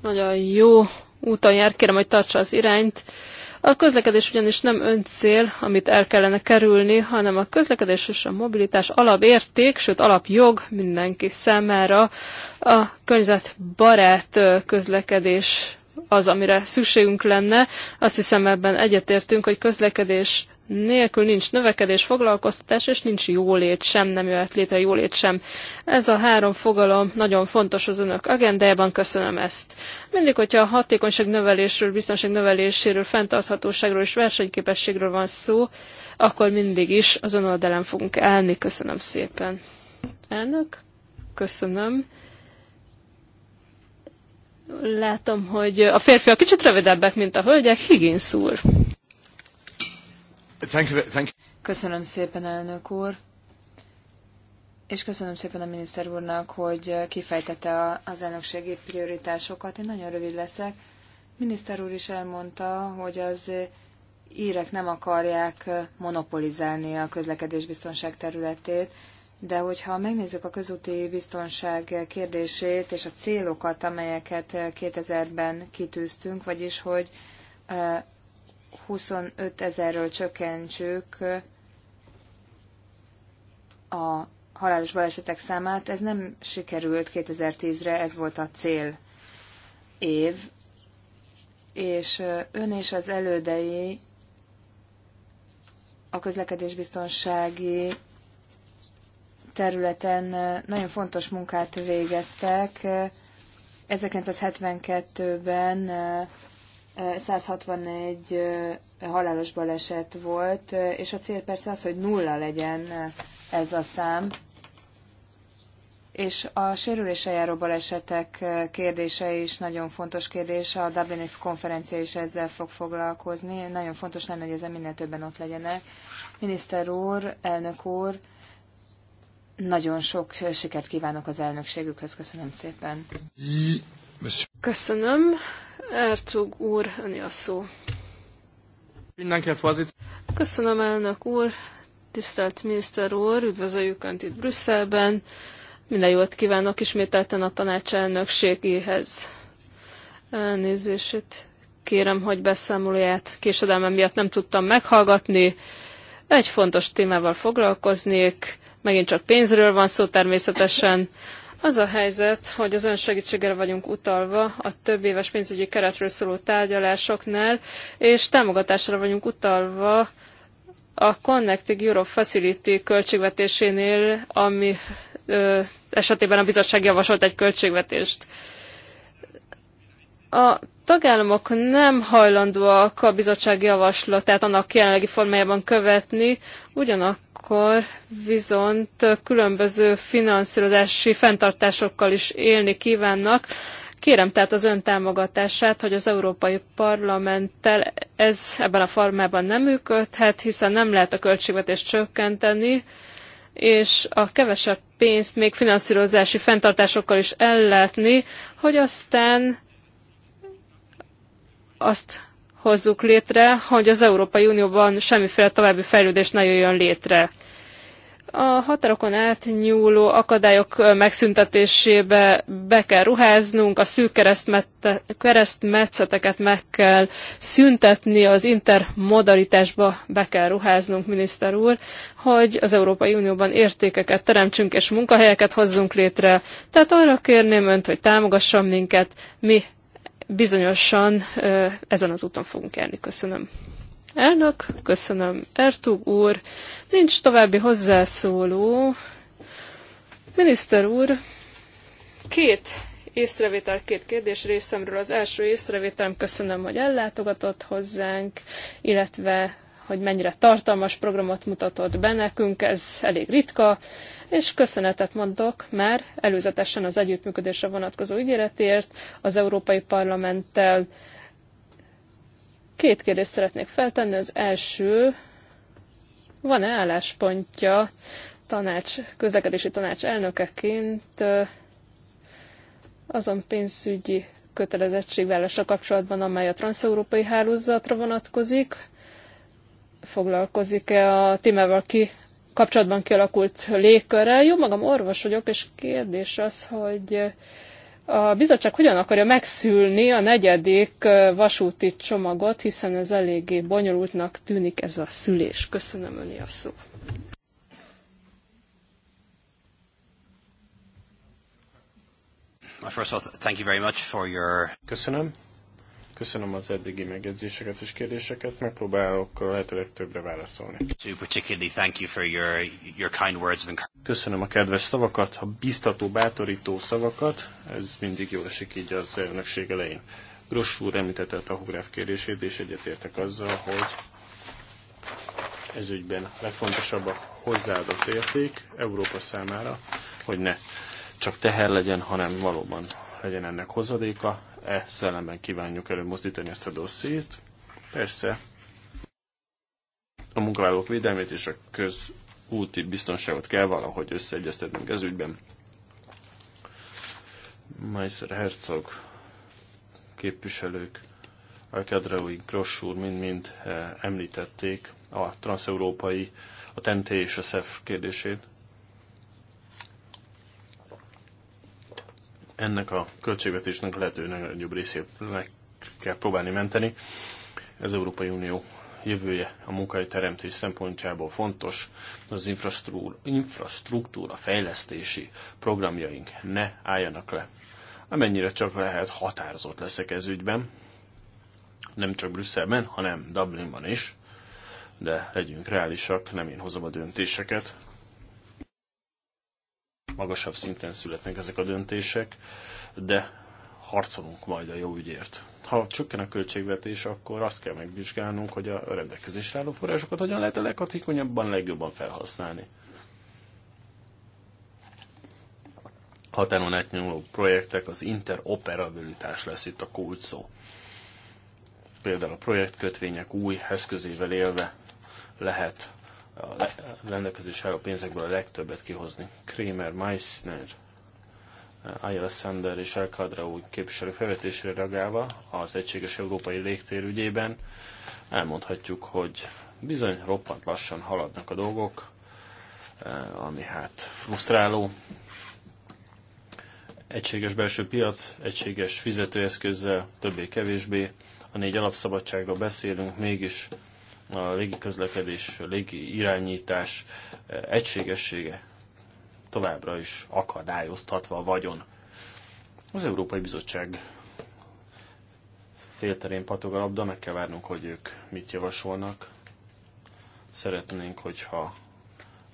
nagyon jó úton jár, kérem, hogy tartsa az irányt. A közlekedés ugyanis nem öncél, amit el kellene kerülni, hanem a közlekedés és a mobilitás alapérték, sőt alapjog mindenki számára. A környezetbarát közlekedés az, amire szükségünk lenne. Azt hiszem ebben egyetértünk, hogy közlekedés nélkül nincs növekedés, foglalkoztatás, és nincs jólét sem, nem jöhet létre jólét sem. Ez a három fogalom nagyon fontos az önök agendájában, köszönöm ezt. Mindig, hogyha a hatékonyság növelésről, biztonság növeléséről, fenntarthatóságról és versenyképességről van szó, akkor mindig is az ön oldalán fogunk elni. Köszönöm szépen. Elnök, köszönöm. Látom, hogy a férfiak kicsit rövidebbek, mint a hölgyek. Higgins úr. Thank you, thank you. Köszönöm szépen, elnök úr. És köszönöm szépen a miniszter úrnak, hogy kifejtette az elnökségi prioritásokat. Én nagyon rövid leszek. Miniszter úr is elmondta, hogy az írek nem akarják monopolizálni a közlekedés biztonság területét, de hogyha megnézzük a közúti biztonság kérdését és a célokat, amelyeket 2000-ben kitűztünk, vagyis hogy 25 ezerről csökkentsük a halálos balesetek számát. Ez nem sikerült 2010-re, ez volt a cél év. És ön és az elődei a közlekedésbiztonsági területen nagyon fontos munkát végeztek. 1972-ben 161 halálos baleset volt, és a cél persze az, hogy nulla legyen ez a szám. És a sérülése járó balesetek kérdése is nagyon fontos kérdés. A Dublini konferencia is ezzel fog foglalkozni. Nagyon fontos lenne, hogy ezen minél többen ott legyenek. Miniszter úr, elnök úr, nagyon sok sikert kívánok az elnökségükhöz. Köszönöm szépen. Köszönöm. Ertug úr, öni a szó. Köszönöm, elnök úr, tisztelt miniszter úr, üdvözöljük Önt itt Brüsszelben. Minden jót kívánok ismételten a tanács elnökségéhez. Elnézését kérem, hogy beszámolóját késedelmem miatt nem tudtam meghallgatni. Egy fontos témával foglalkoznék, megint csak pénzről van szó természetesen. Az a helyzet, hogy az ön segítségére vagyunk utalva a több éves pénzügyi keretről szóló tárgyalásoknál, és támogatásra vagyunk utalva a Connecting Europe Facility költségvetésénél, ami ö, esetében a bizottság javasolt egy költségvetést. A tagállamok nem hajlandóak a bizottság javaslatát annak jelenlegi formájában követni, ugyanakkor viszont különböző finanszírozási fenntartásokkal is élni kívánnak. Kérem tehát az ön támogatását, hogy az Európai Parlamenttel ez ebben a formában nem működhet, hiszen nem lehet a költségvetést csökkenteni, és a kevesebb pénzt még finanszírozási fenntartásokkal is ellátni, hogy aztán azt hozzuk létre, hogy az Európai Unióban semmiféle további fejlődés ne jöjjön létre. A határokon átnyúló akadályok megszüntetésébe be kell ruháznunk, a szűk keresztmetszeteket meg kell szüntetni, az intermodalitásba be kell ruháznunk, miniszter úr, hogy az Európai Unióban értékeket teremtsünk és munkahelyeket hozzunk létre. Tehát arra kérném önt, hogy támogasson minket, mi bizonyosan ezen az úton fogunk járni. Köszönöm. Elnök, köszönöm. Ertug úr, nincs további hozzászóló. Miniszter úr, két észrevétel, két kérdés részemről. Az első észrevételem köszönöm, hogy ellátogatott hozzánk, illetve hogy mennyire tartalmas programot mutatott be nekünk, ez elég ritka, és köszönetet mondok már előzetesen az együttműködésre vonatkozó ígéretért az Európai Parlamenttel. Két kérdést szeretnék feltenni. Az első, van-e álláspontja tanács, közlekedési tanács elnökeként azon pénzügyi kötelezettségvállásra kapcsolatban, amely a transzeurópai hálózatra vonatkozik foglalkozik-e a témával ki kapcsolatban kialakult légkörrel. Jó magam orvos vagyok, és kérdés az, hogy a bizottság hogyan akarja megszülni a negyedik vasúti csomagot, hiszen ez eléggé bonyolultnak tűnik ez a szülés. Köszönöm Öni a szó. Köszönöm Köszönöm az eddigi megjegyzéseket és kérdéseket, megpróbálok a lehetőleg többre válaszolni. Köszönöm a kedves szavakat, a biztató, bátorító szavakat, ez mindig jól esik így az elnökség elején. Gross úr említette a tahográf kérdését, és egyetértek azzal, hogy ez ügyben legfontosabb a hozzáadott érték Európa számára, hogy ne csak teher legyen, hanem valóban legyen ennek hozadéka, e szellemben kívánjuk előmozdítani ezt a dossziét. Persze a munkavállalók védelmét és a közúti biztonságot kell valahogy összeegyeztetnünk ez ügyben. Meiszer Herzog képviselők, Alkadraui, Gross úr mind-mind e, említették a transeurópai, a TNT és a SZEF kérdését. ennek a költségvetésnek lehető legnagyobb részét meg kell próbálni menteni. Az Európai Unió jövője a munkai teremtés szempontjából fontos, az infrastruktúra, infrastruktúra fejlesztési programjaink ne álljanak le. Amennyire csak lehet, határozott leszek ez ügyben, nem csak Brüsszelben, hanem Dublinban is, de legyünk reálisak, nem én hozom a döntéseket, magasabb szinten születnek ezek a döntések, de harcolunk majd a jó ügyért. Ha csökken a költségvetés, akkor azt kell megvizsgálnunk, hogy a rendelkezésre álló forrásokat hogyan lehet a leghatékonyabban, legjobban felhasználni. Határon átnyúló projektek, az interoperabilitás lesz itt a kulcs szó. Például a projektkötvények új eszközével élve lehet a rendelkezés álló pénzekből a legtöbbet kihozni. Kramer, Meissner, eh, Ayala Sander és El Kadraú képviselő felvetésére reagálva az egységes európai légtér ügyében elmondhatjuk, hogy bizony roppant lassan haladnak a dolgok, eh, ami hát frusztráló. Egységes belső piac, egységes fizetőeszközzel, többé-kevésbé. A négy alapszabadságról beszélünk, mégis a légiközlekedés, a légi irányítás eh, egységessége továbbra is akadályoztatva a vagyon. Az Európai Bizottság félterén patog a labda, meg kell várnunk, hogy ők mit javasolnak. Szeretnénk, hogyha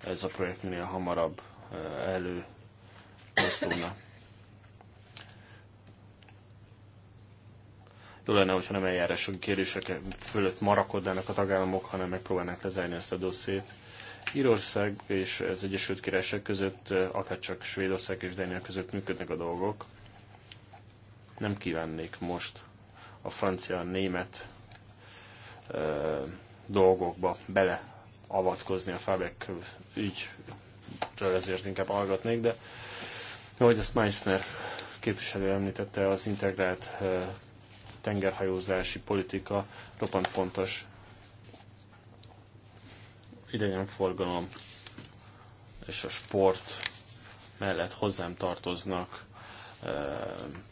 ez a projekt minél hamarabb eh, elő Jó lenne, hogyha nem eljárásunk kérdések fölött marakodnának a tagállamok, hanem megpróbálnák lezárni ezt a dosszét. Írország és az Egyesült Királyság között, akár csak Svédország és Dánia között működnek a dolgok. Nem kívánnék most a francia-német dolgokba beleavatkozni a Fabek ügy, ezért inkább hallgatnék, de ahogy ezt Meissner képviselő említette, az integrált tengerhajózási politika roppant fontos idegenforgalom és a sport mellett hozzám tartoznak e,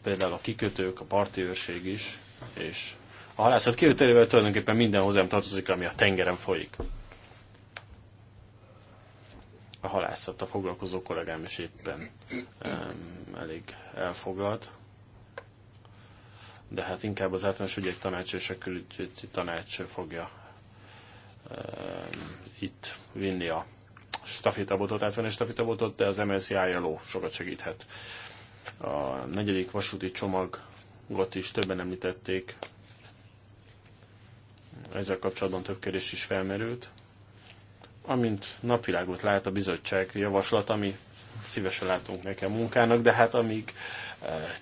például a kikötők, a parti őrség is, és a halászat kivételével tulajdonképpen minden hozzám tartozik, ami a tengeren folyik. A a foglalkozó kollégám is éppen e, elég elfoglalt de hát inkább az általános ügyek tanács és a külügyi tanács fogja uh, itt vinni a stafitabotot, átvenni a de az MSZI ILO sokat segíthet. A negyedik vasúti csomagot is többen említették, ezzel kapcsolatban több kérdés is felmerült. Amint napvilágot lát a bizottság javaslat, ami szívesen látunk nekem munkának, de hát amíg eh,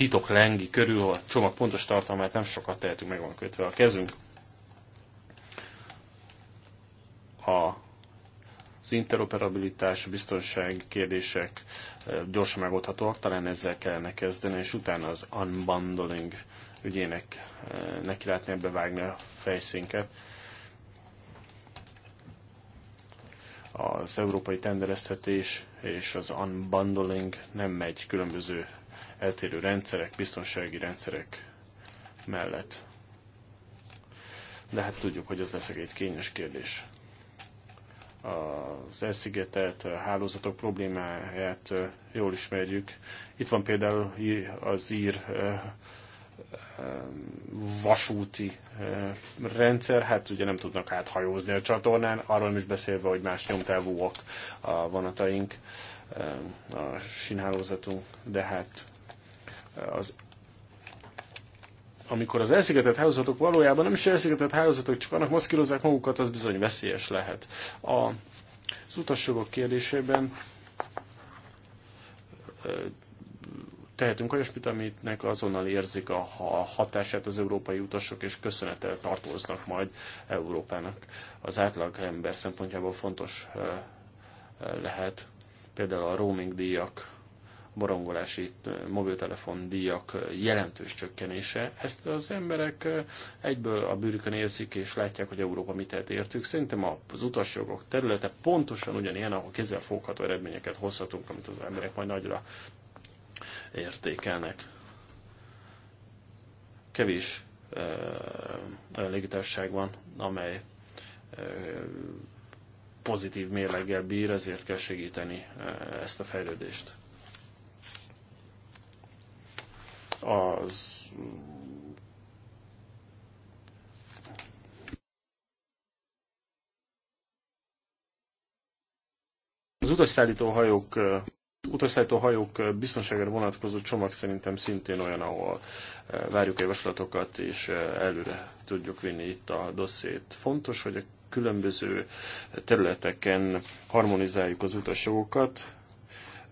titok lengi körül a csomag pontos tartalmát nem sokat tehetünk, meg van kötve a kezünk. A az interoperabilitás, biztonság kérdések gyorsan megoldhatóak, talán ezzel kellene kezdeni, és utána az unbundling ügyének neki látni ebbe vágni a fejszénket. Az európai tendereztetés és az unbundling nem megy különböző eltérő rendszerek, biztonsági rendszerek mellett. De hát tudjuk, hogy ez lesz egy kényes kérdés. Az elszigetelt hálózatok problémáját jól ismerjük. Itt van például az ír vasúti rendszer, hát ugye nem tudnak áthajózni a csatornán, arról is beszélve, hogy más nyomtávúak a vonataink, a sinhálózatunk, de hát az amikor az elszigetett hálózatok valójában nem is elszigetett hálózatok, csak annak maszkírozzák magukat, az bizony veszélyes lehet. A, az utasjogok kérdésében tehetünk olyasmit, aminek azonnal érzik a hatását az európai utasok, és köszönettel tartoznak majd Európának. Az átlag ember szempontjából fontos lehet például a roaming díjak borongolási mobiltelefon díjak jelentős csökkenése. Ezt az emberek egyből a bűrükön érzik, és látják, hogy Európa mit tehet értük. Szerintem az utasjogok területe pontosan ugyanilyen, ahol kézzel fogható eredményeket hozhatunk, amit az emberek majd nagyra értékelnek. Kevés uh, légitársaság van, amely pozitív mérleggel bír, ezért kell segíteni ezt a fejlődést. az Az utasszállító hajók, utasszállító hajók biztonságára vonatkozó csomag szerintem szintén olyan, ahol várjuk a javaslatokat, és előre tudjuk vinni itt a dosszét. Fontos, hogy a különböző területeken harmonizáljuk az utasjogokat,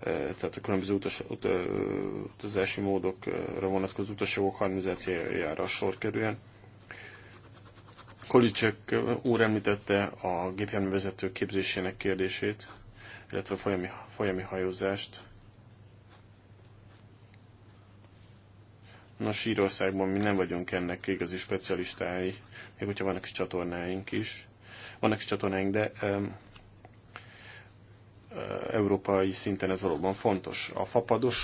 tehát a különböző utas, ut, utazási módokra vonatkozó utasjogok harmonizációjára sor kerüljen. Kolicsek úr említette a gépjárművezető képzésének kérdését, illetve a folyami, folyami hajózást. Nos, Írországban mi nem vagyunk ennek igazi specialistái, még hogyha vannak is csatornáink is. Vannak is csatornáink, de um, európai szinten ez valóban fontos. A fapados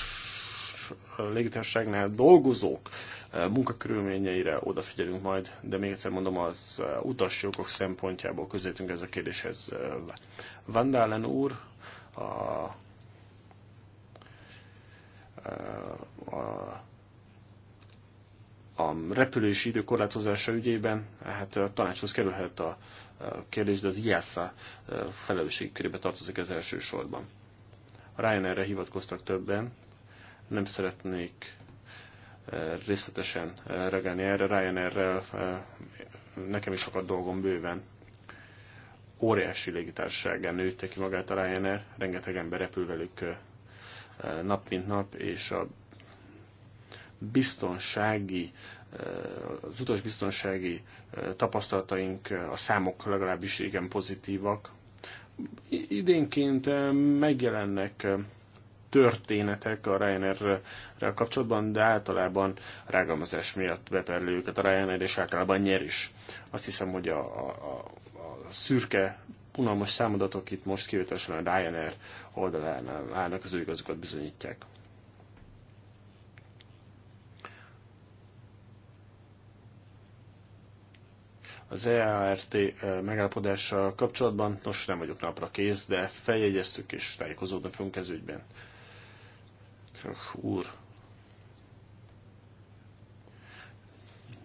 légitársaságnál dolgozók eh, munkakörülményeire odafigyelünk majd, de még egyszer mondom, az eh, utasjogok szempontjából közöttünk ez a kérdéshez. Eh, Vandalen úr, a, a, a repülési idő korlátozása ügyében, hát a tanácshoz kerülhet a kérdés, de az IASA felelősség körébe tartozik első sorban. A Ryanair-re hivatkoztak többen, nem szeretnék részletesen regálni erre. Ryanair-rel nekem is akad dolgom bőven. Óriási légitársaságán nőtte ki magát a Ryanair, rengeteg ember repül velük nap mint nap, és a biztonsági az utas biztonsági tapasztalataink, a számok legalábbis igen pozitívak. Idénként megjelennek történetek a Ryanair-rel kapcsolatban, de általában rágalmazás miatt beperli őket a Ryanair, és általában nyer is. Azt hiszem, hogy a, a, a szürke, unalmas számadatok itt most kivételesen a Ryanair oldalán állnak, az ő igazukat bizonyítják. az EART megállapodással kapcsolatban, nos nem vagyok napra kész, de feljegyeztük és tájékozódni fogunk ez ügyben. Úr,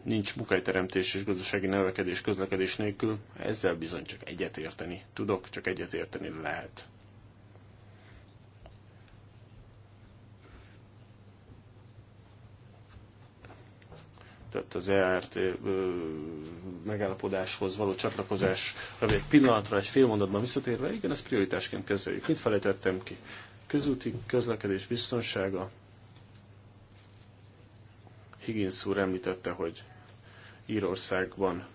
nincs munkahelyteremtés és gazdasági növekedés közlekedés nélkül, ezzel bizony csak egyetérteni tudok, csak egyetérteni lehet. tehát az ERT megállapodáshoz való csatlakozás, vagy egy pillanatra, egy fél mondatban visszatérve, igen, ezt prioritásként kezeljük. Mit felejtettem ki? Közúti közlekedés biztonsága. Higgins úr említette, hogy Írországban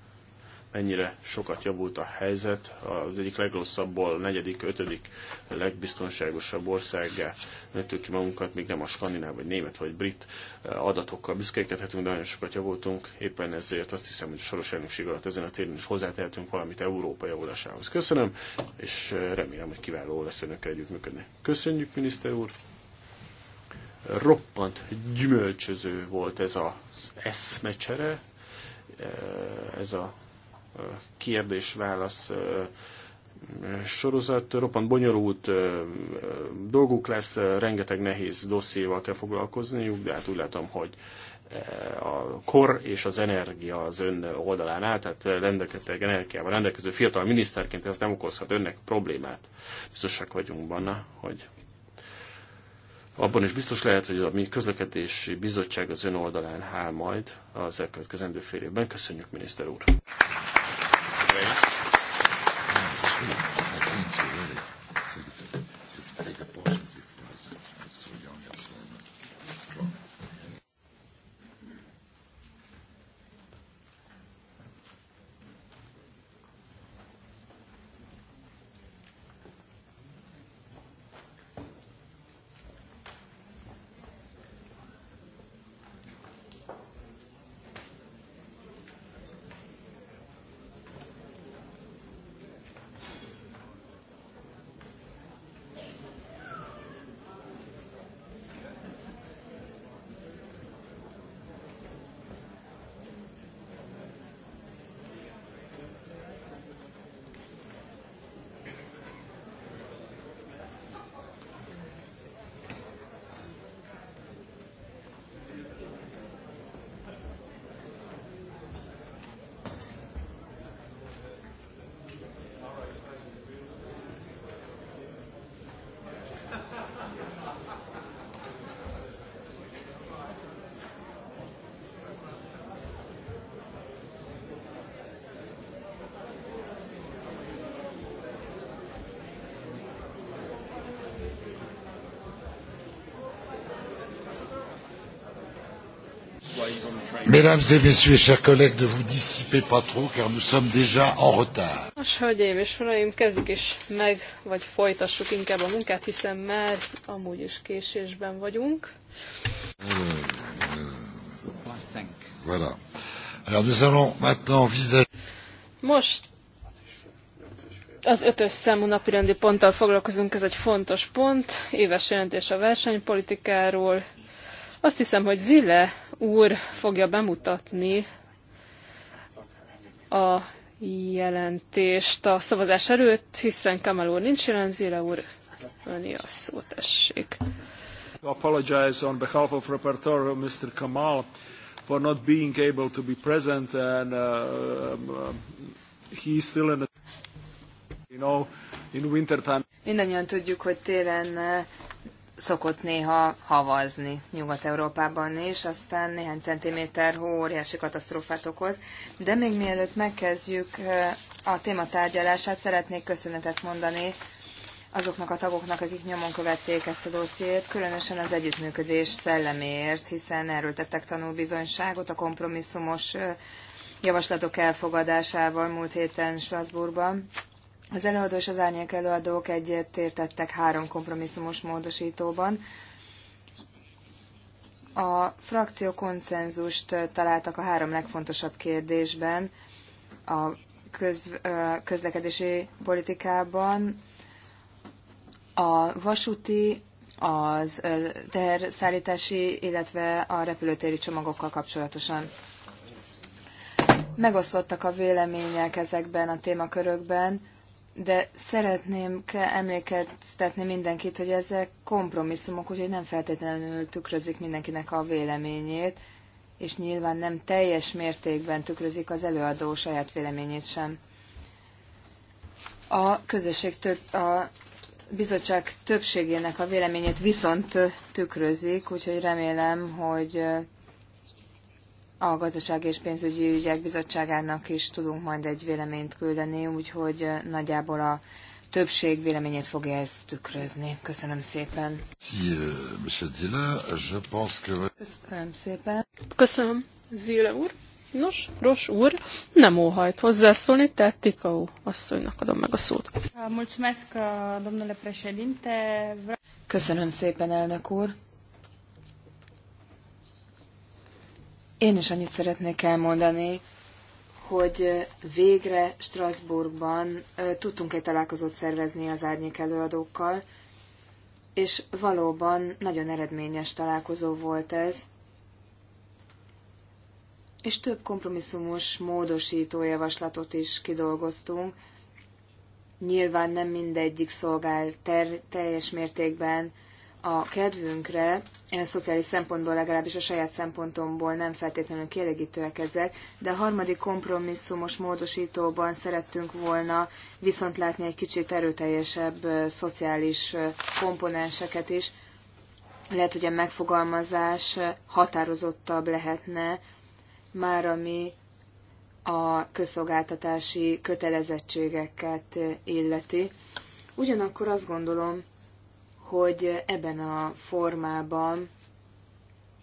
mennyire sokat javult a helyzet, az egyik legrosszabbból, negyedik, ötödik legbiztonságosabb országgá nőttük ki magunkat, még nem a skandináv, vagy német, vagy brit adatokkal büszkélkedhetünk, de nagyon sokat javultunk, éppen ezért azt hiszem, hogy a soros elnökség alatt ezen a téren is hozzátehetünk valamit Európa javulásához. Köszönöm, és remélem, hogy kiváló lesz önökkel együttműködni. Köszönjük, miniszter úr! Roppant gyümölcsöző volt ez az eszmecsere, ez a kérdés-válasz sorozat. Roppant bonyolult dolguk lesz, rengeteg nehéz dossziéval kell foglalkozniuk, de hát úgy látom, hogy a kor és az energia az ön oldalán áll, tehát rendelkezik energiával rendelkező fiatal miniszterként ez nem okozhat önnek problémát. Biztosak vagyunk benne, hogy abban is biztos lehet, hogy a mi közlekedési bizottság az ön oldalán áll majd az elkövetkezendő fél évben. Köszönjük, miniszter úr! anyways. Mesdames et messieurs, chers collègues, ne vous dissipez pas trop, car nous sommes déjà en retard. Nos hölgyeim és uraim, kezdjük is meg, vagy folytassuk inkább a munkát, hiszen már amúgy is késésben vagyunk. Voilà. Alors nous allons maintenant envisager... Most az ötös számú napi rendi ponttal foglalkozunk, ez egy fontos pont, éves jelentés a versenypolitikáról. Azt hiszem, hogy Zille úr fogja bemutatni a jelentést a szavazás előtt, hiszen Kamal úr nincs jelen, Zile úr öni a szó, tessék. Apologize on behalf of Repertor, Mr. Kamal, for not being able to be present, and uh, um, he is still in, the, you know, in winter time. Mindannyian tudjuk, hogy télen uh, szokott néha havazni Nyugat-Európában is, aztán néhány centiméter hó óriási katasztrófát okoz. De még mielőtt megkezdjük eh, a téma tárgyalását, szeretnék köszönetet mondani azoknak a tagoknak, akik nyomon követték ezt a dossziét, különösen az együttműködés szelleméért, hiszen erről tettek tanulbizonyságot a kompromisszumos eh, javaslatok elfogadásával múlt héten Strasbourgban. Az előadó és az árnyék előadók egyetértettek három kompromisszumos módosítóban. A frakció konszenzust találtak a három legfontosabb kérdésben a köz, közlekedési politikában. A vasúti, az teherszállítási, illetve a repülőtéri csomagokkal kapcsolatosan megosztottak a vélemények ezekben a témakörökben de szeretném emlékeztetni mindenkit, hogy ezek kompromisszumok, úgyhogy nem feltétlenül tükrözik mindenkinek a véleményét, és nyilván nem teljes mértékben tükrözik az előadó saját véleményét sem. A közösség több, a bizottság többségének a véleményét viszont tükrözik, úgyhogy remélem, hogy a Gazdasági és Pénzügyi Ügyek Bizottságának is tudunk majd egy véleményt küldeni, úgyhogy nagyjából a többség véleményét fogja ez tükrözni. Köszönöm szépen. Euh, Köszönöm szépen. Köszönöm, Zile úr. Nos, Ros úr nem óhajt hozzászólni, tehát Tikau asszonynak adom meg a szót. Köszönöm szépen, elnök úr. Én is annyit szeretnék elmondani, hogy végre Strasbourgban tudtunk egy találkozót szervezni az árnyék előadókkal, és valóban nagyon eredményes találkozó volt ez, és több kompromisszumos módosító javaslatot is kidolgoztunk. Nyilván nem mindegyik szolgál ter- teljes mértékben a kedvünkre, a eh, szociális szempontból legalábbis a saját szempontomból nem feltétlenül kielégítőek ezek, de a harmadik kompromisszumos módosítóban szerettünk volna viszont látni egy kicsit erőteljesebb eh, szociális eh, komponenseket is. Lehet, hogy a megfogalmazás határozottabb lehetne, már ami a közszolgáltatási kötelezettségeket illeti. Ugyanakkor azt gondolom, hogy ebben a formában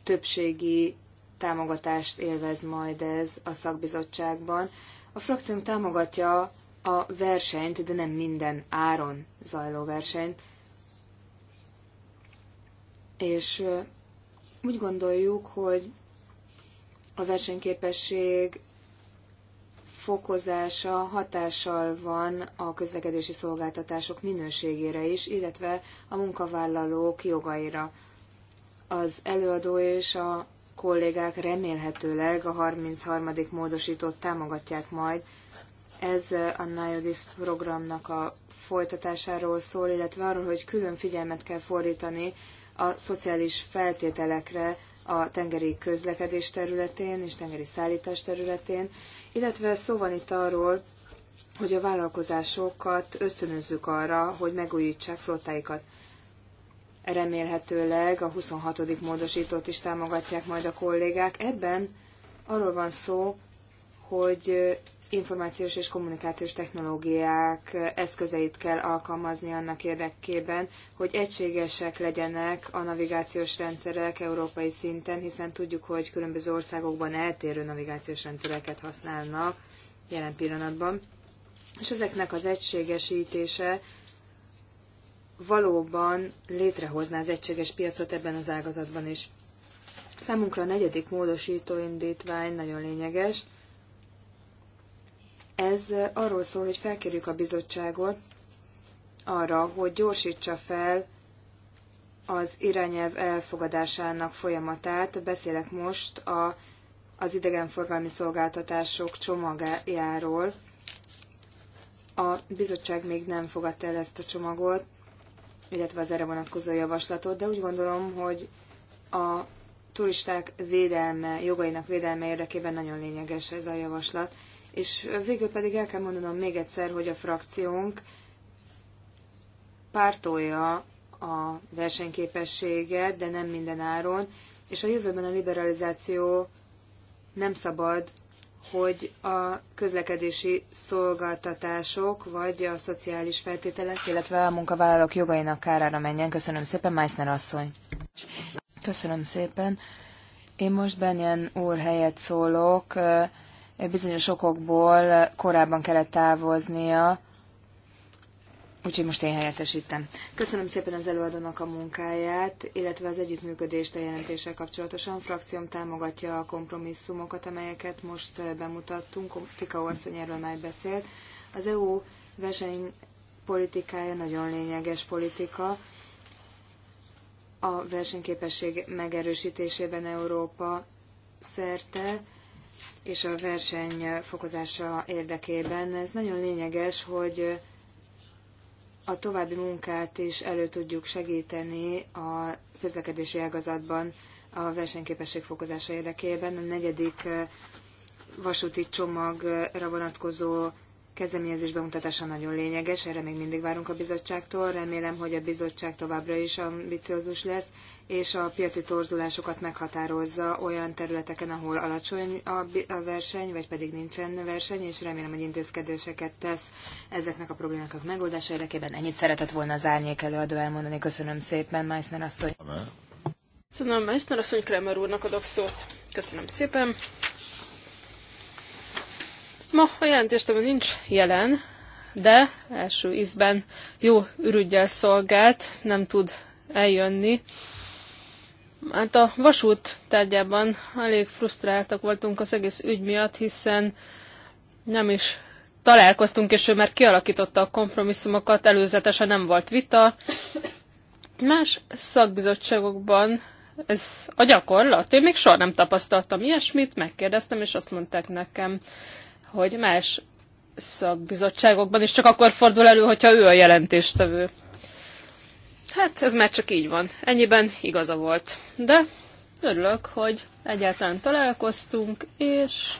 többségi támogatást élvez majd ez a szakbizottságban. A frakciónk támogatja a versenyt, de nem minden áron zajló versenyt. És úgy gondoljuk, hogy a versenyképesség fokozása hatással van a közlekedési szolgáltatások minőségére is, illetve a munkavállalók jogaira. Az előadó és a kollégák remélhetőleg a 33. módosítót támogatják majd. Ez a NIODIS programnak a folytatásáról szól, illetve arról, hogy külön figyelmet kell fordítani a szociális feltételekre a tengeri közlekedés területén és tengeri szállítás területén, illetve szó van itt arról, hogy a vállalkozásokat ösztönözzük arra, hogy megújítsák flottáikat. Remélhetőleg a 26. módosítót is támogatják majd a kollégák. Ebben arról van szó, hogy információs és kommunikációs technológiák eszközeit kell alkalmazni annak érdekében, hogy egységesek legyenek a navigációs rendszerek európai szinten, hiszen tudjuk, hogy különböző országokban eltérő navigációs rendszereket használnak jelen pillanatban. És ezeknek az egységesítése valóban létrehozná az egységes piacot ebben az ágazatban is. Számunkra a negyedik módosító indítvány nagyon lényeges – ez arról szól, hogy felkérjük a bizottságot arra, hogy gyorsítsa fel az irányelv elfogadásának folyamatát. Beszélek most a, az idegenforgalmi szolgáltatások csomagjáról. A bizottság még nem fogadta el ezt a csomagot, illetve az erre vonatkozó javaslatot, de úgy gondolom, hogy a turisták védelme, jogainak védelme érdekében nagyon lényeges ez a javaslat. És végül pedig el kell mondanom még egyszer, hogy a frakciónk pártolja a versenyképességet, de nem minden áron, és a jövőben a liberalizáció nem szabad, hogy a közlekedési szolgáltatások vagy a szociális feltételek, illetve a munkavállalók jogainak kárára menjen. Köszönöm szépen, Meissner asszony. Köszönöm szépen. Én most Benyen úr helyett szólok bizonyos okokból korábban kellett távoznia, úgyhogy most én helyettesítem. Köszönöm szépen az előadónak a munkáját, illetve az együttműködést a jelentéssel kapcsolatosan. A frakcióm támogatja a kompromisszumokat, amelyeket most bemutattunk. Tika Orszony erről már beszélt. Az EU versenypolitikája nagyon lényeges politika. A versenyképesség megerősítésében Európa szerte és a verseny fokozása érdekében. Ez nagyon lényeges, hogy a további munkát is elő tudjuk segíteni a közlekedési ágazatban a versenyképesség fokozása érdekében. A negyedik eh, vasúti csomagra vonatkozó kezdeményezés bemutatása nagyon lényeges, erre még mindig várunk a bizottságtól. Remélem, hogy a bizottság továbbra is ambiciózus lesz, és a piaci torzulásokat meghatározza olyan területeken, ahol alacsony a verseny, vagy pedig nincsen verseny, és remélem, hogy intézkedéseket tesz ezeknek a problémáknak megoldása érdekében. Ennyit szeretett volna az árnyék előadó elmondani. Köszönöm szépen, Meissner asszony. Köszönöm, Meissner asszony, Kramer úrnak adok szót. Köszönöm szépen. Ma a jelentéstevő nincs jelen, de első ízben jó ürügyel szolgált, nem tud eljönni. Hát a vasút tárgyában elég frusztráltak voltunk az egész ügy miatt, hiszen nem is találkoztunk, és ő már kialakította a kompromisszumokat, előzetesen nem volt vita. Más szakbizottságokban ez a gyakorlat. Én még soha nem tapasztaltam ilyesmit, megkérdeztem, és azt mondták nekem, hogy más szakbizottságokban is csak akkor fordul elő, hogyha ő a jelentéstevő. Hát ez már csak így van. Ennyiben igaza volt. De örülök, hogy egyáltalán találkoztunk, és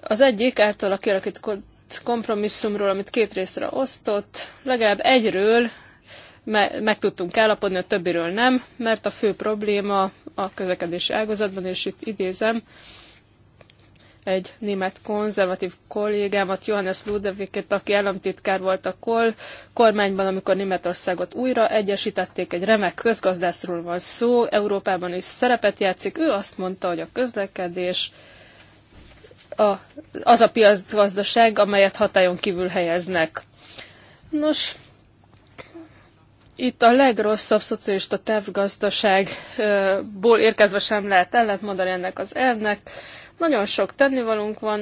az egyik által a kialakított kompromisszumról, amit két részre osztott, legalább egyről me- meg tudtunk állapodni, a többiről nem, mert a fő probléma a közlekedési ágazatban, és itt idézem, egy német konzervatív kollégámat, Johannes Ludewicket, aki államtitkár volt a KOL kormányban, amikor Németországot újra egyesítették, egy remek közgazdászról van szó, Európában is szerepet játszik. Ő azt mondta, hogy a közlekedés a, az a piacgazdaság, amelyet hatályon kívül helyeznek. Nos, itt a legrosszabb szocialista tervgazdaságból érkezve sem lehet ellentmondani ennek az elvnek. Nagyon sok tennivalónk van,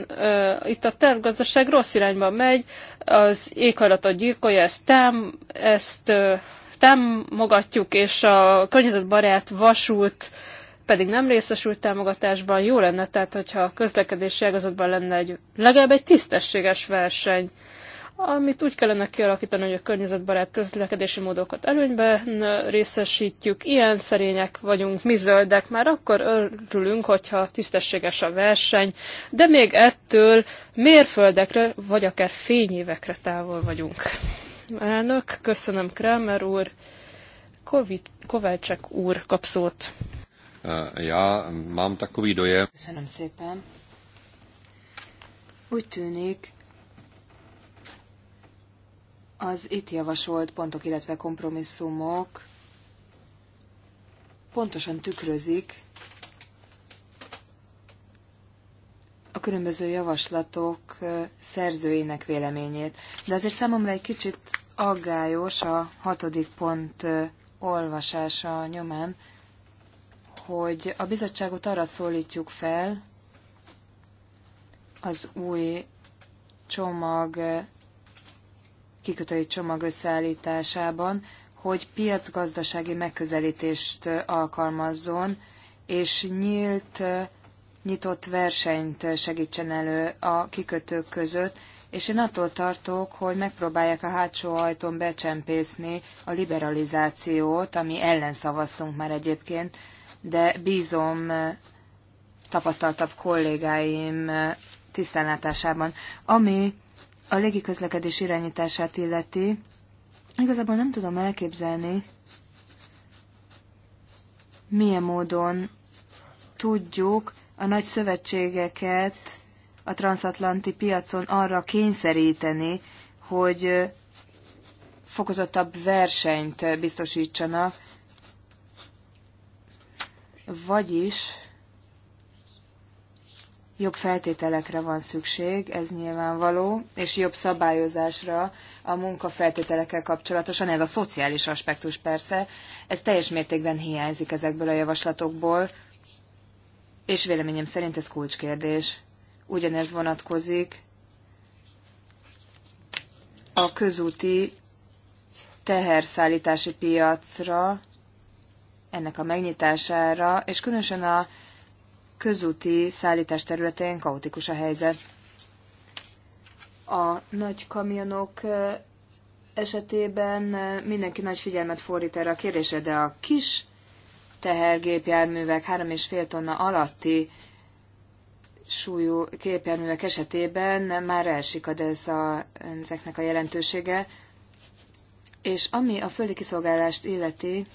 itt a tervgazdaság rossz irányba megy, az éghajlatot gyilkolja, ezt, tám, ezt támogatjuk, és a környezetbarát vasút pedig nem részesült támogatásban. Jó lenne, tehát hogyha a közlekedési ágazatban lenne egy, legalább egy tisztességes verseny amit úgy kellene kialakítani, hogy a környezetbarát közlekedési módokat előnyben részesítjük. Ilyen szerények vagyunk, mi zöldek, már akkor örülünk, hogyha tisztességes a verseny, de még ettől mérföldekre, vagy akár fényévekre távol vagyunk. Elnök, köszönöm Kramer úr, Covid, Kovácsek úr kap szót. Eh, ja, mám takový dojem. Köszönöm szépen. Úgy tűnik, az itt javasolt pontok, illetve kompromisszumok pontosan tükrözik a különböző javaslatok szerzőinek véleményét. De azért számomra egy kicsit aggályos a hatodik pont olvasása nyomán, hogy a bizottságot arra szólítjuk fel az új csomag kikötői csomag összeállításában, hogy piacgazdasági megközelítést alkalmazzon, és nyílt, nyitott versenyt segítsen elő a kikötők között, és én attól tartok, hogy megpróbálják a hátsó ajtón becsempészni a liberalizációt, ami ellen szavaztunk már egyébként, de bízom tapasztaltabb kollégáim tisztánlátásában. Ami a légiközlekedés irányítását illeti, igazából nem tudom elképzelni, milyen módon tudjuk a nagy szövetségeket a transatlanti piacon arra kényszeríteni, hogy fokozottabb versenyt biztosítsanak, vagyis jobb feltételekre van szükség, ez nyilvánvaló, és jobb szabályozásra a munkafeltételekkel kapcsolatosan, ez a szociális aspektus persze, ez teljes mértékben hiányzik ezekből a javaslatokból, és véleményem szerint ez kulcskérdés. Ugyanez vonatkozik a közúti teherszállítási piacra, ennek a megnyitására, és különösen a közúti szállítás területén kaotikus a helyzet. A nagy kamionok esetében mindenki nagy figyelmet fordít erre a kérdésre, de a kis tehergépjárművek 3,5 tonna alatti súlyú képjárművek esetében már elsikad ez a, ezeknek a jelentősége. És ami a földi kiszolgálást illeti,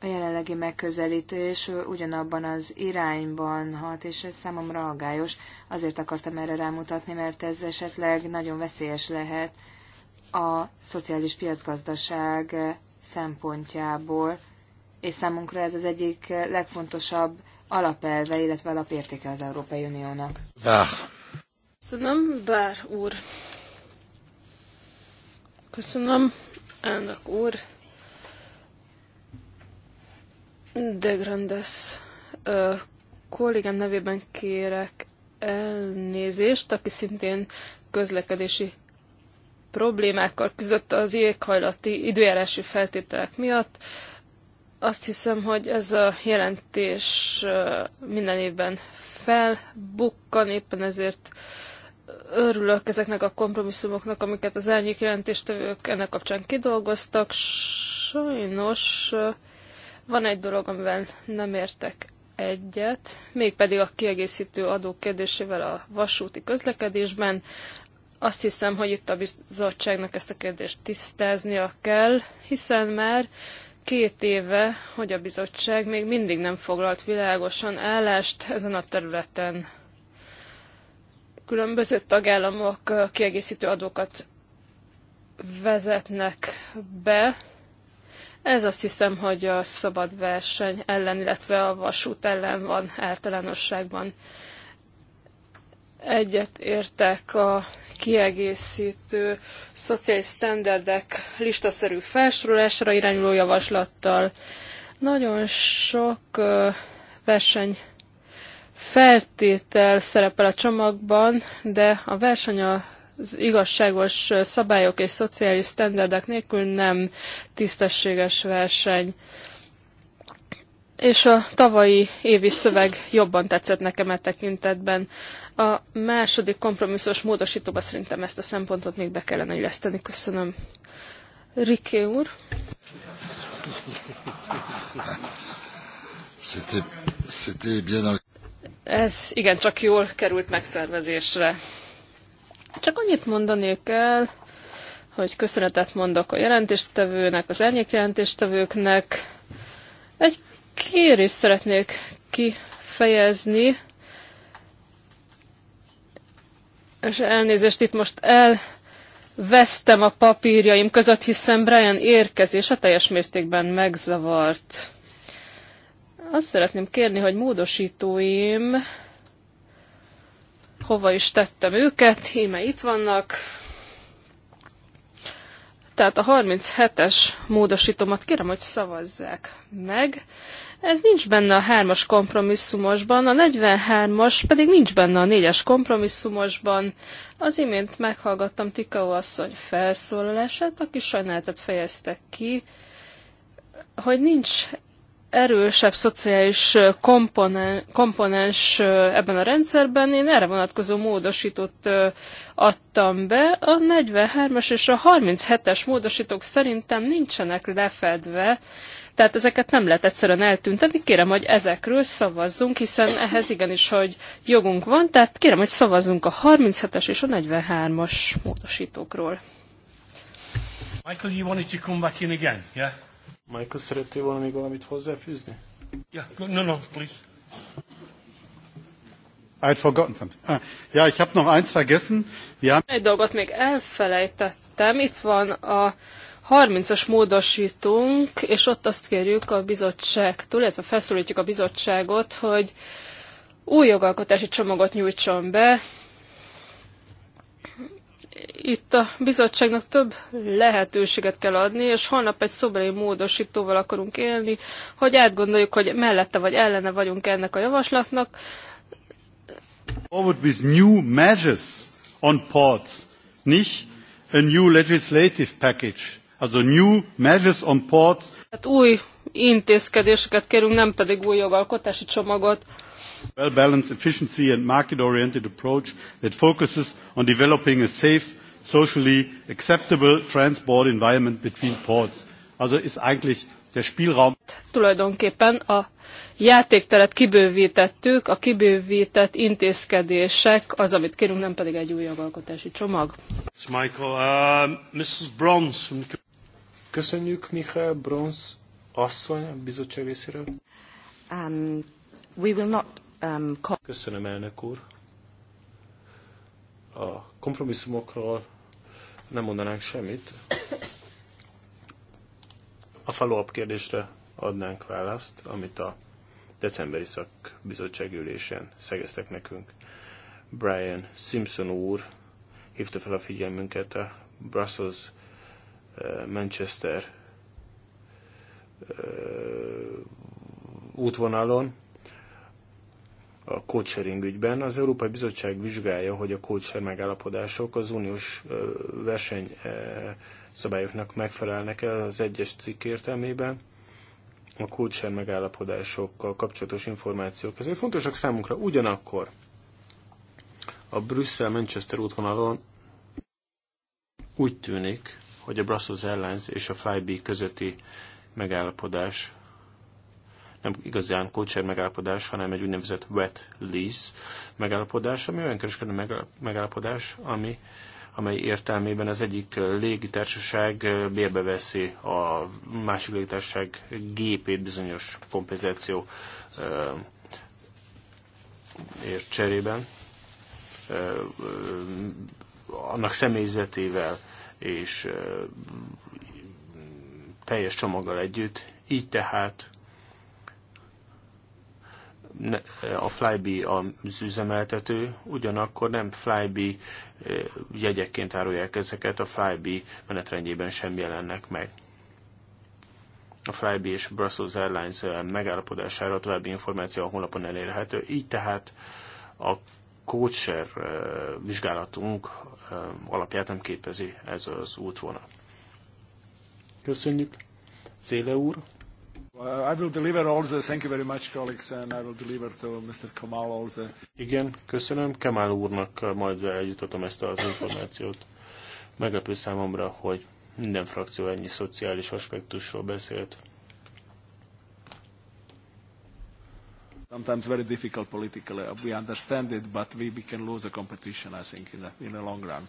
a jelenlegi megközelítés ugyanabban az irányban hat, és ez számomra aggályos. Azért akartam erre rámutatni, mert ez esetleg nagyon veszélyes lehet a szociális piacgazdaság szempontjából, és számunkra ez az egyik legfontosabb alapelve, illetve alapértéke az Európai Uniónak. Bár. Köszönöm, Bár úr. Köszönöm, elnök úr. De Grandes kollégám nevében kérek elnézést, aki szintén közlekedési problémákkal küzdött az éghajlati időjárási feltételek miatt. Azt hiszem, hogy ez a jelentés minden évben felbukkan, éppen ezért örülök ezeknek a kompromisszumoknak, amiket az elnyék jelentéstevők ennek kapcsán kidolgoztak. Sajnos van egy dolog, amivel nem értek egyet, mégpedig a kiegészítő adó kérdésével a vasúti közlekedésben. Azt hiszem, hogy itt a bizottságnak ezt a kérdést tisztáznia kell, hiszen már két éve, hogy a bizottság még mindig nem foglalt világosan állást ezen a területen. Különböző tagállamok kiegészítő adókat vezetnek be, ez azt hiszem, hogy a szabad verseny ellen, illetve a vasút ellen van általánosságban. Egyet értek a kiegészítő szociális standardek listaszerű felsorolásra irányuló javaslattal. Nagyon sok verseny feltétel szerepel a csomagban, de a verseny a az igazságos szabályok és szociális sztenderdek nélkül nem tisztességes verseny. És a tavalyi évi szöveg jobban tetszett nekem e tekintetben. A második kompromisszus módosítóba szerintem ezt a szempontot még be kellene illeszteni. Köszönöm. Riké úr. Ez igen csak jól került megszervezésre. Csak annyit mondanék el, hogy köszönetet mondok a jelentéstevőnek, az elnyék jelentéstevőknek. Egy kérés szeretnék kifejezni, és elnézést itt most el vesztem a papírjaim között, hiszen Brian érkezése teljes mértékben megzavart. Azt szeretném kérni, hogy módosítóim hova is tettem őket, íme itt vannak. Tehát a 37-es módosítomat kérem, hogy szavazzák meg. Ez nincs benne a 3-as kompromisszumosban, a 43-as pedig nincs benne a 4-es kompromisszumosban. Az imént meghallgattam Tikao asszony felszólalását, aki sajnálatot fejezte ki, hogy nincs erősebb szociális komponen, komponens ebben a rendszerben. Én erre vonatkozó módosítót adtam be. A 43-as és a 37-es módosítók szerintem nincsenek lefedve, tehát ezeket nem lehet egyszerűen eltüntetni. Kérem, hogy ezekről szavazzunk, hiszen ehhez igenis, hogy jogunk van, tehát kérem, hogy szavazzunk a 37-es és a 43-as módosítókról. Michael, you wanted to come back in again, yeah? Michael, szerettél volna még valamit hozzáfűzni? Ja, yeah. no, no, please. I'd forgotten something. Ah, ja, ich habe noch eins vergessen. Ja. Egy dolgot még elfelejtettem. Itt van a 30-as módosítunk, és ott azt kérjük a bizottságtól, illetve felszólítjuk a bizottságot, hogy új jogalkotási csomagot nyújtson be, itt a bizottságnak több lehetőséget kell adni, és holnap egy szobrai módosítóval akarunk élni, hogy átgondoljuk, hogy mellette vagy ellene vagyunk ennek a javaslatnak. Forward with new measures on ports, nicht a new legislative package, also new measures on ports. Hát új intézkedéseket kérünk, nem pedig új jogalkotási csomagot. Well-balanced, efficiency and market-oriented approach that focuses on developing a safe, socially acceptable transport environment between ports. Also ist eigentlich der Spielraum. Tulajdonképpen a játékteret kibővítettük, a kibővített intézkedések az, amit kérünk, nem pedig egy új jogalkotási csomag. Michael, uh, Mrs. Bronze. Köszönjük, Michael Bronze asszony a bizottság részéről. Um, we will not Um, Köszönöm, elnök úr. A kompromisszumokról nem mondanánk semmit. A follow-up kérdésre adnánk választ, amit a decemberi szakbizottság ülésen szegeztek nekünk. Brian Simpson úr hívta fel a figyelmünket a Brussels eh, Manchester eh, útvonalon, a coaching ügyben. Az Európai Bizottság vizsgálja, hogy a coaching megállapodások az uniós verseny szabályoknak megfelelnek-e az egyes cikk értelmében a coaching megállapodásokkal kapcsolatos információk. Ezért fontosak számunkra ugyanakkor a Brüsszel-Manchester útvonalon úgy tűnik, hogy a Brussels Airlines és a Flybe közötti megállapodás nem igazán kocser megállapodás, hanem egy úgynevezett wet lease megállapodás, ami olyan kereskedő megállapodás, ami amely értelmében az egyik légitársaság bérbe veszi a másik légitársaság gépét bizonyos kompenzáció ért cserében, annak személyzetével és teljes csomaggal együtt. Így tehát a Flybe az üzemeltető, ugyanakkor nem Flybe eh, jegyekként árulják ezeket, a Flybe menetrendjében sem jelennek meg. A Flybe és Brussels Airlines eh, megállapodására további információ a honlapon elérhető, így tehát a kócser eh, vizsgálatunk alapját nem képezi ez az útvonal. Köszönjük, Széle úr! Uh, I will deliver also, thank you very much colleagues, and I will deliver to Mr. also. Igen, köszönöm. Kemal úrnak majd eljutatom ezt az információt. Meglepő számomra, hogy minden frakció ennyi szociális aspektusról beszélt. Sometimes very difficult politically. We understand it, but we can lose the competition, I think, in the, in the long run.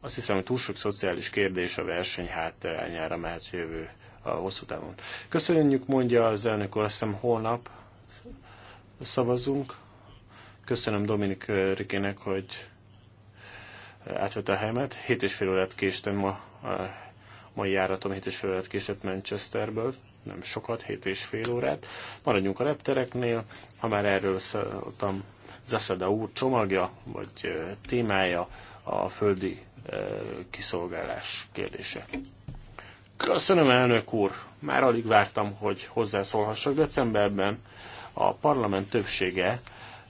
Azt hiszem, hogy túl sok szociális kérdés a verseny hátrányára mehet jövő a hosszú távon. Köszönjük, mondja az elnök úr, azt hiszem holnap szavazunk. Köszönöm Dominik Rikének, hogy átvette a helyemet. Hét és fél órát késtem ma, a mai járatom hét és fél órát késett Manchesterből, nem sokat, hét és fél órát. Maradjunk a reptereknél, ha már erről szóltam, Zaszada úr csomagja, vagy témája a földi kiszolgálás kérdése. Köszönöm, elnök úr! Már alig vártam, hogy hozzászólhassak decemberben. A parlament többsége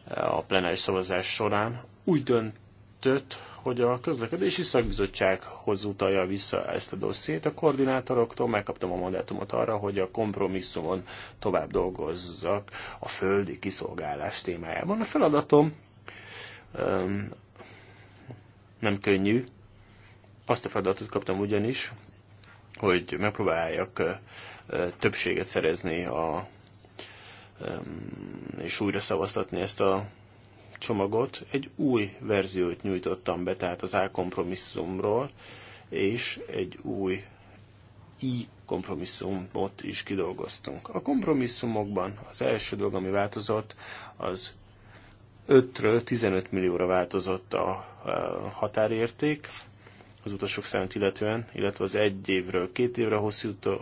eh, a plenáris szavazás során úgy döntött, hogy a közlekedési szakbizottsághoz utalja vissza ezt a dossziét. A koordinátoroktól megkaptam a mandátumot arra, hogy a kompromisszumon tovább dolgozzak a földi kiszolgálás témájában. A feladatom nem könnyű. Azt a feladatot kaptam ugyanis, hogy megpróbáljak többséget szerezni a, és újra szavaztatni ezt a csomagot. Egy új verziót nyújtottam be, tehát az A kompromisszumról, és egy új I kompromisszumot is kidolgoztunk. A kompromisszumokban az első dolog, ami változott, az 5-ről 15 millióra változott a határérték, az utasok szerint illetően, illetve az egy évről két évre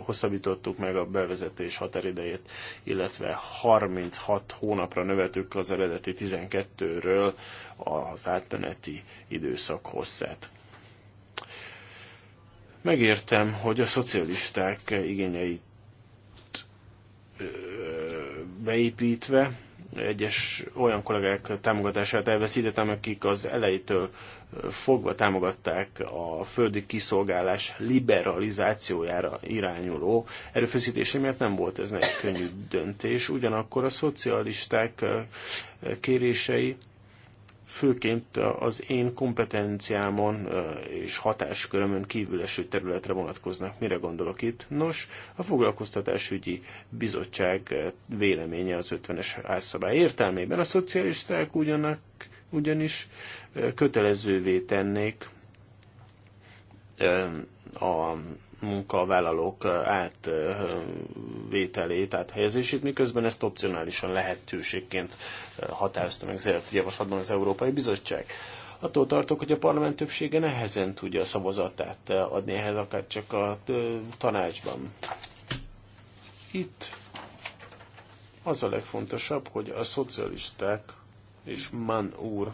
hosszabbítottuk meg a bevezetés határidejét, illetve 36 hónapra növeltük az eredeti 12-ről az átmeneti időszak hosszát. Megértem, hogy a szocialisták igényeit beépítve egyes olyan kollégák támogatását elveszítettem, akik az elejétől fogva támogatták a földi kiszolgálás liberalizációjára irányuló erőfeszítéseimet, nem volt ez nekik könnyű döntés. Ugyanakkor a szocialisták kérései főként az én kompetenciámon és hatáskörömön kívül eső területre vonatkoznak. Mire gondolok itt? Nos, a foglalkoztatásügyi bizottság véleménye az 50-es házszabály értelmében. A szocialisták ugyanak, ugyanis kötelezővé tennék a munkavállalók átvételét, áthelyezését, miközben ezt opcionálisan lehetőségként határozta meg ezért javaslatban az Európai Bizottság. Attól tartok, hogy a parlament többsége nehezen tudja a szavazatát adni ehhez, akár csak a tanácsban. Itt az a legfontosabb, hogy a szocialisták és Mann úr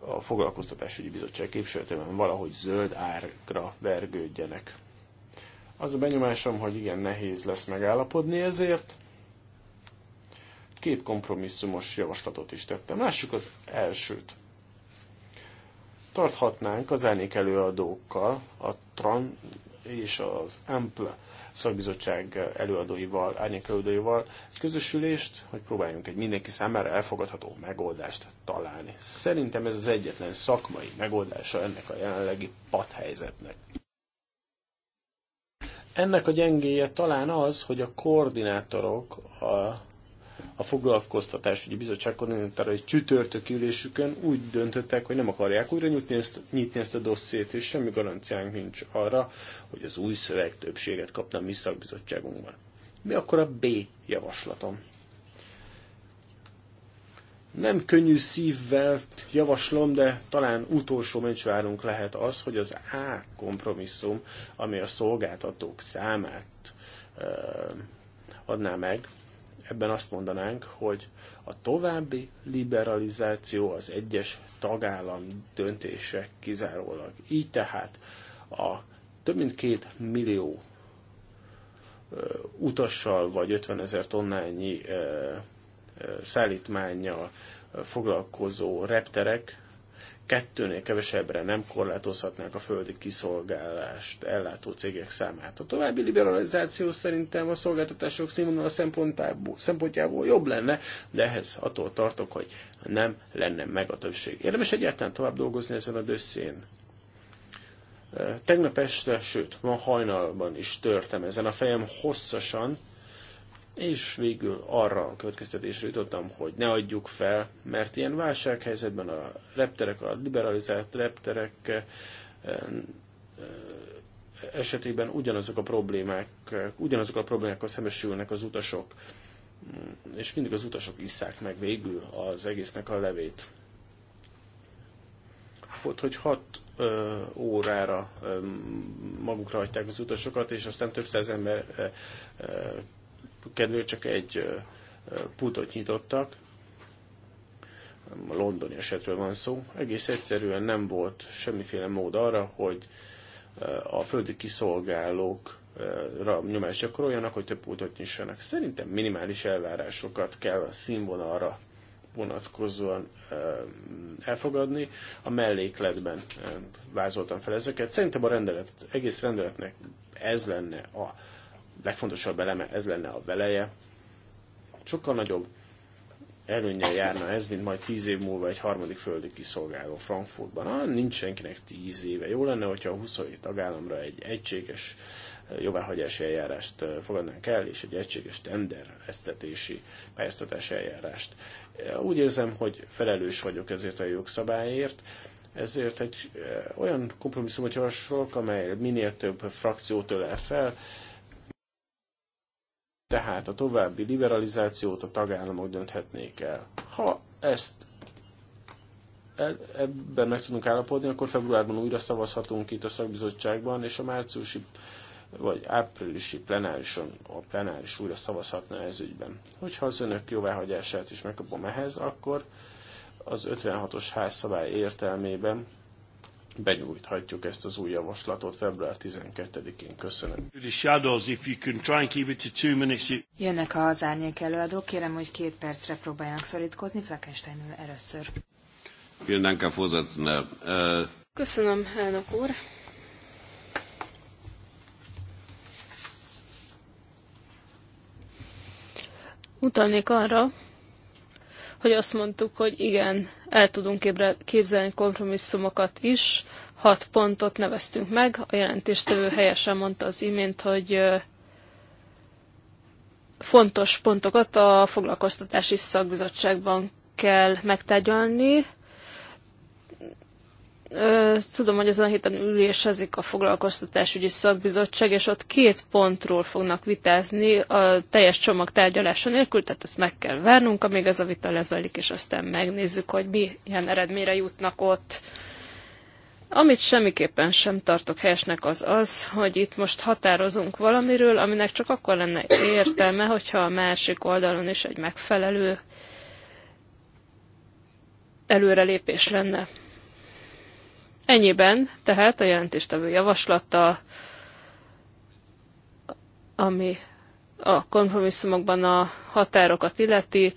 a foglalkoztatásügyi bizottság képviseletében valahogy zöld árkra vergődjenek. Az a benyomásom, hogy igen nehéz lesz megállapodni ezért. Két kompromisszumos javaslatot is tettem. Lássuk az elsőt. Tarthatnánk az elnék előadókkal a TRAN és az EMPLE szakbizottság előadóival, árnyék előadóival egy közös ülést, hogy próbáljunk egy mindenki számára elfogadható megoldást találni. Szerintem ez az egyetlen szakmai megoldása ennek a jelenlegi padhelyzetnek. Ennek a gyengéje talán az, hogy a koordinátorok a a foglalkoztatásügyi bizottság koordinátorai csütörtök ülésükön úgy döntöttek, hogy nem akarják újra nyitni ezt, nyitni ezt a dossziét, és semmi garanciánk nincs arra, hogy az új szöveg többséget kapna a mi szakbizottságunkban. Mi akkor a B javaslatom? Nem könnyű szívvel javaslom, de talán utolsó mencsvárunk lehet az, hogy az A kompromisszum, ami a szolgáltatók számát adná meg, ebben azt mondanánk, hogy a további liberalizáció az egyes tagállam döntések kizárólag. Így tehát a több mint két millió utassal vagy 50 ezer tonnányi szállítmányjal foglalkozó repterek kettőnél kevesebbre nem korlátozhatnák a földi kiszolgálást ellátó cégek számát. A további liberalizáció szerintem a szolgáltatások színvonala szempontjából, szempontjából jobb lenne, de ehhez attól tartok, hogy nem lenne meg a többség. Érdemes egyáltalán tovább dolgozni ezen a dösszén. Tegnap este, sőt, ma hajnalban is törtem ezen a fejem hosszasan, és végül arra a következtetésre jutottam, hogy ne adjuk fel, mert ilyen válsághelyzetben a repterek, a liberalizált repterek eh, eh, esetében ugyanazok a problémák, ugyanazok a problémákkal szembesülnek az utasok, mm, és mindig az utasok isszák meg végül az egésznek a levét. Ott, hogy hat ö, órára ö, magukra hagyták az utasokat, és aztán több száz ember ö, ö, kedvéért csak egy putot nyitottak, a londoni esetről van szó, egész egyszerűen nem volt semmiféle mód arra, hogy a földi kiszolgálók nyomást gyakoroljanak, hogy több pultot nyissanak. Szerintem minimális elvárásokat kell a színvonalra vonatkozóan elfogadni. A mellékletben vázoltam fel ezeket. Szerintem a rendelet, egész rendeletnek ez lenne a legfontosabb eleme ez lenne a veleje. Sokkal nagyobb előnyel járna ez, mint majd tíz év múlva egy harmadik földi kiszolgáló Frankfurtban. Ah, nincs senkinek tíz éve. Jó lenne, hogyha a 27 tagállamra egy egységes eh, jóváhagyási eljárást eh, fogadnánk el, és egy egységes tender esztetési pályáztatási eljárást. Eh, úgy érzem, hogy felelős vagyok ezért a jogszabályért, ezért egy olyan kompromisszumot javasolok, amely minél több frakciót ölel fel, tehát a további liberalizációt a tagállamok dönthetnék el. Ha ezt ebben meg tudunk állapodni, akkor februárban újra szavazhatunk itt a szakbizottságban, és a márciusi vagy áprilisi plenárison, a plenáris újra szavazhatna ez ügyben. Hogyha az önök jóváhagyását is megkapom ehhez, akkor az 56-os házszabály értelmében benyújthatjuk ezt az új javaslatot február 12-én. Köszönöm. Jönnek az árnyék előadók, kérem, hogy két percre próbáljanak szorítkozni, Fleckenstein először. Äh, Köszönöm, elnök úr. Utalnék arra, hogy azt mondtuk, hogy igen, el tudunk képzelni kompromisszumokat is. Hat pontot neveztünk meg. A jelentéstevő helyesen mondta az imént, hogy fontos pontokat a foglalkoztatási szakbizottságban kell megtárgyalni Tudom, hogy ezen a héten ülésezik a foglalkoztatásügyi szakbizottság, és ott két pontról fognak vitázni a teljes csomag tárgyalása nélkül, tehát ezt meg kell várnunk, amíg ez a vita lezajlik, és aztán megnézzük, hogy mi milyen eredményre jutnak ott. Amit semmiképpen sem tartok helyesnek az az, hogy itt most határozunk valamiről, aminek csak akkor lenne értelme, hogyha a másik oldalon is egy megfelelő előrelépés lenne. Ennyiben tehát a jelentéstevő javaslata, ami a kompromisszumokban a határokat illeti,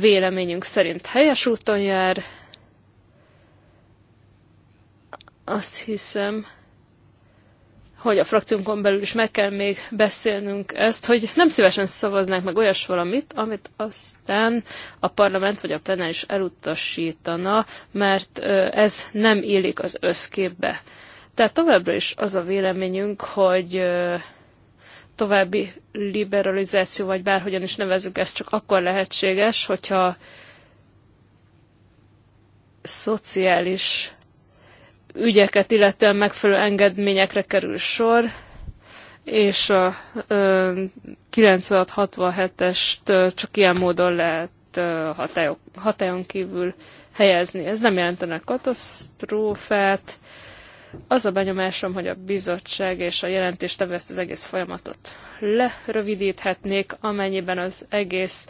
véleményünk szerint helyes úton jár. Azt hiszem, hogy a frakciónkon belül is meg kell még beszélnünk ezt, hogy nem szívesen szavaznánk meg olyas valamit, amit aztán a parlament vagy a plenáris elutasítana, mert ez nem illik az összképbe. Tehát továbbra is az a véleményünk, hogy további liberalizáció, vagy bárhogyan is nevezzük, ezt csak akkor lehetséges, hogyha szociális ügyeket illetően megfelelő engedményekre kerül sor, és a 9667-est csak ilyen módon lehet hatályon kívül helyezni. Ez nem jelentene katasztrófát. Az a benyomásom, hogy a bizottság és a jelentés ezt az egész folyamatot lerövidíthetnék, amennyiben az egész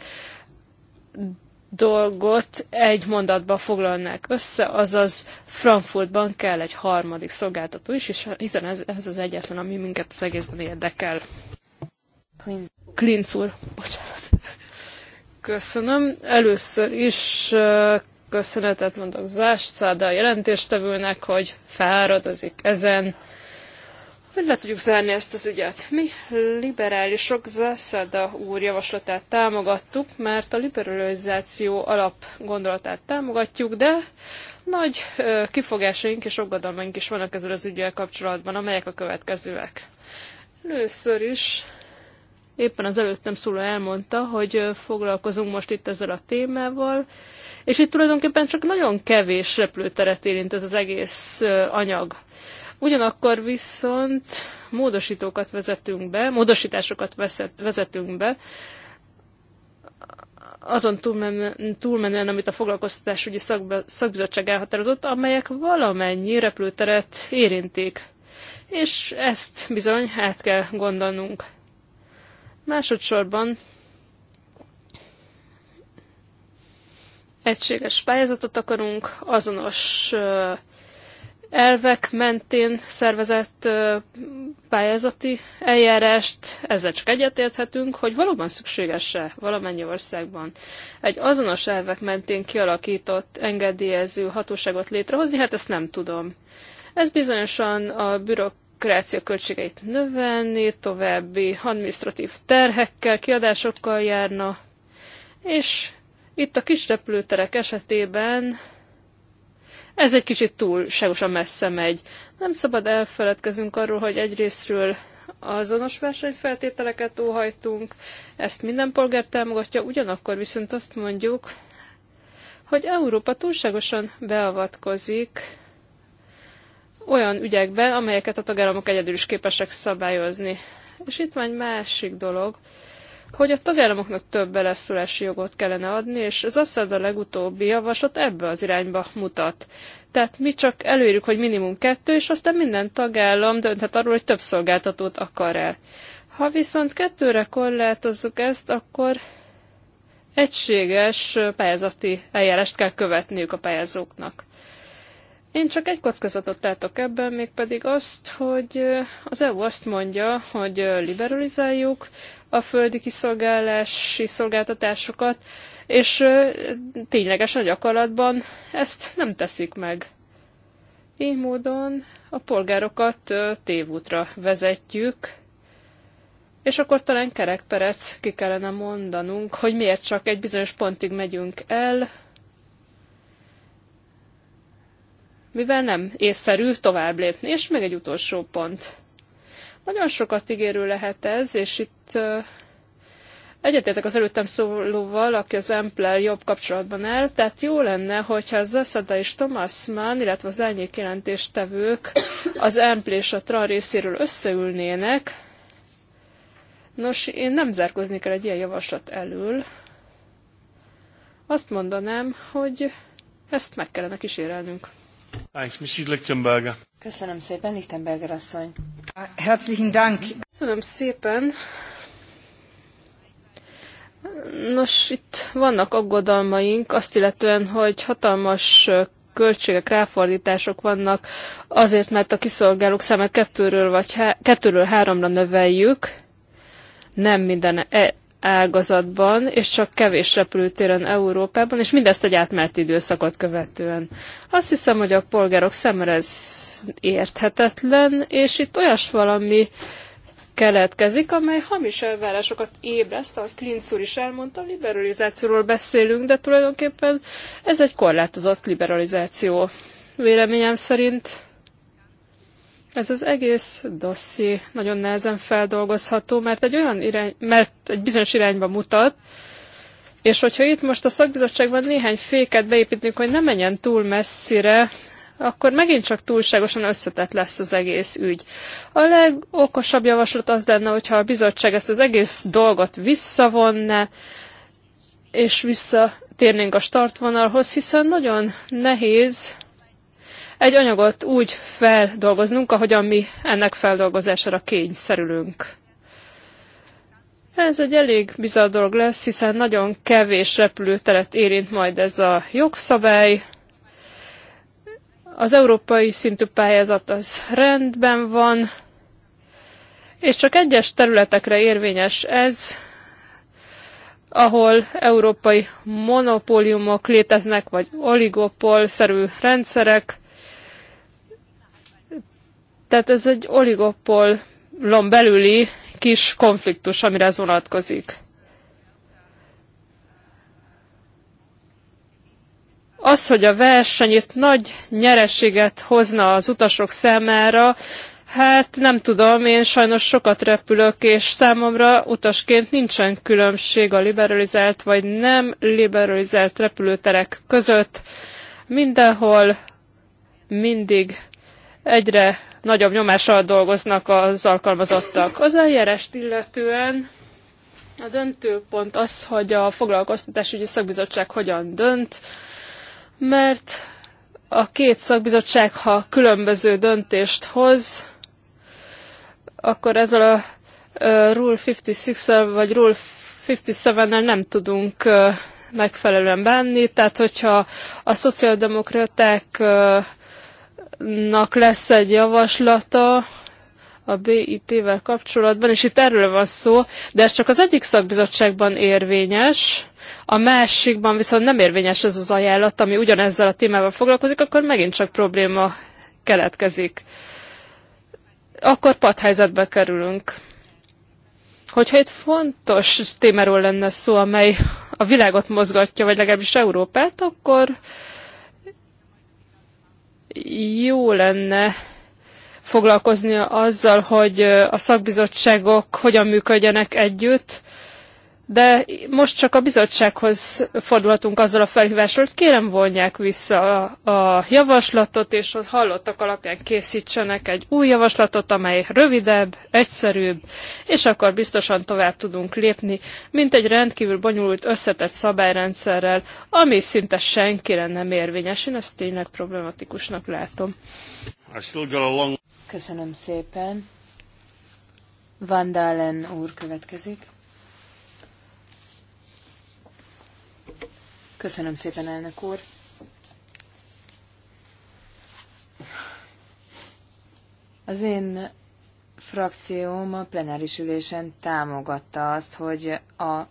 dolgot egy mondatba foglalnák össze, azaz Frankfurtban kell egy harmadik szolgáltató is, és hiszen ez, ez az egyetlen, ami minket az egészben érdekel. Klinc úr, bocsánat. Köszönöm. Először is köszönetet mondok Zász jelentéstevőnek, hogy fáradozik ezen hogy le tudjuk zárni ezt az ügyet. Mi liberálisok Zászáda úr javaslatát támogattuk, mert a liberalizáció alap gondolatát támogatjuk, de nagy kifogásaink és aggodalmaink is vannak ezzel az ügyel kapcsolatban, amelyek a következőek. Először is éppen az előttem szóló elmondta, hogy foglalkozunk most itt ezzel a témával, és itt tulajdonképpen csak nagyon kevés repülőteret érint ez az egész anyag. Ugyanakkor viszont módosítókat vezetünk be, módosításokat vezetünk be, azon túlmenően, túlmenően, amit a foglalkoztatásügyi szakbe, szakbizottság elhatározott, amelyek valamennyi repülőteret érintik. És ezt bizony át kell gondolnunk. Másodszorban egységes pályázatot akarunk, azonos elvek mentén szervezett pályázati eljárást, ezzel csak egyetérthetünk, hogy valóban szükséges-e valamennyi országban egy azonos elvek mentén kialakított engedélyező hatóságot létrehozni, hát ezt nem tudom. Ez bizonyosan a bürok kreáció költségeit növelni, további administratív terhekkel, kiadásokkal járna, és itt a kis repülőterek esetében ez egy kicsit túlságosan messze megy. Nem szabad elfeledkeznünk arról, hogy egyrésztről azonos versenyfeltételeket óhajtunk, ezt minden polgár támogatja, ugyanakkor viszont azt mondjuk, hogy Európa túlságosan beavatkozik olyan ügyekbe, amelyeket a tagállamok egyedül is képesek szabályozni. És itt van egy másik dolog, hogy a tagállamoknak több beleszólási jogot kellene adni, és az asszad a legutóbbi javaslat ebbe az irányba mutat. Tehát mi csak előírjuk, hogy minimum kettő, és aztán minden tagállam dönthet arról, hogy több szolgáltatót akar el. Ha viszont kettőre korlátozzuk ezt, akkor egységes pályázati eljárást kell követniük a pályázóknak. Én csak egy kockázatot látok ebben, mégpedig azt, hogy az EU azt mondja, hogy liberalizáljuk, a földi kiszolgálási szolgáltatásokat, és ténylegesen a gyakorlatban ezt nem teszik meg. Így módon a polgárokat tévútra vezetjük, és akkor talán kerekperec ki kellene mondanunk, hogy miért csak egy bizonyos pontig megyünk el, mivel nem észszerű tovább lépni. És meg egy utolsó pont. Nagyon sokat ígérő lehet ez, és itt egyetértek az előttem szólóval, aki az Empler jobb kapcsolatban áll, tehát jó lenne, hogyha az Zaszada és Thomas Mann, illetve az elnyék jelentéstevők az Empl és a Tran részéről összeülnének. Nos, én nem zárkoznék el egy ilyen javaslat elől. Azt mondanám, hogy ezt meg kellene kísérelnünk. Köszönöm szépen, Lichtenberger asszony. Herzlichen Dank. Köszönöm szépen. Nos, itt vannak aggodalmaink azt illetően, hogy hatalmas költségek, ráfordítások vannak azért, mert a kiszolgálók számát kettőről, vagy há- kettőről háromra növeljük. Nem minden e- ágazatban, és csak kevés repülőtéren Európában, és mindezt egy átmeneti időszakot követően. Azt hiszem, hogy a polgárok szemre ez érthetetlen, és itt olyas valami keletkezik, amely hamis elvárásokat ébreszt, ahogy Klinc úr is elmondta, liberalizációról beszélünk, de tulajdonképpen ez egy korlátozott liberalizáció véleményem szerint ez az egész dosszi nagyon nehezen feldolgozható, mert egy olyan irány, mert egy bizonyos irányba mutat, és hogyha itt most a szakbizottságban néhány féket beépítünk, hogy ne menjen túl messzire, akkor megint csak túlságosan összetett lesz az egész ügy. A legokosabb javaslat az lenne, hogyha a bizottság ezt az egész dolgot visszavonna és visszatérnénk a startvonalhoz, hiszen nagyon nehéz egy anyagot úgy feldolgoznunk, ahogyan mi ennek feldolgozására kényszerülünk. Ez egy elég bizarr dolog lesz, hiszen nagyon kevés repülőteret érint majd ez a jogszabály. Az európai szintű pályázat az rendben van, és csak egyes területekre érvényes ez, ahol európai monopóliumok léteznek, vagy oligopol-szerű rendszerek, tehát ez egy oligopolon belüli kis konfliktus, amire ez vonatkozik. Az, hogy a verseny itt nagy nyereséget hozna az utasok számára, hát nem tudom, én sajnos sokat repülök, és számomra utasként nincsen különbség a liberalizált vagy nem liberalizált repülőterek között. Mindenhol mindig egyre nagyobb nyomás alatt dolgoznak az alkalmazottak. Az eljárást illetően a döntő pont az, hogy a foglalkoztatásügyi szakbizottság hogyan dönt, mert a két szakbizottság, ha különböző döntést hoz, akkor ezzel a Rule 56-el vagy Rule 57-nel nem tudunk megfelelően bánni. Tehát, hogyha a szociáldemokraták nak lesz egy javaslata a BIP-vel kapcsolatban, és itt erről van szó, de ez csak az egyik szakbizottságban érvényes, a másikban viszont nem érvényes ez az ajánlat, ami ugyanezzel a témával foglalkozik, akkor megint csak probléma keletkezik. Akkor padhelyzetbe kerülünk. Hogyha itt fontos témáról lenne szó, amely a világot mozgatja, vagy legalábbis Európát, akkor jó lenne foglalkozni azzal, hogy a szakbizottságok hogyan működjenek együtt, de most csak a bizottsághoz fordulhatunk azzal a felhívásról, hogy kérem vonják vissza a, a javaslatot, és a hallottak alapján készítsenek egy új javaslatot, amely rövidebb, egyszerűbb, és akkor biztosan tovább tudunk lépni, mint egy rendkívül bonyolult összetett szabályrendszerrel, ami szinte senkire nem érvényes. Én ezt tényleg problematikusnak látom. Köszönöm szépen. Van úr következik. Köszönöm szépen, elnök úr. Az én frakcióm a plenáris ülésen támogatta azt, hogy a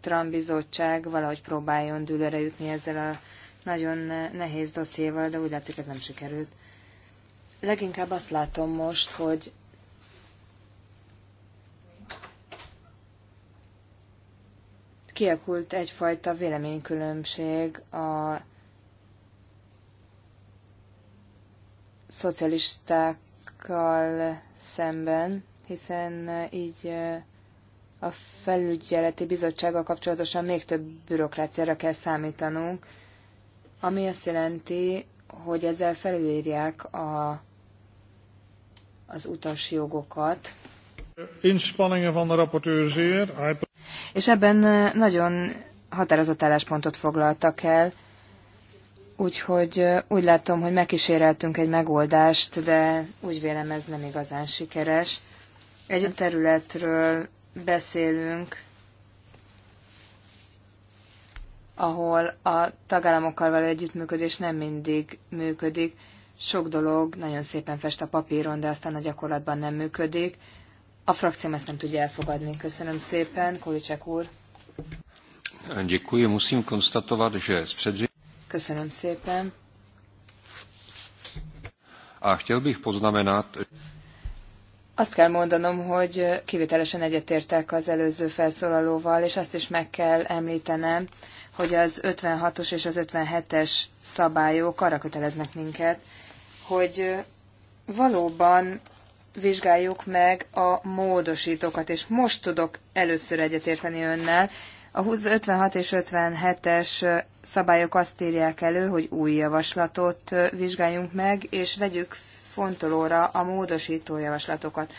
Trump bizottság valahogy próbáljon dőlőre jutni ezzel a nagyon nehéz dossziéval, de úgy látszik ez nem sikerült. Leginkább azt látom most, hogy kialakult egyfajta véleménykülönbség a szocialistákkal szemben, hiszen így a felügyeleti bizottsággal kapcsolatosan még több bürokráciára kell számítanunk, ami azt jelenti, hogy ezzel felülírják a, az utasjogokat. Inspanningen van a rapporteur zeer és ebben nagyon határozott álláspontot foglaltak el, úgyhogy úgy látom, hogy megkíséreltünk egy megoldást, de úgy vélem ez nem igazán sikeres. Egy területről beszélünk, ahol a tagállamokkal való együttműködés nem mindig működik. Sok dolog nagyon szépen fest a papíron, de aztán a gyakorlatban nem működik. A frakcióm ezt nem tudja elfogadni. Köszönöm szépen, Kolicek úr. Děkuji, musím konstatovat, že Köszönöm szépen. A chtěl bych poznamenat, azt kell mondanom, hogy kivételesen egyetértek az előző felszólalóval, és azt is meg kell említenem, hogy az 56-os és az 57-es szabályok arra köteleznek minket, hogy valóban vizsgáljuk meg a módosítókat, és most tudok először egyetérteni önnel. A 56 és 57-es szabályok azt írják elő, hogy új javaslatot vizsgáljunk meg, és vegyük fontolóra a módosító javaslatokat.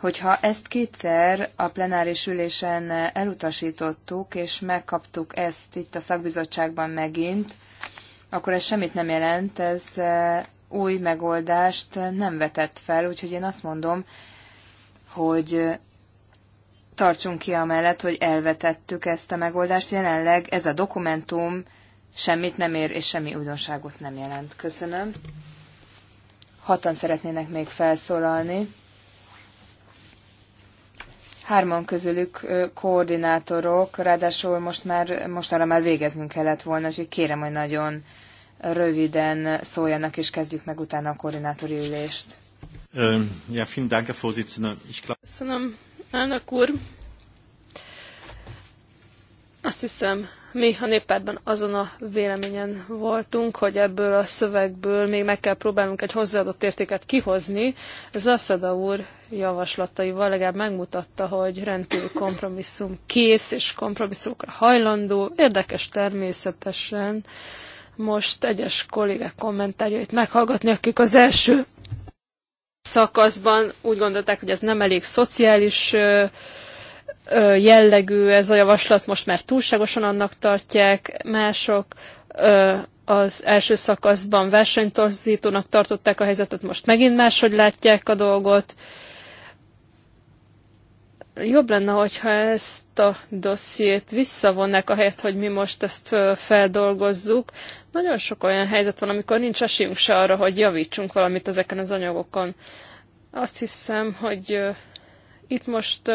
Hogyha ezt kétszer a plenáris ülésen elutasítottuk, és megkaptuk ezt itt a szakbizottságban megint, akkor ez semmit nem jelent, ez új megoldást nem vetett fel, úgyhogy én azt mondom, hogy tartsunk ki amellett, hogy elvetettük ezt a megoldást. Jelenleg ez a dokumentum semmit nem ér, és semmi újdonságot nem jelent. Köszönöm. Hatan szeretnének még felszólalni. Hárman közülük koordinátorok, ráadásul most már, most arra már végeznünk kellett volna, úgyhogy kérem, hogy nagyon röviden szóljanak, és kezdjük meg utána a koordinátori ülést. Ja, vielen Dank, Herr Vorsitzender. Ich Köszönöm, elnök úr. Azt hiszem, mi a néppártban azon a véleményen voltunk, hogy ebből a szövegből még meg kell próbálnunk egy hozzáadott értéket kihozni. Ez Aszada úr javaslataival legalább megmutatta, hogy rendkívül kompromisszum kész és kompromisszumokra hajlandó, érdekes természetesen. Uh, most egyes kollégák kommentárjait meghallgatni, akik az első szakaszban úgy gondolták, hogy ez nem elég szociális jellegű ez a javaslat, most már túlságosan annak tartják, mások az első szakaszban versenytorzítónak tartották a helyzetet, most megint máshogy látják a dolgot, jobb lenne, hogyha ezt a dossziét visszavonnák, ahelyett, hogy mi most ezt feldolgozzuk. Nagyon sok olyan helyzet van, amikor nincs esélyünk se arra, hogy javítsunk valamit ezeken az anyagokon. Azt hiszem, hogy itt most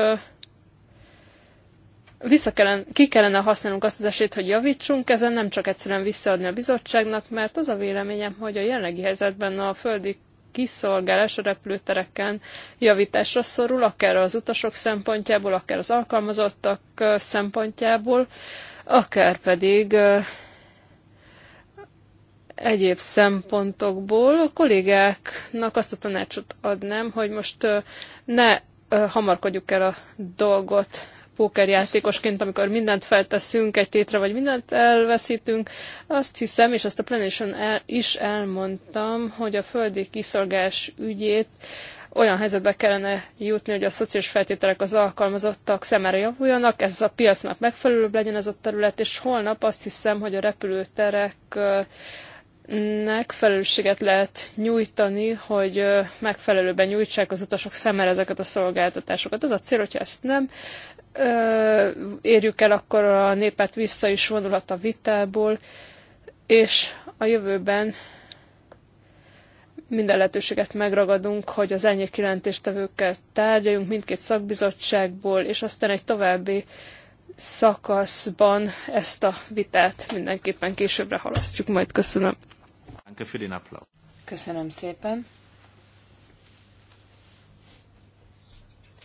vissza kellene, ki kellene használnunk azt az esélyt, hogy javítsunk ezen, nem csak egyszerűen visszaadni a bizottságnak, mert az a véleményem, hogy a jelenlegi helyzetben a földi kiszolgálás a repülőtereken javításra szorul, akár az utasok szempontjából, akár az alkalmazottak szempontjából, akár pedig egyéb szempontokból. A kollégáknak azt a tanácsot adnám, hogy most ne hamarkodjuk el a dolgot pókerjátékosként, amikor mindent felteszünk egy tétre, vagy mindent elveszítünk. Azt hiszem, és azt a plenáson el, is elmondtam, hogy a földi kiszolgás ügyét olyan helyzetbe kellene jutni, hogy a szociális feltételek az alkalmazottak szemére javuljanak, ez a piacnak megfelelőbb legyen ez a terület, és holnap azt hiszem, hogy a repülőterek nek felelősséget lehet nyújtani, hogy megfelelőben nyújtsák az utasok szemére ezeket a szolgáltatásokat. Az a cél, hogyha ezt nem érjük el, akkor a népet vissza is vonulhat a vitából, és a jövőben minden lehetőséget megragadunk, hogy az ennyi kilentéstevőkkel tárgyaljunk mindkét szakbizottságból, és aztán egy további szakaszban ezt a vitát mindenképpen későbbre halasztjuk. Majd köszönöm. Köszönöm szépen.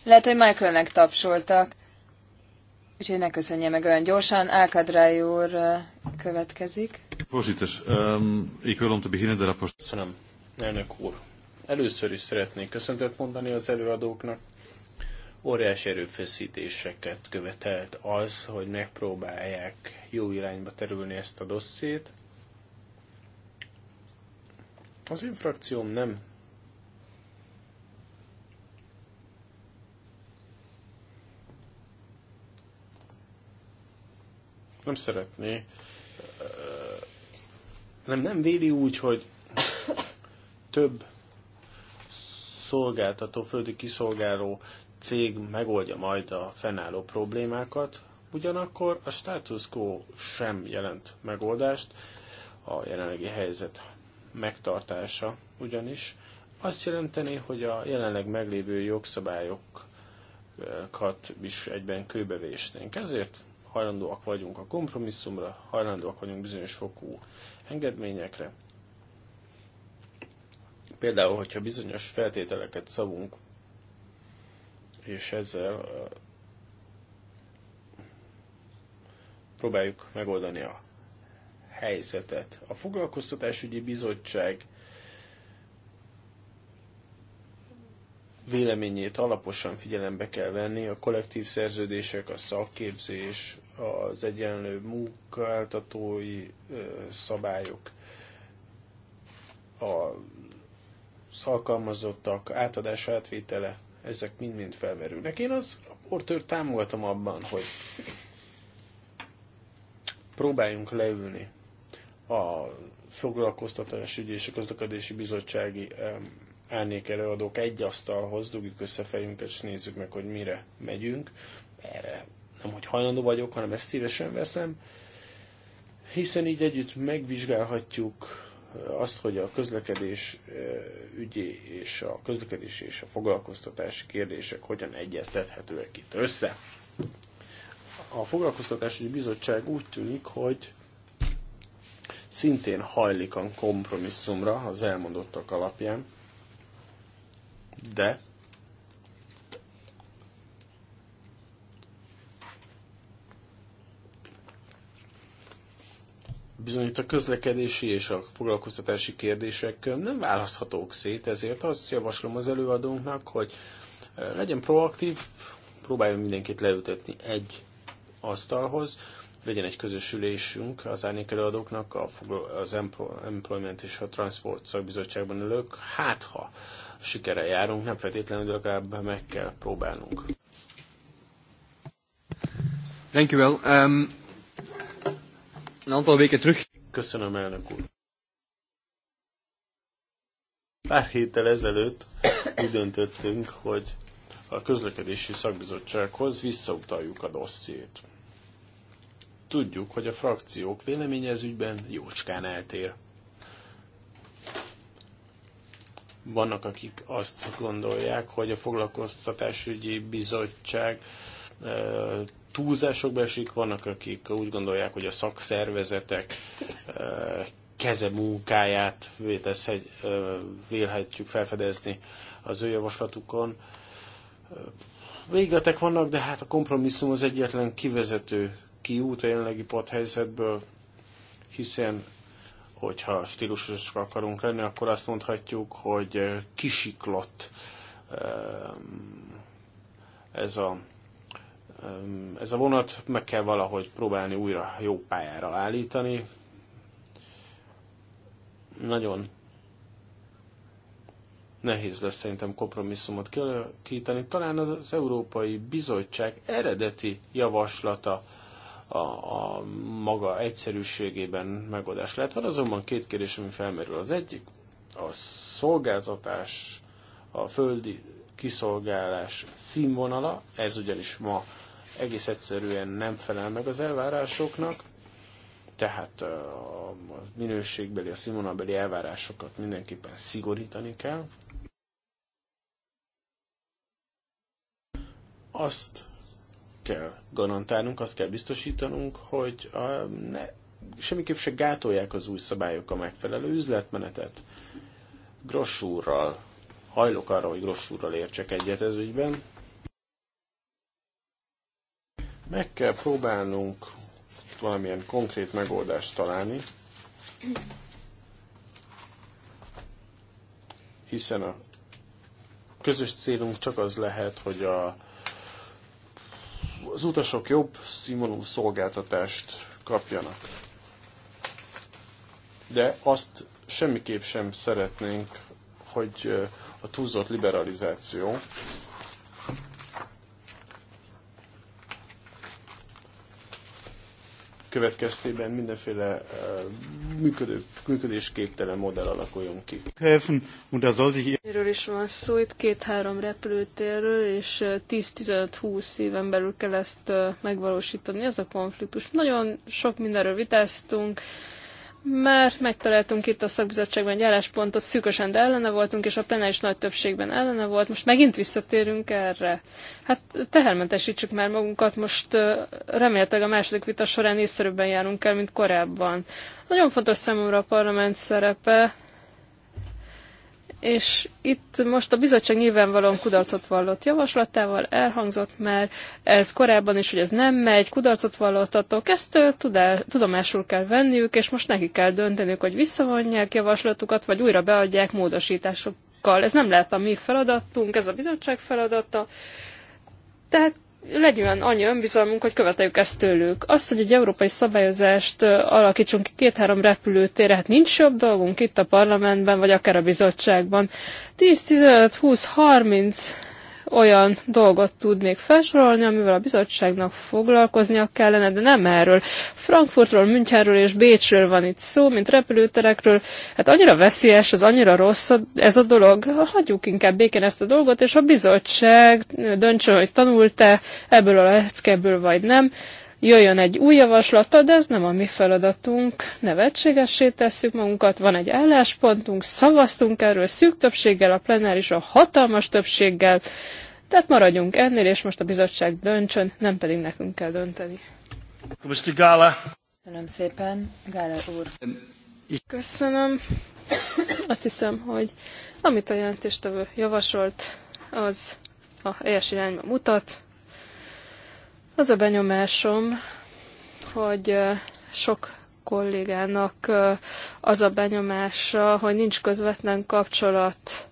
Lehet, hogy Michaelnek tapsoltak. Úgyhogy ne köszönje meg olyan gyorsan. Álkadráj úr következik. Voorzitter, ehm, Köszönöm, elnök úr. Először is szeretnék köszöntet mondani az előadóknak. Óriási erőfeszítéseket követelt az, hogy megpróbálják jó irányba terülni ezt a dossziét. Az én nem nem szeretné, nem, nem védi úgy, hogy több szolgáltató, földi kiszolgáló cég megoldja majd a fennálló problémákat, ugyanakkor a status quo sem jelent megoldást, a jelenlegi helyzet megtartása ugyanis azt jelenteni, hogy a jelenleg meglévő jogszabályokat is egyben kőbevésnénk. Ezért hajlandóak vagyunk a kompromisszumra, hajlandóak vagyunk bizonyos fokú engedményekre. Például, hogyha bizonyos feltételeket szavunk, és ezzel próbáljuk megoldani a helyzetet. A Foglalkoztatásügyi Bizottság véleményét alaposan figyelembe kell venni, a kollektív szerződések, a szakképzés, az egyenlő munkáltatói szabályok, a szalkalmazottak átadása, átvétele, ezek mind-mind felmerülnek. Én az portőr támogatom abban, hogy próbáljunk leülni a foglalkoztatásügyi és a közlekedési bizottsági árnyék előadók egy asztalhoz, dugjuk össze fejünket, és nézzük meg, hogy mire megyünk. Erre nem hogy hajlandó vagyok, hanem ezt szívesen veszem, hiszen így együtt megvizsgálhatjuk eh, azt, hogy a közlekedés eh, ügyi és a közlekedés és a foglalkoztatási kérdések hogyan egyeztethetőek itt össze. A foglalkoztatási bizottság úgy tűnik, hogy szintén hajlik a kompromisszumra az elmondottak alapján, de Bizony a közlekedési és a foglalkoztatási kérdések nem választhatók szét, ezért azt javaslom az előadónknak, hogy eh, legyen proaktív, próbáljon mindenkit leültetni egy asztalhoz, legyen egy közös ülésünk az előadóknak, az Employment és a Transport szakbizottságban ülök, hát ha sikere járunk, nem feltétlenül, de legalább meg kell próbálnunk. Thank you, well. Um... Een aantal weken terug. Köszönöm, elnök úr. Pár héttel ezelőtt úgy döntöttünk, hogy a közlekedési szakbizottsághoz visszautaljuk a dossziét. Tudjuk, hogy a frakciók véleménye jócskán eltér. Vannak, akik azt gondolják, hogy a foglalkoztatásügyi bizottság túlzásokba esik, vannak akik úgy gondolják, hogy a szakszervezetek keze munkáját vélhetjük felfedezni az ő javaslatukon. Végletek vannak, de hát a kompromisszum az egyetlen kivezető kiút a jelenlegi helyzetből, hiszen hogyha stílusosak akarunk lenni, akkor azt mondhatjuk, hogy kisiklott ez a ez a vonat, meg kell valahogy próbálni újra jó pályára állítani. Nagyon nehéz lesz szerintem kompromisszumot kialakítani. Talán az Európai Bizottság eredeti javaslata a, a maga egyszerűségében megoldás lehet. Van azonban két kérdés, ami felmerül. Az egyik a szolgáltatás, a földi kiszolgálás színvonala, ez ugyanis ma egész egyszerűen nem felel meg az elvárásoknak, tehát a minőségbeli, a színvonalbeli elvárásokat mindenképpen szigorítani kell. Azt kell garantálnunk, azt kell biztosítanunk, hogy a, ne, semmiképp se gátolják az új szabályok a megfelelő üzletmenetet. Grossúrral hajlok arra, hogy grossúrral értsek egyet ez ügyben. Meg kell próbálnunk valamilyen konkrét megoldást találni, hiszen a közös célunk csak az lehet, hogy a, az utasok jobb színvonalú szolgáltatást kapjanak. De azt semmiképp sem szeretnénk, hogy a túlzott liberalizáció következtében mindenféle működő, működésképtelen modell alakuljon ki. Erről is van szó, itt két-három repülőtérről, és 10-15-20 éven belül kell ezt megvalósítani, ez a konfliktus. Nagyon sok mindenről vitáztunk, mert megtaláltunk itt a szakbizottságban egy álláspontot, szűkösen de ellene voltunk, és a is nagy többségben ellene volt. Most megint visszatérünk erre. Hát tehermentesítsük már magunkat, most remélhetőleg a második vita során észszerűbben járunk el, mint korábban. Nagyon fontos számomra a parlament szerepe, és itt most a bizottság nyilvánvalóan kudarcot vallott javaslatával, elhangzott mert ez korábban is, hogy ez nem megy, kudarcot vallottatok, ezt tudál, tudomásul kell venniük, és most neki kell dönteniük, hogy visszavonják javaslatukat, vagy újra beadják módosításokkal. Ez nem lehet a mi feladatunk, ez a bizottság feladata. Tehát legyen annyi önbizalmunk, hogy követeljük ezt tőlük. Azt, hogy egy európai szabályozást alakítsunk ki két-három repülőtérre, hát nincs jobb dolgunk itt a parlamentben, vagy akár a bizottságban. 10, 15, 20, 30 olyan dolgot tudnék felsorolni, amivel a bizottságnak foglalkoznia kellene, de nem erről. Frankfurtról, Münchenről és Bécsről van itt szó, mint repülőterekről. Hát annyira veszélyes, az annyira rossz ez a dolog. Hagyjuk inkább békén ezt a dolgot, és a bizottság döntsön, hogy tanult-e ebből a leckeből vagy nem jöjjön egy új javaslata, de ez nem a mi feladatunk. Nevetségessé tesszük magunkat, van egy álláspontunk, szavaztunk erről szűk többséggel, a a hatalmas többséggel, tehát maradjunk ennél, és most a bizottság döntsön, nem pedig nekünk kell dönteni. Gala. Köszönöm szépen, Gála úr. Köszönöm. Azt hiszem, hogy amit a jelentéstevő javasolt, az a helyes irányba mutat, az a benyomásom, hogy sok kollégának az a benyomása, hogy nincs közvetlen kapcsolat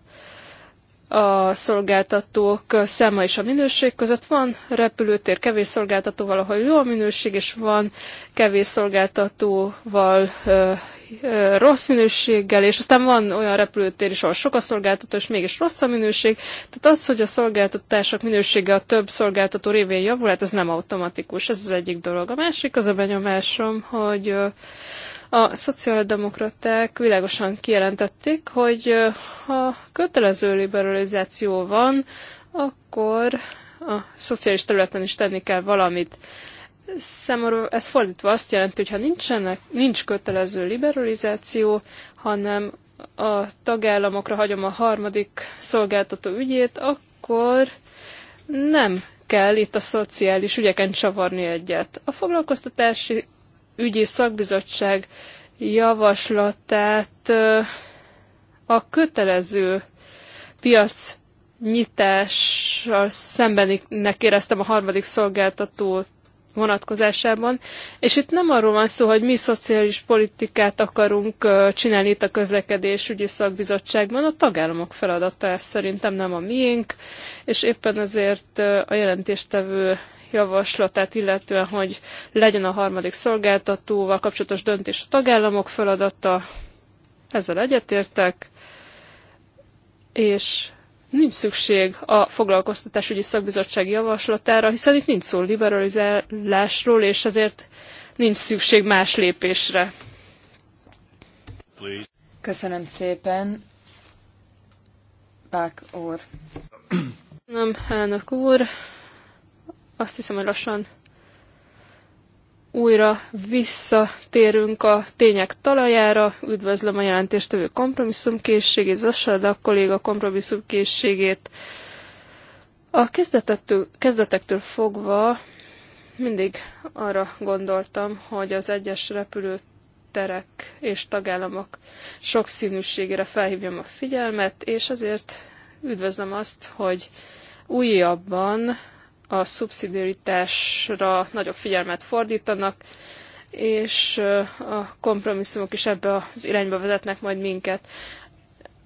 a szolgáltatók száma és a minőség között. Van repülőtér kevés szolgáltatóval, ahol jó a minőség, és van kevés szolgáltatóval ö, ö, rossz minőséggel, és aztán van olyan repülőtér is, ahol sok a szolgáltató, és mégis rossz a minőség. Tehát az, hogy a szolgáltatások minősége a több szolgáltató révén javul, hát ez nem automatikus. Ez az egyik dolog. A másik az a benyomásom, hogy ö, a szociáldemokraták világosan kijelentették, hogy ha kötelező liberalizáció van, akkor a szociális területen is tenni kell valamit. Számomra ez fordítva azt jelenti, hogy ha nincsenek, nincs kötelező liberalizáció, hanem a tagállamokra hagyom a harmadik szolgáltató ügyét, akkor nem kell itt a szociális ügyeken csavarni egyet. A foglalkoztatási ügyi szakbizottság javaslatát a kötelező piac nyitással szembenek éreztem a harmadik szolgáltató vonatkozásában, és itt nem arról van szó, hogy mi szociális politikát akarunk csinálni itt a közlekedésügyi szakbizottságban, a tagállamok feladata ez szerintem nem a miénk, és éppen ezért a jelentéstevő javaslatát, illetően, hogy legyen a harmadik szolgáltatóval kapcsolatos döntés a tagállamok feladata. Ezzel egyetértek, és nincs szükség a foglalkoztatásügyi szakbizottság javaslatára, hiszen itt nincs szó liberalizálásról, és ezért nincs szükség más lépésre. Köszönöm szépen. Bák úr. Nem, elnök úr. Azt hiszem, hogy lassan újra visszatérünk a tények talajára. Üdvözlöm a jelentéstevő kompromisszumkészségét, Zassada kolléga kompromisszumkészségét. A kezdetektől, kezdetektől fogva mindig arra gondoltam, hogy az egyes repülőterek és tagállamok sokszínűségére felhívjam a figyelmet, és azért üdvözlöm azt, hogy újabban a szubszidiaritásra nagyobb figyelmet fordítanak, és a kompromisszumok is ebbe az irányba vezetnek majd minket.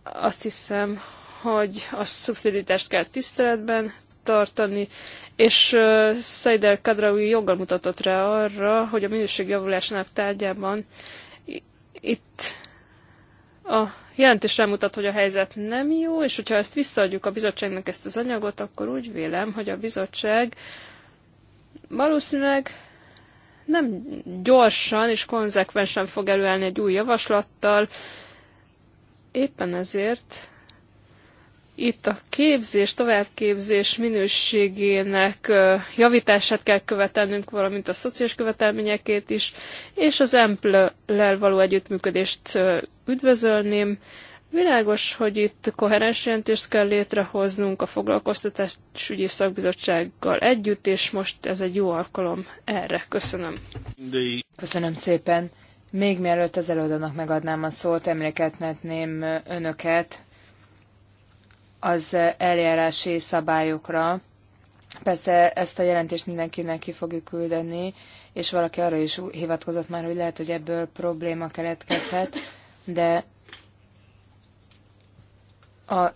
Azt hiszem, hogy a szubszidiaritást kell tiszteletben tartani, és uh, Szeider Kadraui joggal mutatott rá arra, hogy a minőségjavulásnak tárgyában itt a jelentés rámutat, hogy a helyzet nem jó, és hogyha ezt visszaadjuk a bizottságnak ezt az anyagot, akkor úgy vélem, hogy a bizottság valószínűleg nem gyorsan és konzekvensen fog előállni egy új javaslattal, éppen ezért itt a képzés, továbbképzés minőségének javítását kell követelnünk, valamint a szociális követelményekét is, és az EMPL-lel való együttműködést üdvözölném. Világos, hogy itt koherens jelentést kell létrehoznunk a foglalkoztatásügyi szakbizottsággal együtt, és most ez egy jó alkalom erre. Köszönöm. Köszönöm szépen. Még mielőtt az előadónak megadnám a szót, emlékeztetném önöket az eljárási szabályokra. Persze ezt a jelentést mindenkinek ki fogjuk küldeni, és valaki arra is hivatkozott már, hogy lehet, hogy ebből probléma keletkezhet, de a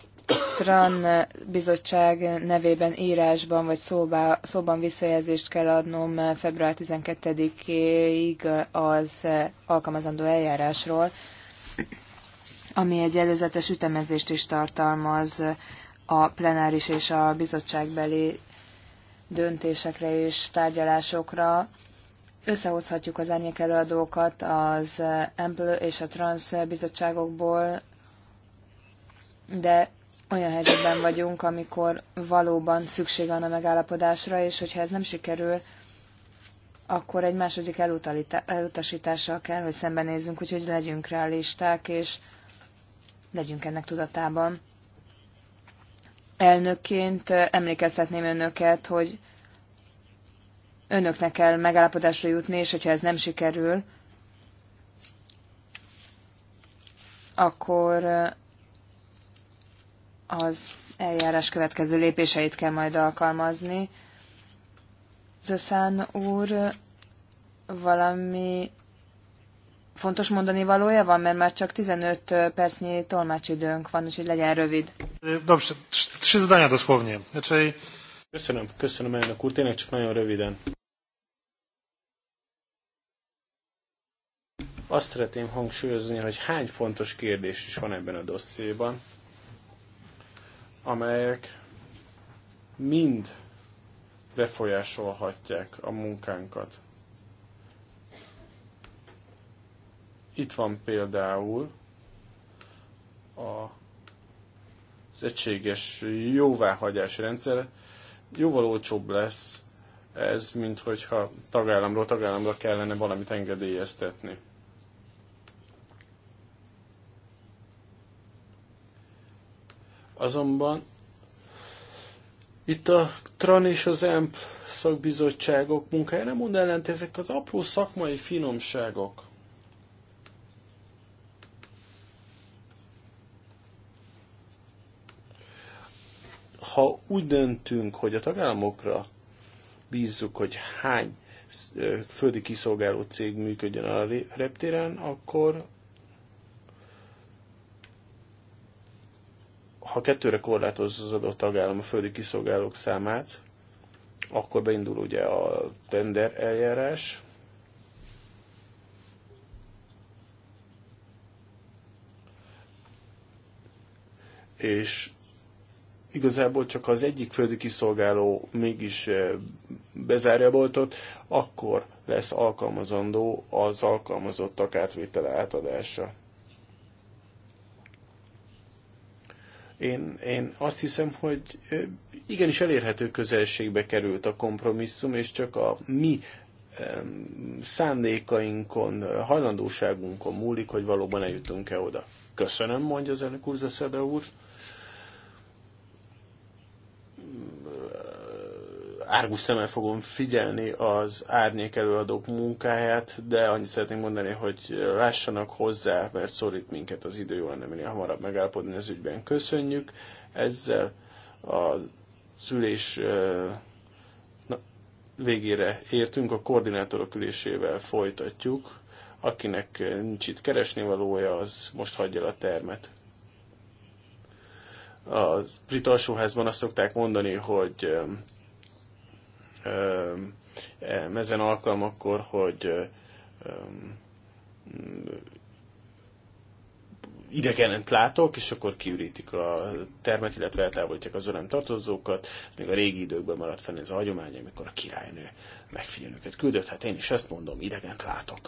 TRAN bizottság nevében írásban vagy szóba, szóban visszajelzést kell adnom február 12-ig az alkalmazandó eljárásról, ami egy előzetes ütemezést is tartalmaz a plenáris és a bizottságbeli döntésekre és tárgyalásokra. Összehozhatjuk az árnyék előadókat az EMPL és a Trans bizottságokból, de olyan helyzetben vagyunk, amikor valóban szükség van a megállapodásra, és hogyha ez nem sikerül, akkor egy második elutasítással kell, hogy szembenézzünk, úgyhogy legyünk realisták, és legyünk ennek tudatában. Elnökként emlékeztetném önöket, hogy önöknek kell megállapodásra jutni, és hogyha ez nem sikerül, akkor az eljárás következő lépéseit kell majd alkalmazni. Zaszán úr valami fontos mondani valója van, mert már csak 15 percnyi tolmácsidőnk van, úgyhogy legyen rövid. Dobrze, trzy zdania dosłownie. Znaczy... Köszönöm, köszönöm elnök úr, tényleg csak nagyon röviden. Azt szeretném hangsúlyozni, hogy hány fontos kérdés is van ebben a dossziéban, amelyek mind befolyásolhatják a munkánkat. Itt van például a, az egységes jóváhagyás rendszer. Jóval olcsóbb lesz ez, mint hogyha tagállamról tagállamra kellene valamit engedélyeztetni. Azonban itt a TRAN és az EMP szakbizottságok munkájára nem mond ellent, ezek az apró szakmai finomságok. ha úgy döntünk, hogy a tagállamokra bízzuk, hogy hány földi kiszolgáló cég működjön a reptéren, akkor ha kettőre korlátoz az adott tagállam a földi kiszolgálók számát, akkor beindul ugye a tender eljárás, és igazából csak az egyik földi kiszolgáló mégis eh, bezárja a boltot, akkor lesz alkalmazandó az alkalmazottak átvétele átadása. Én, én azt hiszem, hogy eh, igenis elérhető közelségbe került a kompromisszum, és csak a mi szándékainkon, hajlandóságunkon múlik, hogy valóban eljutunk-e oda. Köszönöm, mondja az elnök úr, Zeszede úr. árgus szemmel fogom figyelni az árnyék előadók munkáját, de annyit szeretnék mondani, hogy lássanak hozzá, mert szorít minket az idő, jó lenne minél hamarabb megállapodni az ügyben. Köszönjük, ezzel a szülés na, végére értünk, a koordinátorok ülésével folytatjuk. Akinek nincs itt keresni valója, az most hagyja a termet a brit alsóházban azt szokták mondani, hogy ezen alkalmakkor, hogy idegenent látok, és akkor kiürítik a termet, illetve eltávolítják az öröm tartozókat. Még a régi időkben maradt fenn ez a hagyomány, amikor a királynő megfigyelőket küldött. Hát én is ezt mondom, idegent látok.